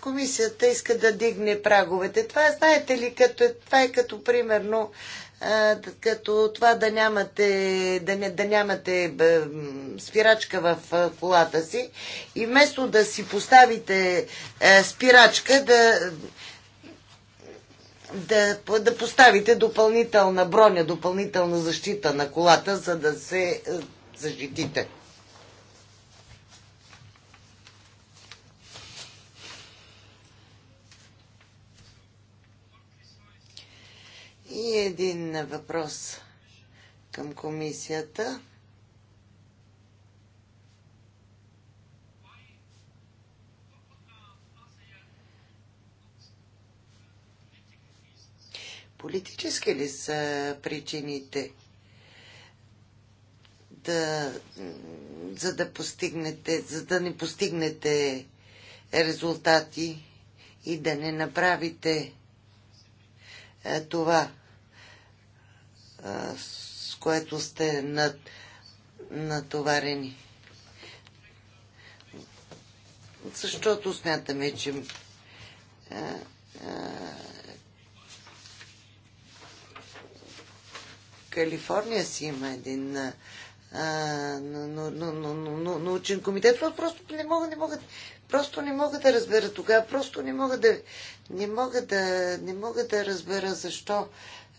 комисията иска да дигне праговете. Това, знаете ли, като, това е като примерно като това да нямате, да не, да нямате спирачка в колата си и вместо да си поставите спирачка, да, да, да поставите допълнителна броня, допълнителна защита на колата, за да се защитите. И един въпрос към комисията. Политически ли са причините да, за да постигнете, за да не постигнете резултати и да не направите е, това, с което сте над, натоварени. Защото смятаме, че Калифорния си има един а, но, но, но, научен комитет. Това просто не мога, не мога, просто не мога да разбера тогава. Просто не мога да, не мога да, не мога да разбера защо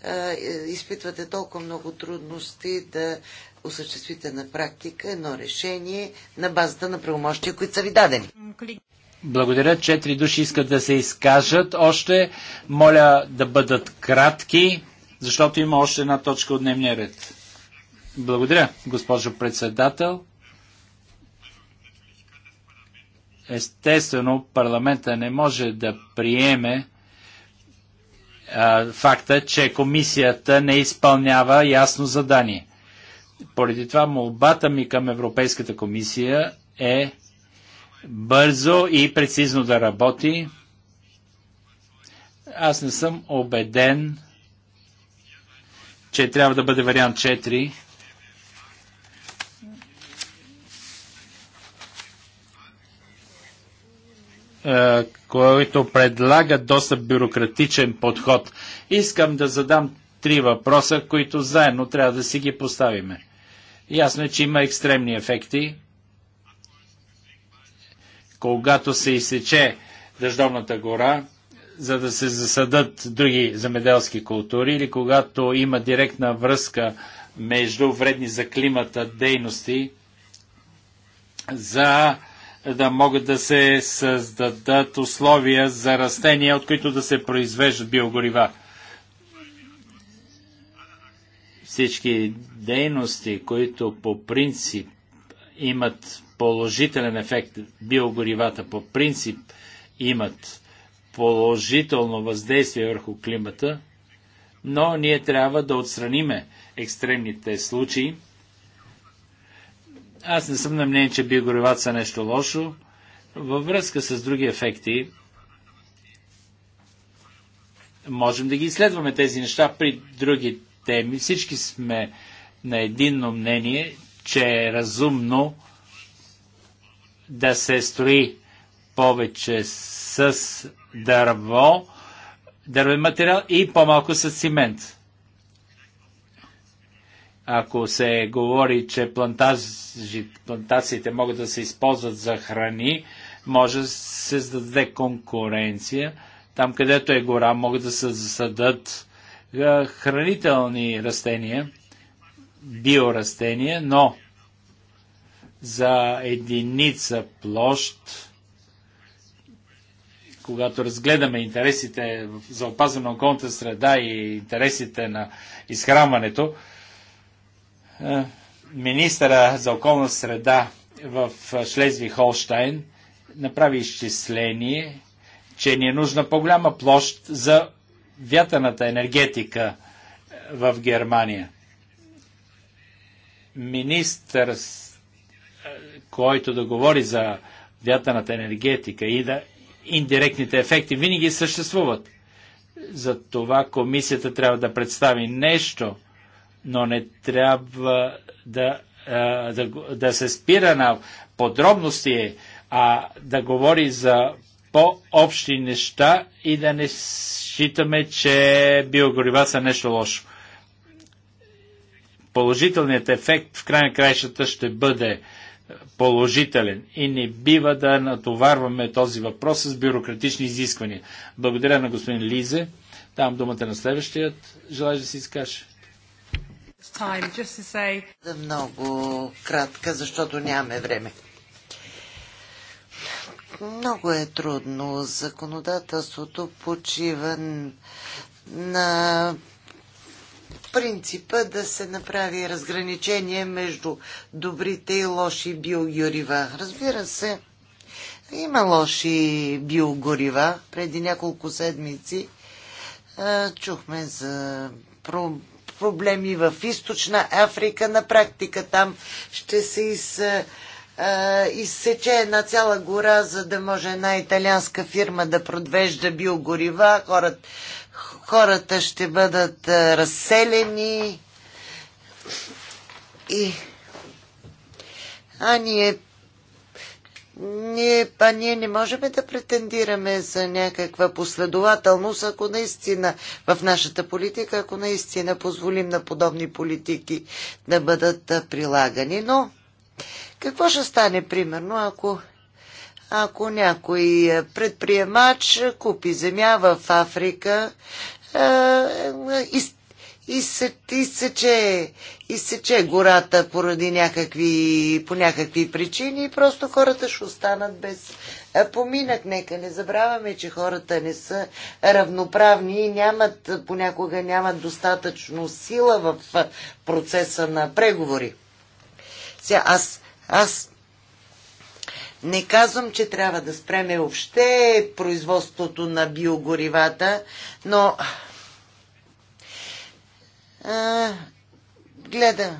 е, изпитвате толкова много трудности да осъществите на практика едно решение на базата на правомощия, които са ви дадени. Благодаря. Четири души искат да се изкажат. Още моля да бъдат кратки, защото има още една точка от дневния ред. Благодаря, госпожо председател. Естествено, парламента не може да приеме факта, че комисията не изпълнява ясно задание. Поради това молбата ми към Европейската комисия е бързо и прецизно да работи. Аз не съм убеден, че трябва да бъде вариант 4 Е, който предлага доста бюрократичен подход. Искам да задам три въпроса, които заедно трябва да си ги поставиме. Ясно е, че има екстремни ефекти. Когато се изсече дъждовната гора, за да се засадат други земеделски култури или когато има директна връзка между вредни за климата дейности за да могат да се създадат условия за растения, от които да се произвеждат биогорива. Всички дейности, които по принцип имат положителен ефект, биогоривата по принцип имат положително въздействие върху климата, но ние трябва да отстраниме екстремните случаи, аз не съм на мнение, че биогоривата са нещо лошо. Във връзка с други ефекти, можем да ги изследваме тези неща при други теми. Всички сме на единно мнение, че е разумно да се строи повече с дърво, дървен материал и по-малко с цимент. Ако се говори, че плантажи, плантациите могат да се използват за храни, може да се създаде конкуренция. Там, където е гора, могат да се засадат хранителни растения, биорастения, но за единица площ, когато разгледаме интересите за опазване на околната среда и интересите на изхранването, министъра за околна среда в Шлезви Холштайн направи изчисление, че ни е нужна по-голяма площ за вятърната енергетика в Германия. Министър, който да говори за вятърната енергетика и да индиректните ефекти винаги съществуват. За това комисията трябва да представи нещо, но не трябва да, да, да се спира на подробности, а да говори за по-общи неща и да не считаме, че биогорива са нещо лошо. Положителният ефект в край на краищата ще бъде положителен и не бива да натоварваме този въпрос с бюрократични изисквания. Благодаря на господин Лизе. Давам думата на следващият. Желаеш да си изкаже? За много кратка, защото нямаме време. Много е трудно. Законодателството почива на принципа да се направи разграничение между добрите и лоши биогорива. Разбира се, има лоши биогорива. Преди няколко седмици а, чухме за про- проблеми в източна Африка. На практика там ще се из, а, изсече една цяла гора, за да може една италианска фирма да продвежда биогорива. Хората, хората ще бъдат а, разселени и а ние ние, па ние не можем да претендираме за някаква последователност, ако наистина в нашата политика, ако наистина позволим на подобни политики да бъдат прилагани. Но какво ще стане, примерно, ако ако някой предприемач купи земя в Африка, е, изсече, изсече гората поради някакви, по някакви причини и просто хората ще останат без поминък. Нека не забравяме, че хората не са равноправни и нямат, понякога нямат достатъчно сила в процеса на преговори. Сега, аз, аз не казвам, че трябва да спреме въобще производството на биогоривата, но а, гледа,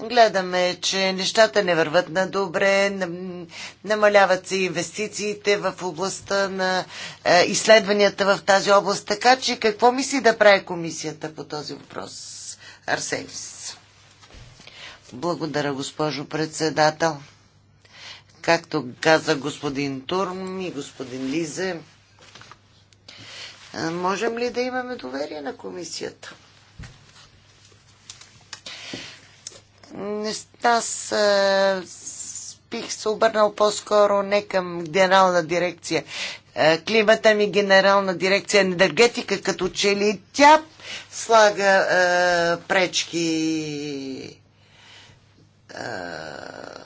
гледаме, че нещата не върват на добре, намаляват се инвестициите в областта на а, изследванията в тази област. Така че какво мисли да прави комисията по този въпрос, Арсенис? Благодаря, госпожо председател. Както каза господин Турм и господин Лизе, можем ли да имаме доверие на комисията? не, аз а, бих се обърнал по-скоро не към генерална дирекция а, е, климата ми, генерална дирекция енергетика, като че ли тя слага а, е, пречки а, е,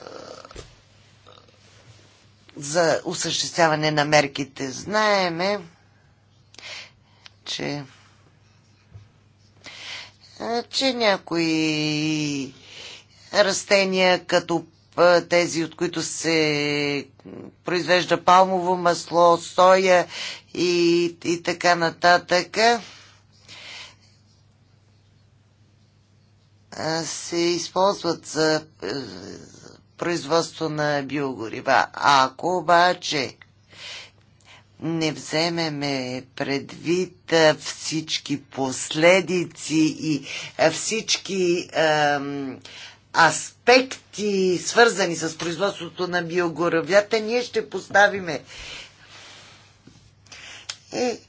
за осъществяване на мерките. Знаеме, че че някои растения, като тези, от които се произвежда палмово масло, соя и, и така нататък. се използват за е, производство на биогорива. Ако обаче не вземеме предвид всички последици и всички ам, аспекти, свързани с производството на биогоравята, ние ще поставиме е,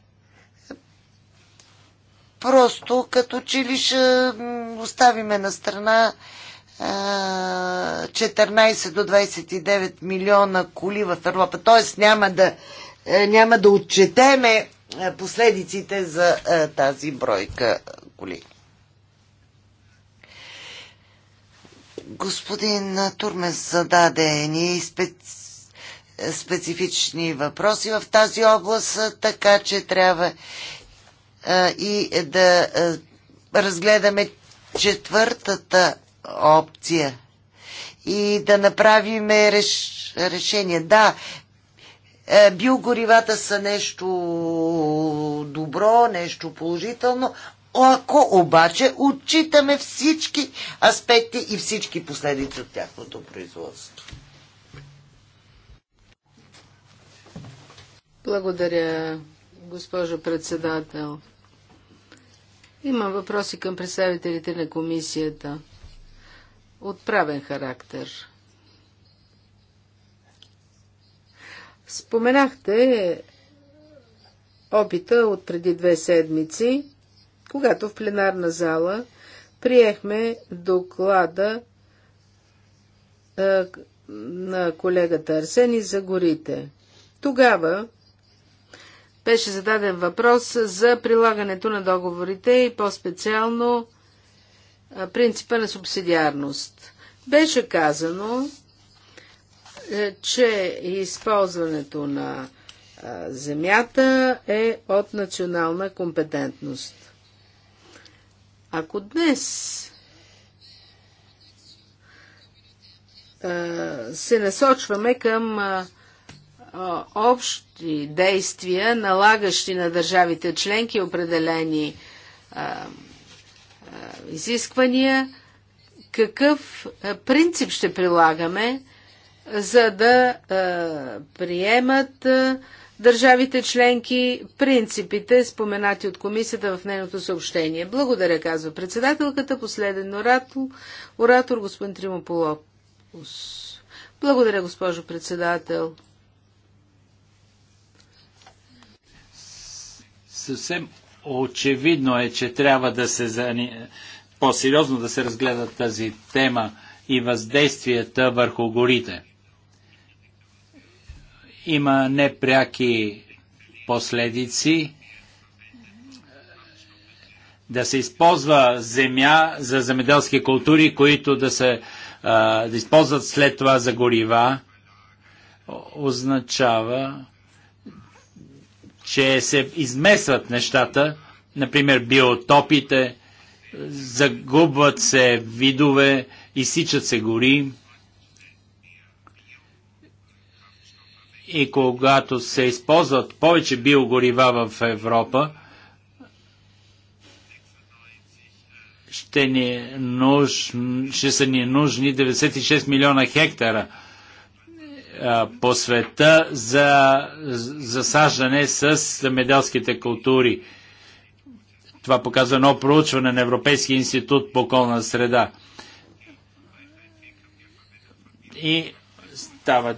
просто като че ли ще оставиме на страна 14 до 29 милиона коли в Европа. Т.е. няма да, е, няма да отчетеме е, последиците за е, тази бройка коли. Господин Турмес зададе ни специ специфични въпроси в тази област, така че трябва а, и да а, разгледаме четвъртата опция и да направим реш, решение. Да, е, биогоривата са нещо добро, нещо положително, ако обаче отчитаме всички аспекти и всички последици от тяхното производство. Благодаря, госпожо председател. Имам въпроси към представителите на комисията. Отправен характер. Споменахте опита от преди две седмици когато в пленарна зала приехме доклада е, на колегата Арсени за горите. Тогава беше зададен въпрос за прилагането на договорите и по-специално е, принципа на субсидиарност. Беше казано, е, че използването на е, земята е от национална компетентност. Ако днес се насочваме към общи действия, налагащи на държавите членки определени изисквания, какъв принцип ще прилагаме, за да приемат държавите членки принципите, споменати от комисията в нейното съобщение. Благодаря, казва председателката. Последен оратор, оратор господин Тримополопус. Благодаря, госпожо председател. Съвсем очевидно е, че трябва да се зани... по-сериозно да се разгледа тази тема и въздействията върху горите има непряки последици да се използва земя за земеделски култури, които да се да използват след това за горива, означава, че се измесват нещата, например биотопите, загубват се видове, изсичат се гори. и когато се използват повече биогорива в Европа, ще, ни нуж, ще са ни нужни 96 милиона хектара по света за засаждане с меделските култури. Това показва едно проучване на Европейския институт по околна среда. И става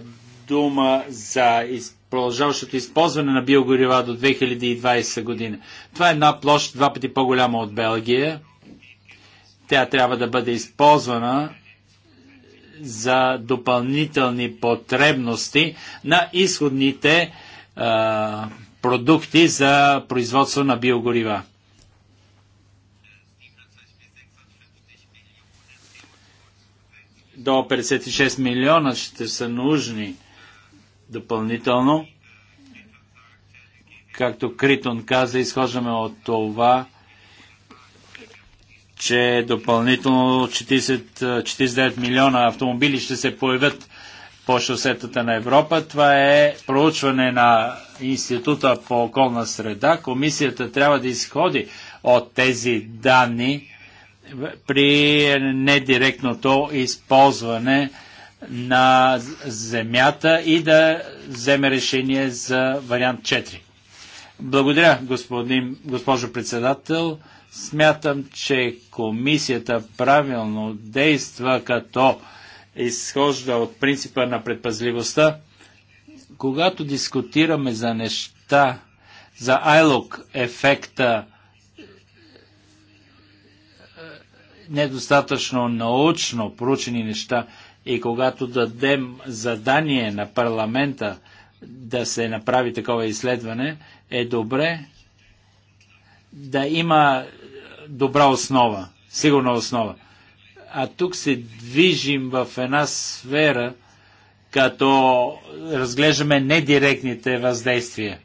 дума за из... продължаващото използване на биогорива до 2020 година. Това е една площ два пъти по-голяма от Белгия. Тя трябва да бъде използвана за допълнителни потребности на изходните а, продукти за производство на биогорива. До 56 милиона ще са нужни допълнително. Както Критон каза, изхождаме от това, че допълнително 40, 49 милиона автомобили ще се появят по шосетата на Европа. Това е проучване на Института по околна среда. Комисията трябва да изходи от тези данни при недиректното използване на земята и да вземе решение за вариант 4. Благодаря, господин, госпожо председател. Смятам, че комисията правилно действа като изхожда от принципа на предпазливостта. Когато дискутираме за неща, за айлок ефекта, недостатъчно научно проучени неща, и когато дадем задание на парламента да се направи такова изследване, е добре да има добра основа, сигурна основа. А тук се движим в една сфера, като разглеждаме недиректните въздействия.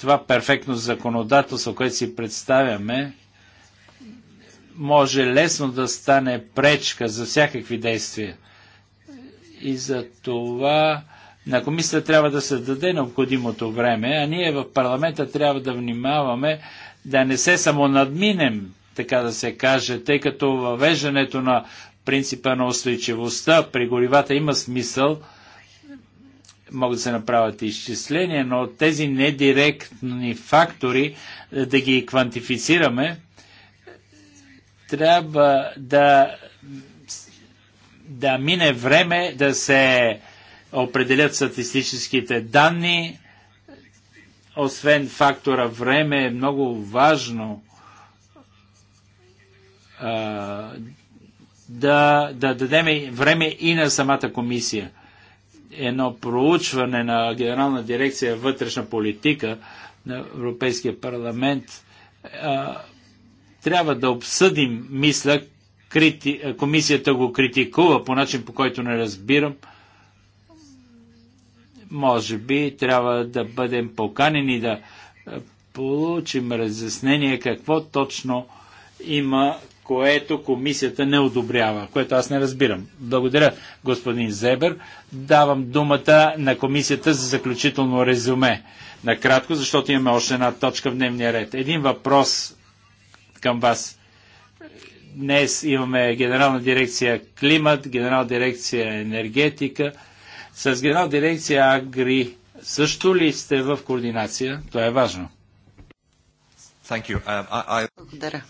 Това перфектно законодателство, което си представяме, може лесно да стане пречка за всякакви действия. И за това на комисията трябва да се даде необходимото време, а ние в парламента трябва да внимаваме да не се самонадминем, така да се каже, тъй като въвеждането на принципа на устойчивостта при горивата има смисъл, могат да се направят изчисления, но тези недиректни фактори, да ги квантифицираме, трябва да да мине време да се определят статистическите данни. Освен фактора време е много важно а, да, да дадем време и на самата комисия. Едно проучване на Генерална дирекция вътрешна политика на Европейския парламент а, трябва да обсъдим, мисля, крити... Е, комисията го критикува по начин, по който не разбирам. Може би трябва да бъдем поканени да е, получим разяснение какво точно има, което комисията не одобрява, което аз не разбирам. Благодаря, господин Зебер. Давам думата на комисията за заключително резюме. Накратко, защото имаме още една точка в дневния ред. Един въпрос към вас. Днес имаме генерална дирекция климат, генерална дирекция енергетика. С генерална дирекция Агри също ли сте в координация? Това е важно. Um, I... Благодаря.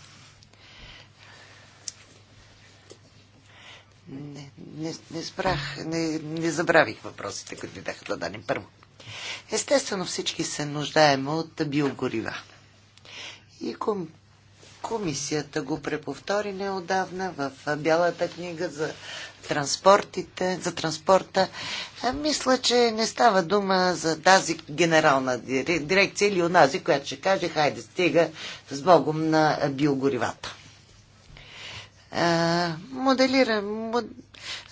Не, не, не спрах, не, не забравих въпросите, които ми бяха зададени първо. Естествено всички се нуждаем от биогорива. И Комисията го преповтори неодавна в Бялата книга за транспортите, за транспорта. Мисля, че не става дума за тази генерална дирекция или онази, която ще каже, хайде стига с Богом на биогоривата. Моделира, мод...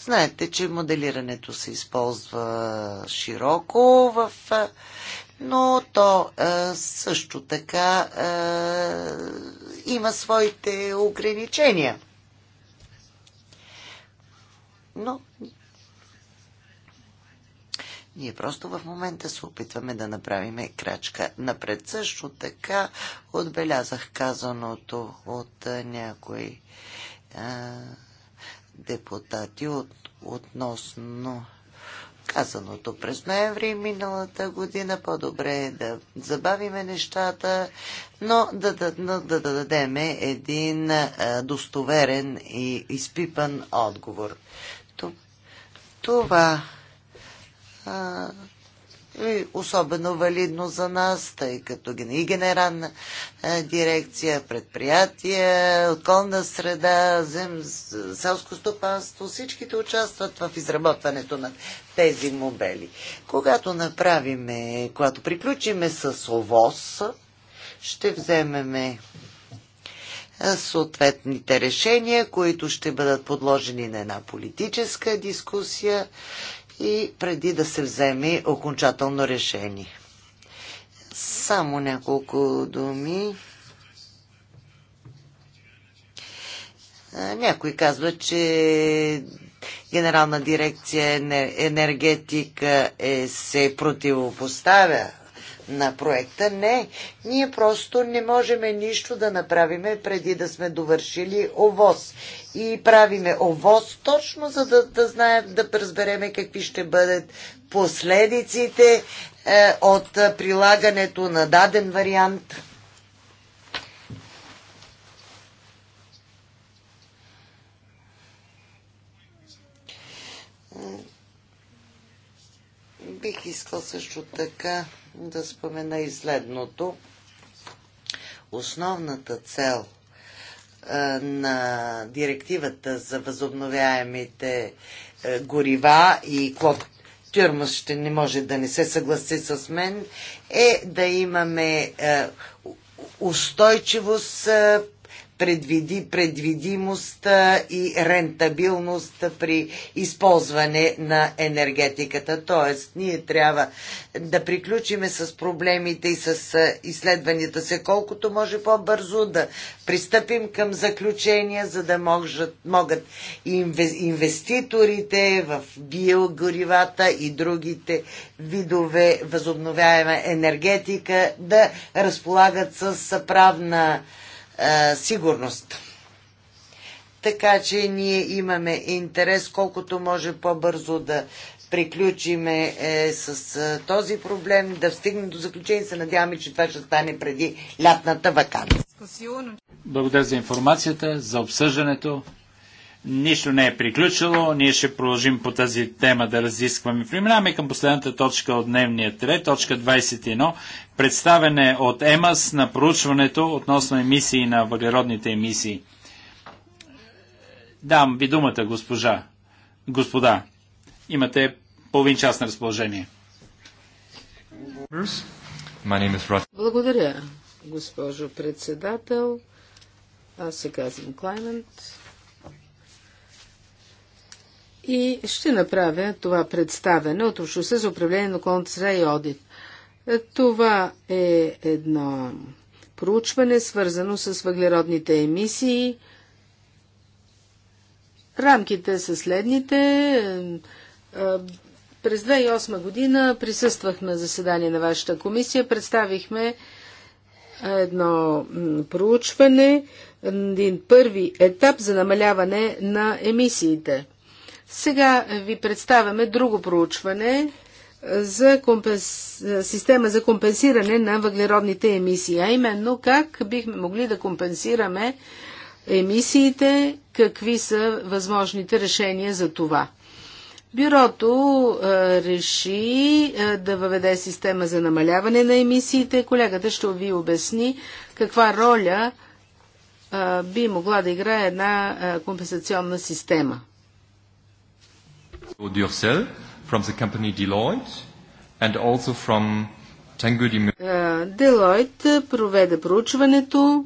Знаете, че моделирането се използва широко в но то а, е, също така а, е, има своите ограничения. Но ние просто в момента се опитваме да направим крачка напред. Също така отбелязах казаното от е, някои а, депутати от, относно казаното през ноември миналата година. По-добре е да забавиме нещата, но да, да, да, да дадем един достоверен и изпипан отговор. Това а, е особено валидно за нас, тъй като и генерална дирекция, предприятия, околна среда, зем, селско стопанство, всичките участват в изработването на тези модели. Когато направиме, когато приключиме с ОВОС, ще вземеме съответните решения, които ще бъдат подложени на една политическа дискусия и преди да се вземе окончателно решение. Само няколко думи. Някой казва, че Генерална дирекция енергетика е, се противопоставя на проекта. Не, ние просто не можем нищо да направиме преди да сме довършили ОВОз. И правиме ОВОз точно за да, да знаем, да разбереме какви ще бъдат последиците е, от прилагането на даден вариант Бих искал също така да спомена и следното. Основната цел на директивата за възобновяемите горива и клоп Тюрмас ще не може да не се съгласи с мен, е да имаме устойчивост предвиди предвидимост и рентабилност при използване на енергетиката. Тоест, ние трябва да приключиме с проблемите и с изследванията се колкото може по-бързо, да пристъпим към заключения, за да могат, могат инвеститорите в биогоривата и другите видове възобновяема енергетика да разполагат с правна а, сигурност. Така че ние имаме интерес колкото може по-бързо да приключиме е, с е, този проблем, да стигнем до заключение. Се надяваме, че това ще стане преди лятната вакансия. Благодаря за информацията, за обсъждането. Нищо не е приключило. Ние ще продължим по тази тема да разискваме. Преминаваме към последната точка от дневния ред, точка 21. Представене от ЕМАС на проучването относно емисии на въглеродните емисии. Дам ви думата, госпожа. Господа, имате половин час на разположение. Благодаря, госпожо председател. Аз се казвам Клаймент и ще направя това представене от Общността за управление на околната среда и одит. Това е едно проучване, свързано с въглеродните емисии. Рамките са следните. Е, през 2008 година присъствахме на заседание на вашата комисия, представихме едно проучване, един първи етап за намаляване на емисиите – сега ви представяме друго проучване за компенс... система за компенсиране на въглеродните емисии, а именно как бихме могли да компенсираме емисиите, какви са възможните решения за това. Бюрото а, реши а, да въведе система за намаляване на емисиите. Колегата ще ви обясни каква роля а, би могла да играе една компенсационна система. Duracell, from the company Deloitte and also from Tangudi... Deloitte проведе проучването.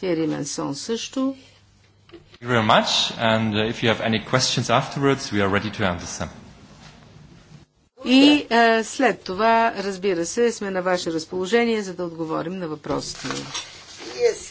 Тиери Менсон също. Thank you very much, and if you have any questions afterwards, we are ready to answer them. И е, след това, разбира се, сме на ваше разположение, за да отговорим на въпросите. Yes.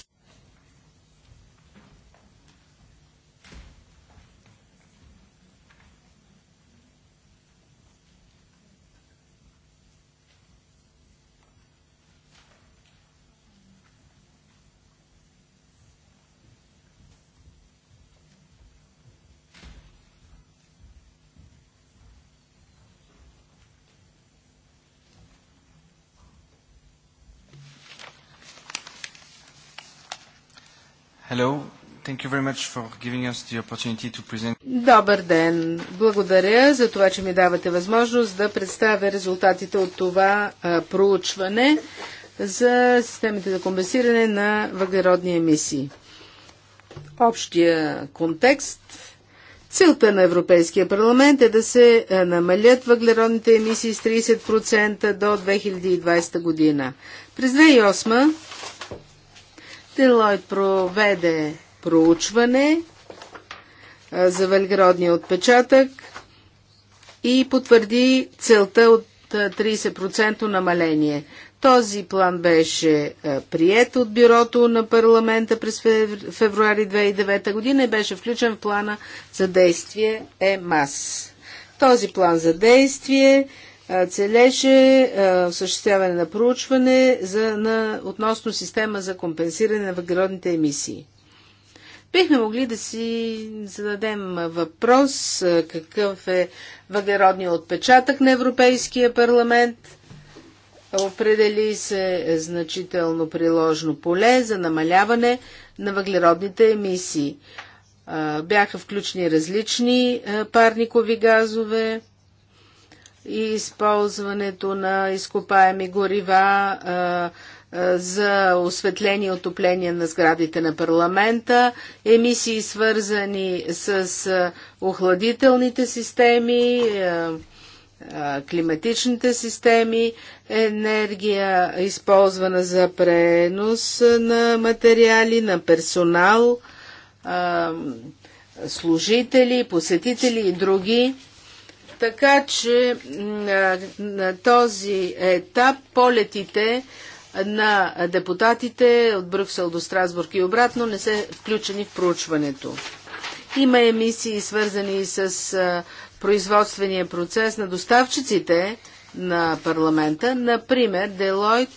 Hello. Thank you very much for giving us the opportunity to present. Добър ден! Благодаря за това, че ми давате възможност да представя резултатите от това а, проучване за системите за компенсиране на въглеродни емисии. Общия контекст. Целта на Европейския парламент е да се намалят въглеродните емисии с 30% до 2020 година. През 2008 Делойт проведе проучване за въглеродния отпечатък и потвърди целта от 30% намаление. Този план беше прият от бюрото на парламента през февруари 2009 година и беше включен в плана за действие ЕМАС. Този план за действие целеше осъществяване на проучване за, на, относно система за компенсиране на въглеродните емисии. Бихме могли да си зададем въпрос какъв е въглеродният отпечатък на Европейския парламент. Определи се значително приложно поле за намаляване на въглеродните емисии. Бяха включени различни парникови газове, и използването на изкопаеми горива а, а, за осветление и отопление на сградите на парламента, емисии свързани с а, охладителните системи, климатичните системи, енергия използвана за пренос на материали, на персонал, служители, посетители и други така че на, този етап полетите на депутатите от Брюксел до Страсбург и обратно не са включени в проучването. Има емисии свързани с производствения процес на доставчиците на парламента. Например, Делойт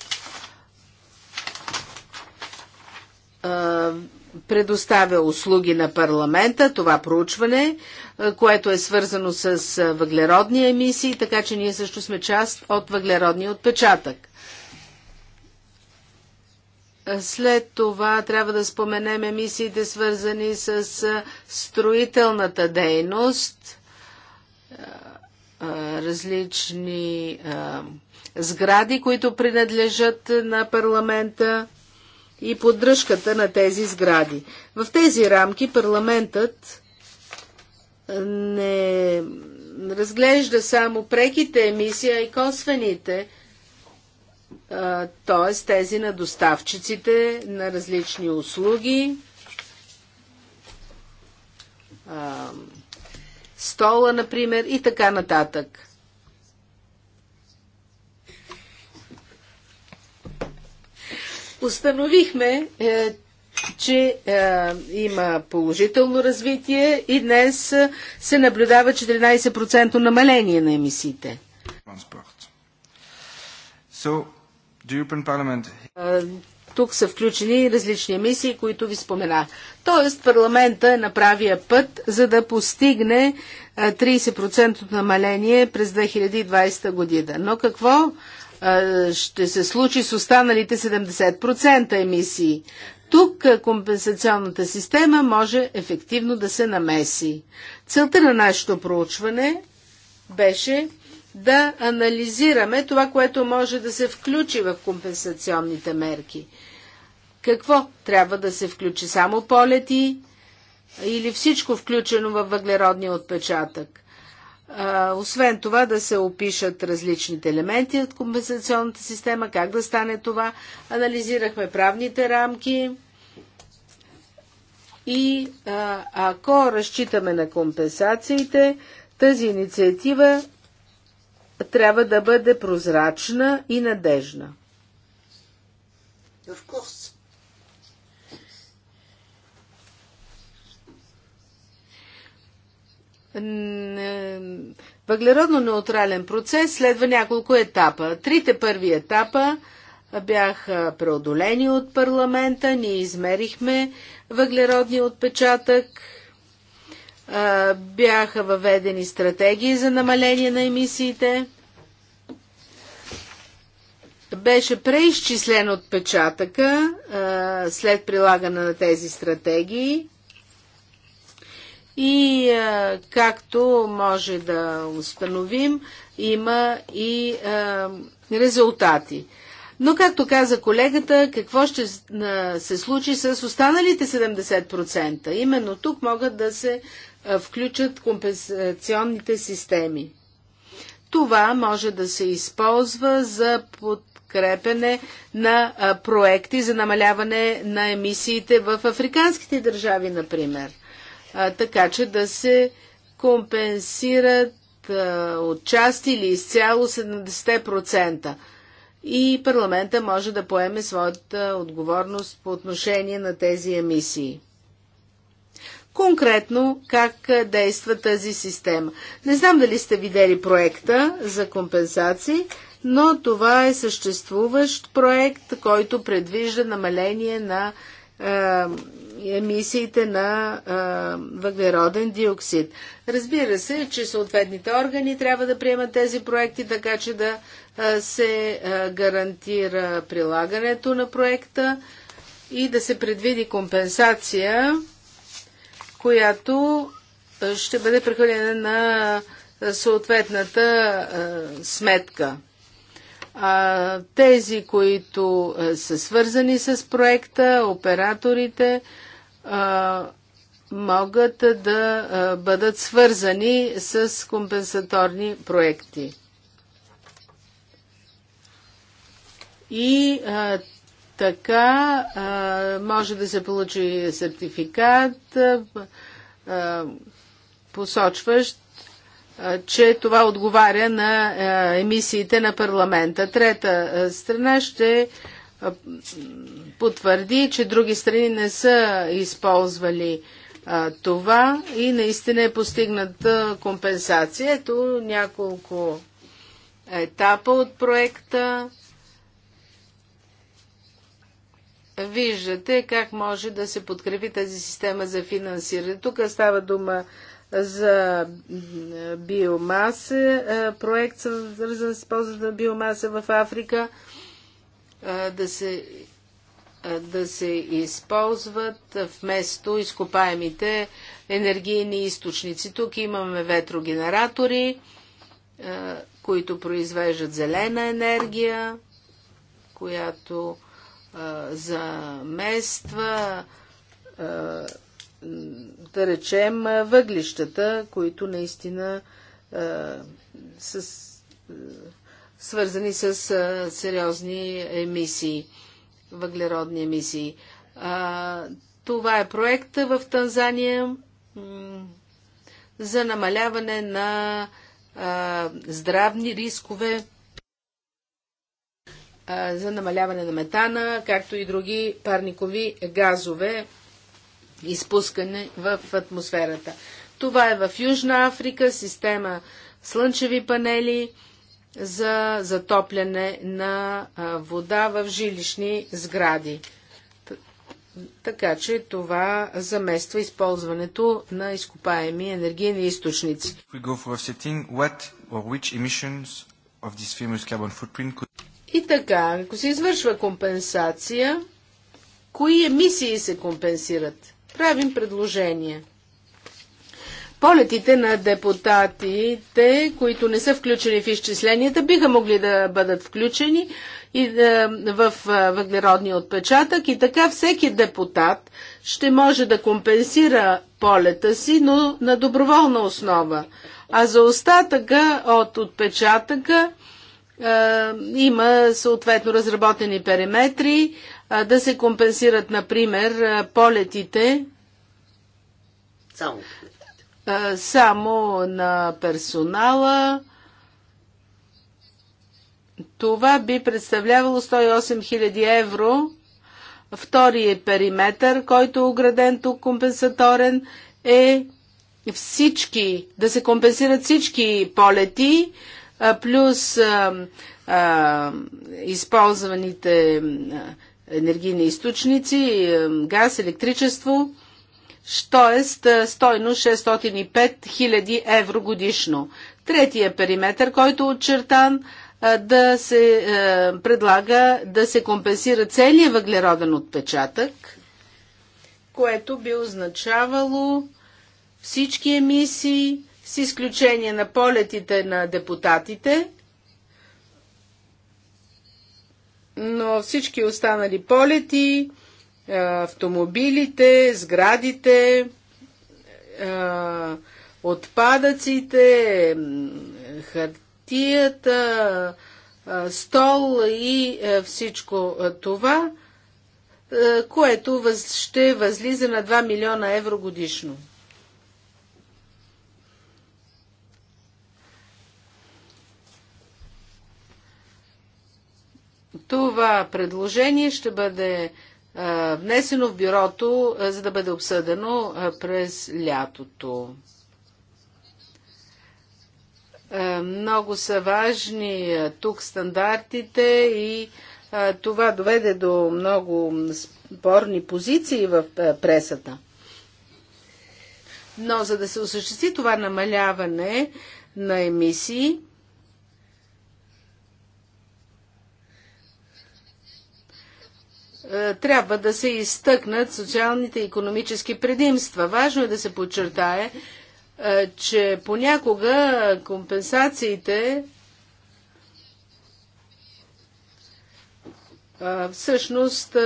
предоставя услуги на парламента, това проучване, е, което е свързано с е, въглеродни емисии, така че ние също сме част от въглеродния отпечатък. След това трябва да споменем емисиите, свързани с е, строителната дейност, различни сгради, които принадлежат на парламента и поддръжката на тези сгради. В тези рамки парламентът не разглежда само преките емисии, а и косвените, т.е. тези на доставчиците на различни услуги, стола, например, и така нататък. Установихме, е, че е, има положително развитие и днес е, се наблюдава 14% намаление на емисиите. тук са включени различни емисии, които ви споменах. Тоест парламента е на правия път, за да постигне 30% намаление през 2020 година. Но какво ще се случи с останалите 70% емисии. Тук компенсационната система може ефективно да се намеси. Целта на нашето проучване беше да анализираме това, което може да се включи в компенсационните мерки. Какво трябва да се включи? Само полети или всичко включено във въглеродния отпечатък? освен това да се опишат различните елементи от компенсационната система, как да стане това. Анализирахме правните рамки и ако разчитаме на компенсациите, тази инициатива трябва да бъде прозрачна и надежна. Of course. въглеродно-неутрален процес следва няколко етапа. Трите първи етапа бяха преодолени от парламента, ние измерихме въглеродния отпечатък, бяха въведени стратегии за намаление на емисиите, беше преизчислен отпечатъка след прилагане на тези стратегии – и е, както може да установим, има и е, резултати. Но, както каза колегата, какво ще е, се случи с останалите 70%? Именно тук могат да се включат компенсационните системи. Това може да се използва за подкрепене на проекти за намаляване на емисиите в африканските държави, например а, така че да се компенсират отчасти или изцяло 70%. И парламента може да поеме своята отговорност по отношение на тези емисии. Конкретно как действа тази система. Не знам дали сте видели проекта за компенсации, но това е съществуващ проект, който предвижда намаление на е, емисиите на а, въглероден диоксид. Разбира се, че съответните органи трябва да приемат тези проекти, така че да а, се а, гарантира прилагането на проекта и да се предвиди компенсация, която ще бъде прехвърлена на съответната а, сметка. А, тези, които а, са свързани с проекта, операторите, могат да бъдат свързани с компенсаторни проекти. И а, така а, може да се получи сертификат, а, посочващ, а, че това отговаря на а, емисиите на парламента. Трета страна ще а, потвърди, че други страни не са използвали а, това и наистина е постигната компенсация. Ето няколко етапа от проекта. Виждате как може да се подкрепи тази система за финансиране. Тук става дума за биомаса, проект свързан с ползата на биомаса в Африка да се, да се използват вместо изкопаемите енергийни източници. Тук имаме ветрогенератори, които произвеждат зелена енергия, която замества да речем, въглищата, които наистина с, свързани с сериозни емисии, въглеродни емисии. Това е проект в Танзания за намаляване на здравни рискове, за намаляване на метана, както и други парникови газове, изпускане в атмосферата. Това е в Южна Африка, система слънчеви панели, за затопляне на вода в жилищни сгради. Така че това замества използването на изкопаеми енергийни източници. И така, ако се извършва компенсация, кои емисии се компенсират? Правим предложение. Полетите на депутатите, които не са включени в изчисленията, биха могли да бъдат включени и да, е, в е, въглеродния отпечатък и така всеки депутат ще може да компенсира полета си, но на доброволна основа. А за остатъка от отпечатъка е, има съответно разработени периметри е, да се компенсират, например, е, полетите. Само само на персонала. Това би представлявало 108 000 евро. Вторият периметър, който е ограден тук компенсаторен, е всички, да се компенсират всички полети, плюс а, а, използваните енергийни източници, газ, електричество – т.е. стойно 605 000 евро годишно. Третия периметр, който е очертан е, да се е, предлага да се компенсира целият въглероден отпечатък, което би означавало всички емисии, с изключение на полетите на депутатите, но всички останали полети, е, автомобилите, сградите, е, отпадъците, хартията, е, стол и всичко това, което ще възлиза на 2 милиона евро годишно. Това предложение ще бъде внесено в бюрото, за да бъде обсъдено през лятото. Много са важни тук стандартите и това доведе до много спорни позиции в пресата. Но за да се осъществи това намаляване на емисии, Е, трябва да се изтъкнат социалните и економически предимства. Важно е да се подчертае, е, че понякога компенсациите е, всъщност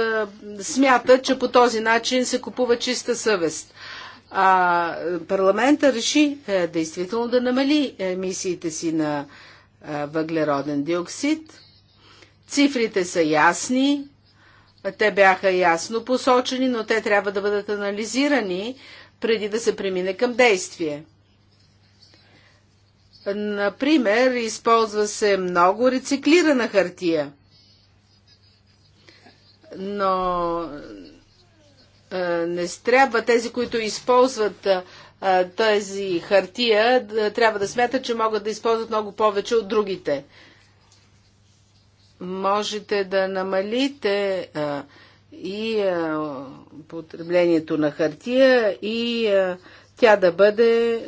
смятат, че по този начин се купува чиста съвест. А парламента реши действително да намали емисиите си на въглероден диоксид. Цифрите са ясни, те бяха ясно посочени, но те трябва да бъдат анализирани преди да се премине към действие. Например, използва се много рециклирана хартия, но не трябва тези, които използват тази хартия, трябва да смятат, че могат да използват много повече от другите можете да намалите а, и а, потреблението на хартия и а, тя да бъде а,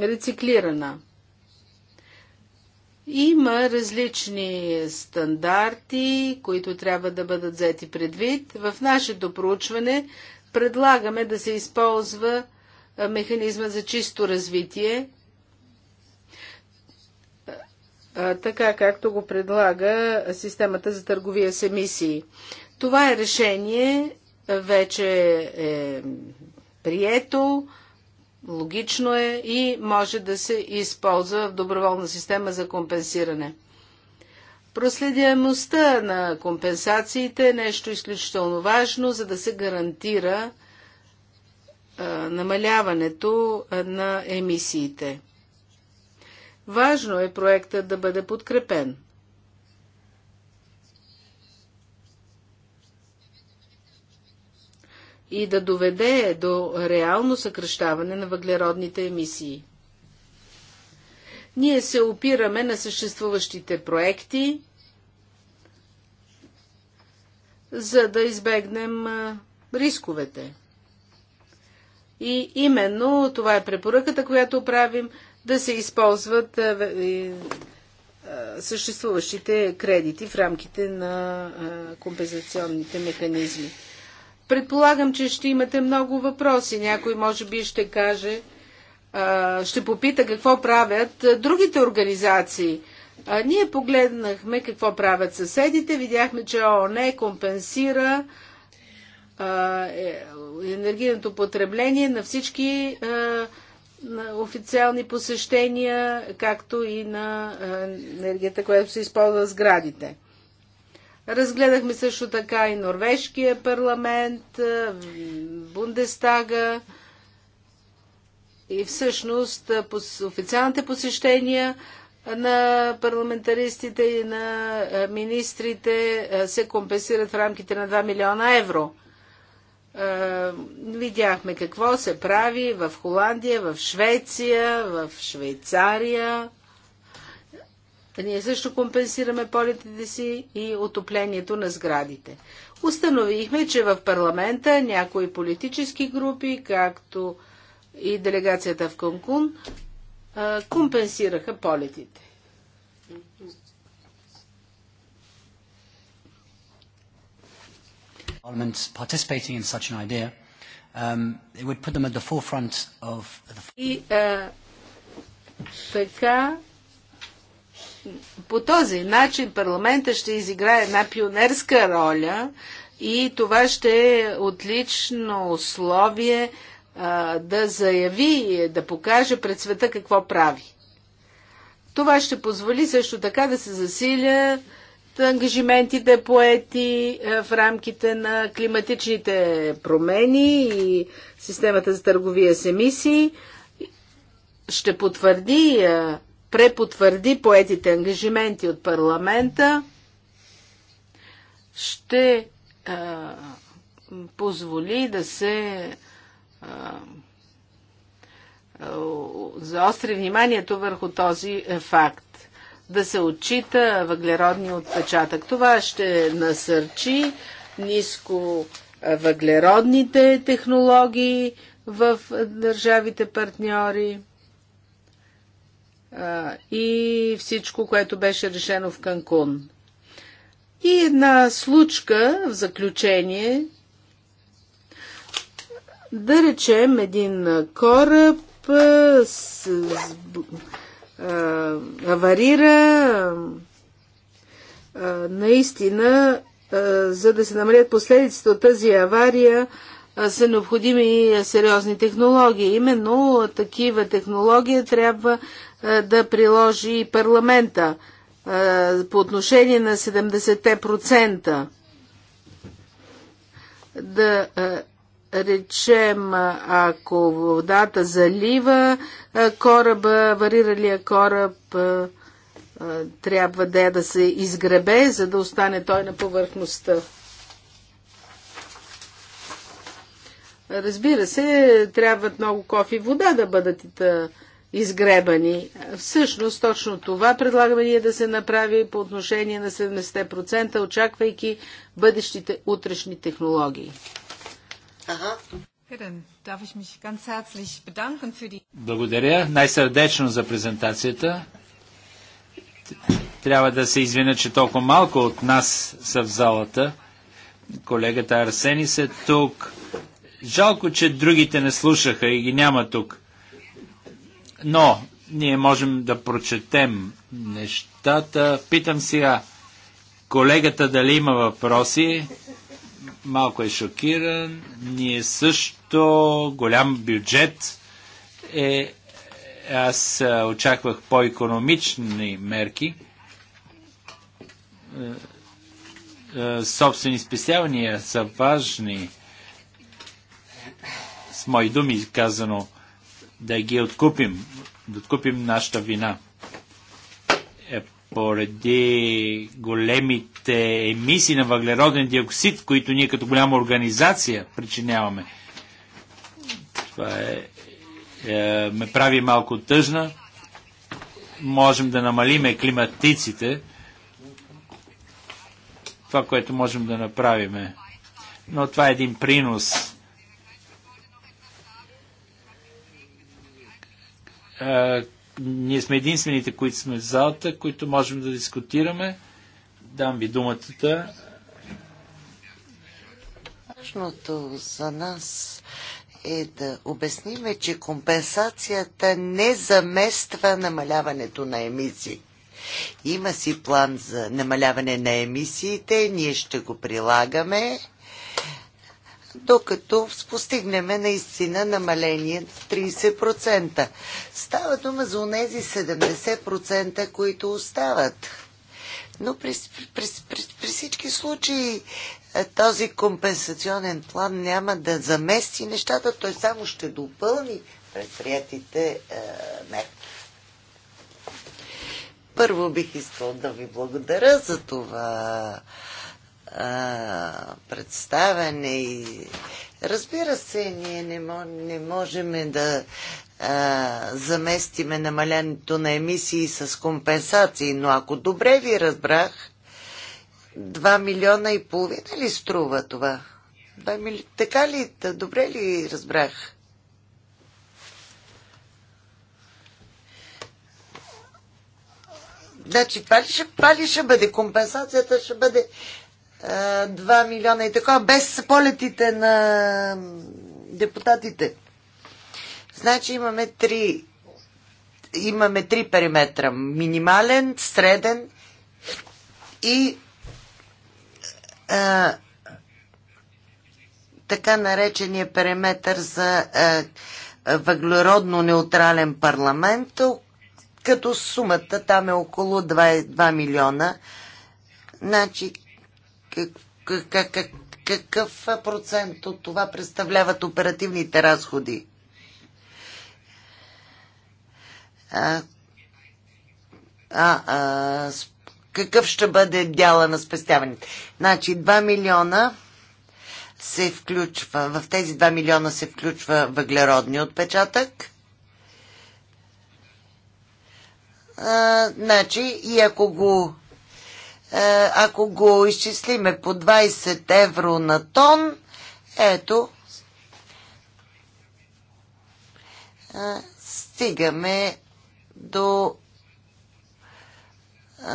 рециклирана. Има различни стандарти, които трябва да бъдат взети предвид. В нашето проучване предлагаме да се използва механизма за чисто развитие, така както го предлага системата за търговия с емисии. Това е решение, вече е прието, логично е и може да се използва в доброволна система за компенсиране. Проследяемостта на компенсациите е нещо изключително важно, за да се гарантира намаляването на емисиите. Важно е проектът да бъде подкрепен. и да доведе до реално съкръщаване на въглеродните емисии. Ние се опираме на съществуващите проекти, за да избегнем рисковете. И именно това е препоръката, която правим да се използват съществуващите кредити в рамките на компенсационните механизми. Предполагам, че ще имате много въпроси. Някой може би ще каже, ще попита какво правят другите организации. Ние погледнахме какво правят съседите, видяхме, че ООН компенсира е, енергийното потребление на всички на официални посещения, както и на енергията, която се използва в сградите. Разгледахме също така и Норвежкия парламент, Бундестага и всъщност официалните посещения на парламентаристите и на министрите се компенсират в рамките на 2 милиона евро. Е, видяхме какво се прави в Холандия, в Швеция, в Швейцария. Ние също компенсираме полетите си и отоплението на сградите. Установихме, че в парламента някои политически групи, както и делегацията в Канкун, е, компенсираха полетите. И така по този начин парламента ще изиграе една пионерска роля и това ще е отлично условие е, да заяви, да покаже пред света какво прави. Това ще позволи също така да се засиля ангажиментите поети е, в рамките на климатичните промени и системата за търговия с емисии ще потвърди, е, препотвърди поетите ангажименти от парламента, ще а, е, позволи да се а, заостри вниманието върху този факт да се отчита въглеродния отпечатък. Това ще насърчи ниско въглеродните технологии в държавите партньори и всичко, което беше решено в Канкун. И една случка в заключение. Да речем един кораб с аварира, наистина, за да се намалят последиците от тази авария, са необходими сериозни технологии. Именно такива технологии трябва да приложи и парламента по отношение на 70%. Да речем, ако водата залива кораба, вариралия кораб трябва да, да се изгребе, за да остане той на повърхността. Разбира се, трябват много кофи и вода да бъдат изгребани. Всъщност, точно това предлагаме ние да се направи по отношение на 70%, очаквайки бъдещите утрешни технологии. Ага. Благодаря най-сърдечно за презентацията. Трябва да се извиня, че толкова малко от нас са в залата. Колегата Арсенис е тук. Жалко, че другите не слушаха и ги няма тук. Но ние можем да прочетем нещата. Питам сега колегата дали има въпроси малко е шокиран. Ние също голям бюджет е. Аз очаквах по-економични мерки. Е, е, собствени спестявания са важни. С мои думи казано, да ги откупим, да откупим нашата вина поради големите емисии на въглероден диоксид, които ние като голяма организация причиняваме. Това е, е, ме прави малко тъжна. Можем да намалиме климатиците. Това, което можем да направиме. Но това е един принос. Е, ние сме единствените, които сме в залата, които можем да дискутираме. Дам ви думата. Важното за нас е да обясниме, че компенсацията не замества намаляването на емисии. Има си план за намаляване на емисиите, ние ще го прилагаме докато спостигнем наистина намаление в 30%. Става дума за тези 70%, които остават. Но при, при, при, при всички случаи е, този компенсационен план няма да замести нещата, той само ще допълни предприятите е, мерки. Първо бих искал да ви благодаря за това а, представяне и разбира се, ние не, не можем да а, заместиме намалянето на емисии с компенсации, но ако добре ви разбрах, 2 милиона и половина ли струва това? мили... Така ли? Добре ли разбрах? Значи, пали ще, пали ще бъде? Компенсацията ще бъде 2 милиона и така, без полетите на депутатите. Значи имаме три, имаме три периметра. Минимален, среден и а, така наречения периметр за а, въглеродно неутрален парламент, като сумата там е около 2, 2 милиона. Значи какъв процент от това представляват оперативните разходи? А, а, а, какъв ще бъде дяла на спестяването? Значи 2 милиона се включва, в тези 2 милиона се включва въглеродния отпечатък. А, значи и ако го е, ако го изчислиме по 20 евро на тон, ето, е, стигаме до е,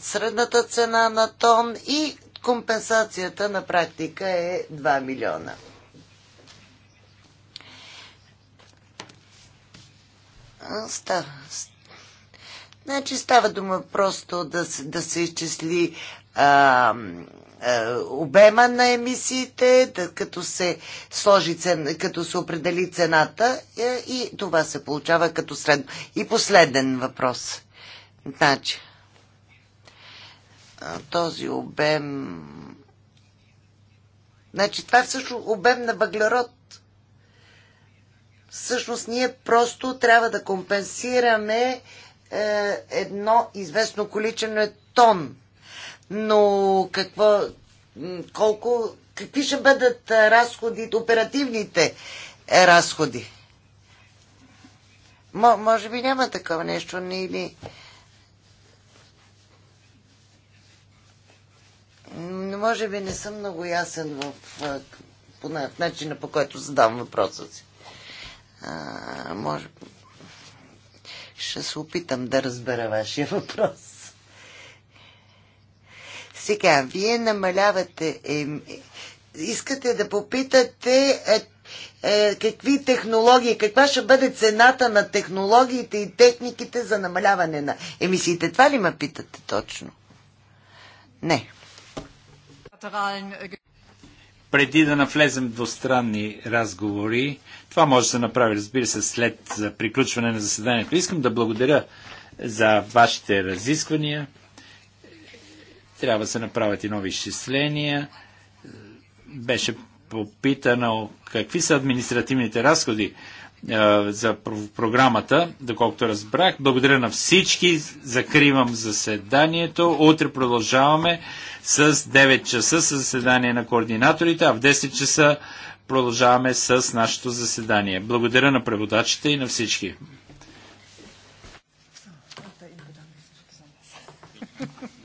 средната цена на тон и компенсацията на практика е 2 милиона. Става, Значи става дума просто да, да се изчисли а, обема на емисиите, да, като, се сложи цен, като се определи цената е, и това се получава като средно. И последен въпрос. Значи, този обем... Значи, това е всъщност обем на въглерод. Всъщност, ние просто трябва да компенсираме е, едно известно количество тон. Но какво, колко, какви ще бъдат разходите, оперативните разходи? М- може би няма такова нещо, не или... Може би не съм много ясен в, в, в начина по който задавам въпроса си. А, може би ще се опитам да разбера вашия въпрос. Сега, вие намалявате... Е, искате да попитате е, е, какви технологии, каква ще бъде цената на технологиите и техниките за намаляване на емисиите. Това ли ме питате точно? Не преди да навлезем в двустранни разговори. Това може да се направи, разбира се, след приключване на заседанието. Искам да благодаря за вашите разисквания. Трябва да се направят и нови изчисления. Беше попитано какви са административните разходи за програмата, доколкото разбрах. Благодаря на всички. Закривам заседанието. Утре продължаваме с 9 часа с заседание на координаторите, а в 10 часа продължаваме с нашето заседание. Благодаря на преводачите и на всички.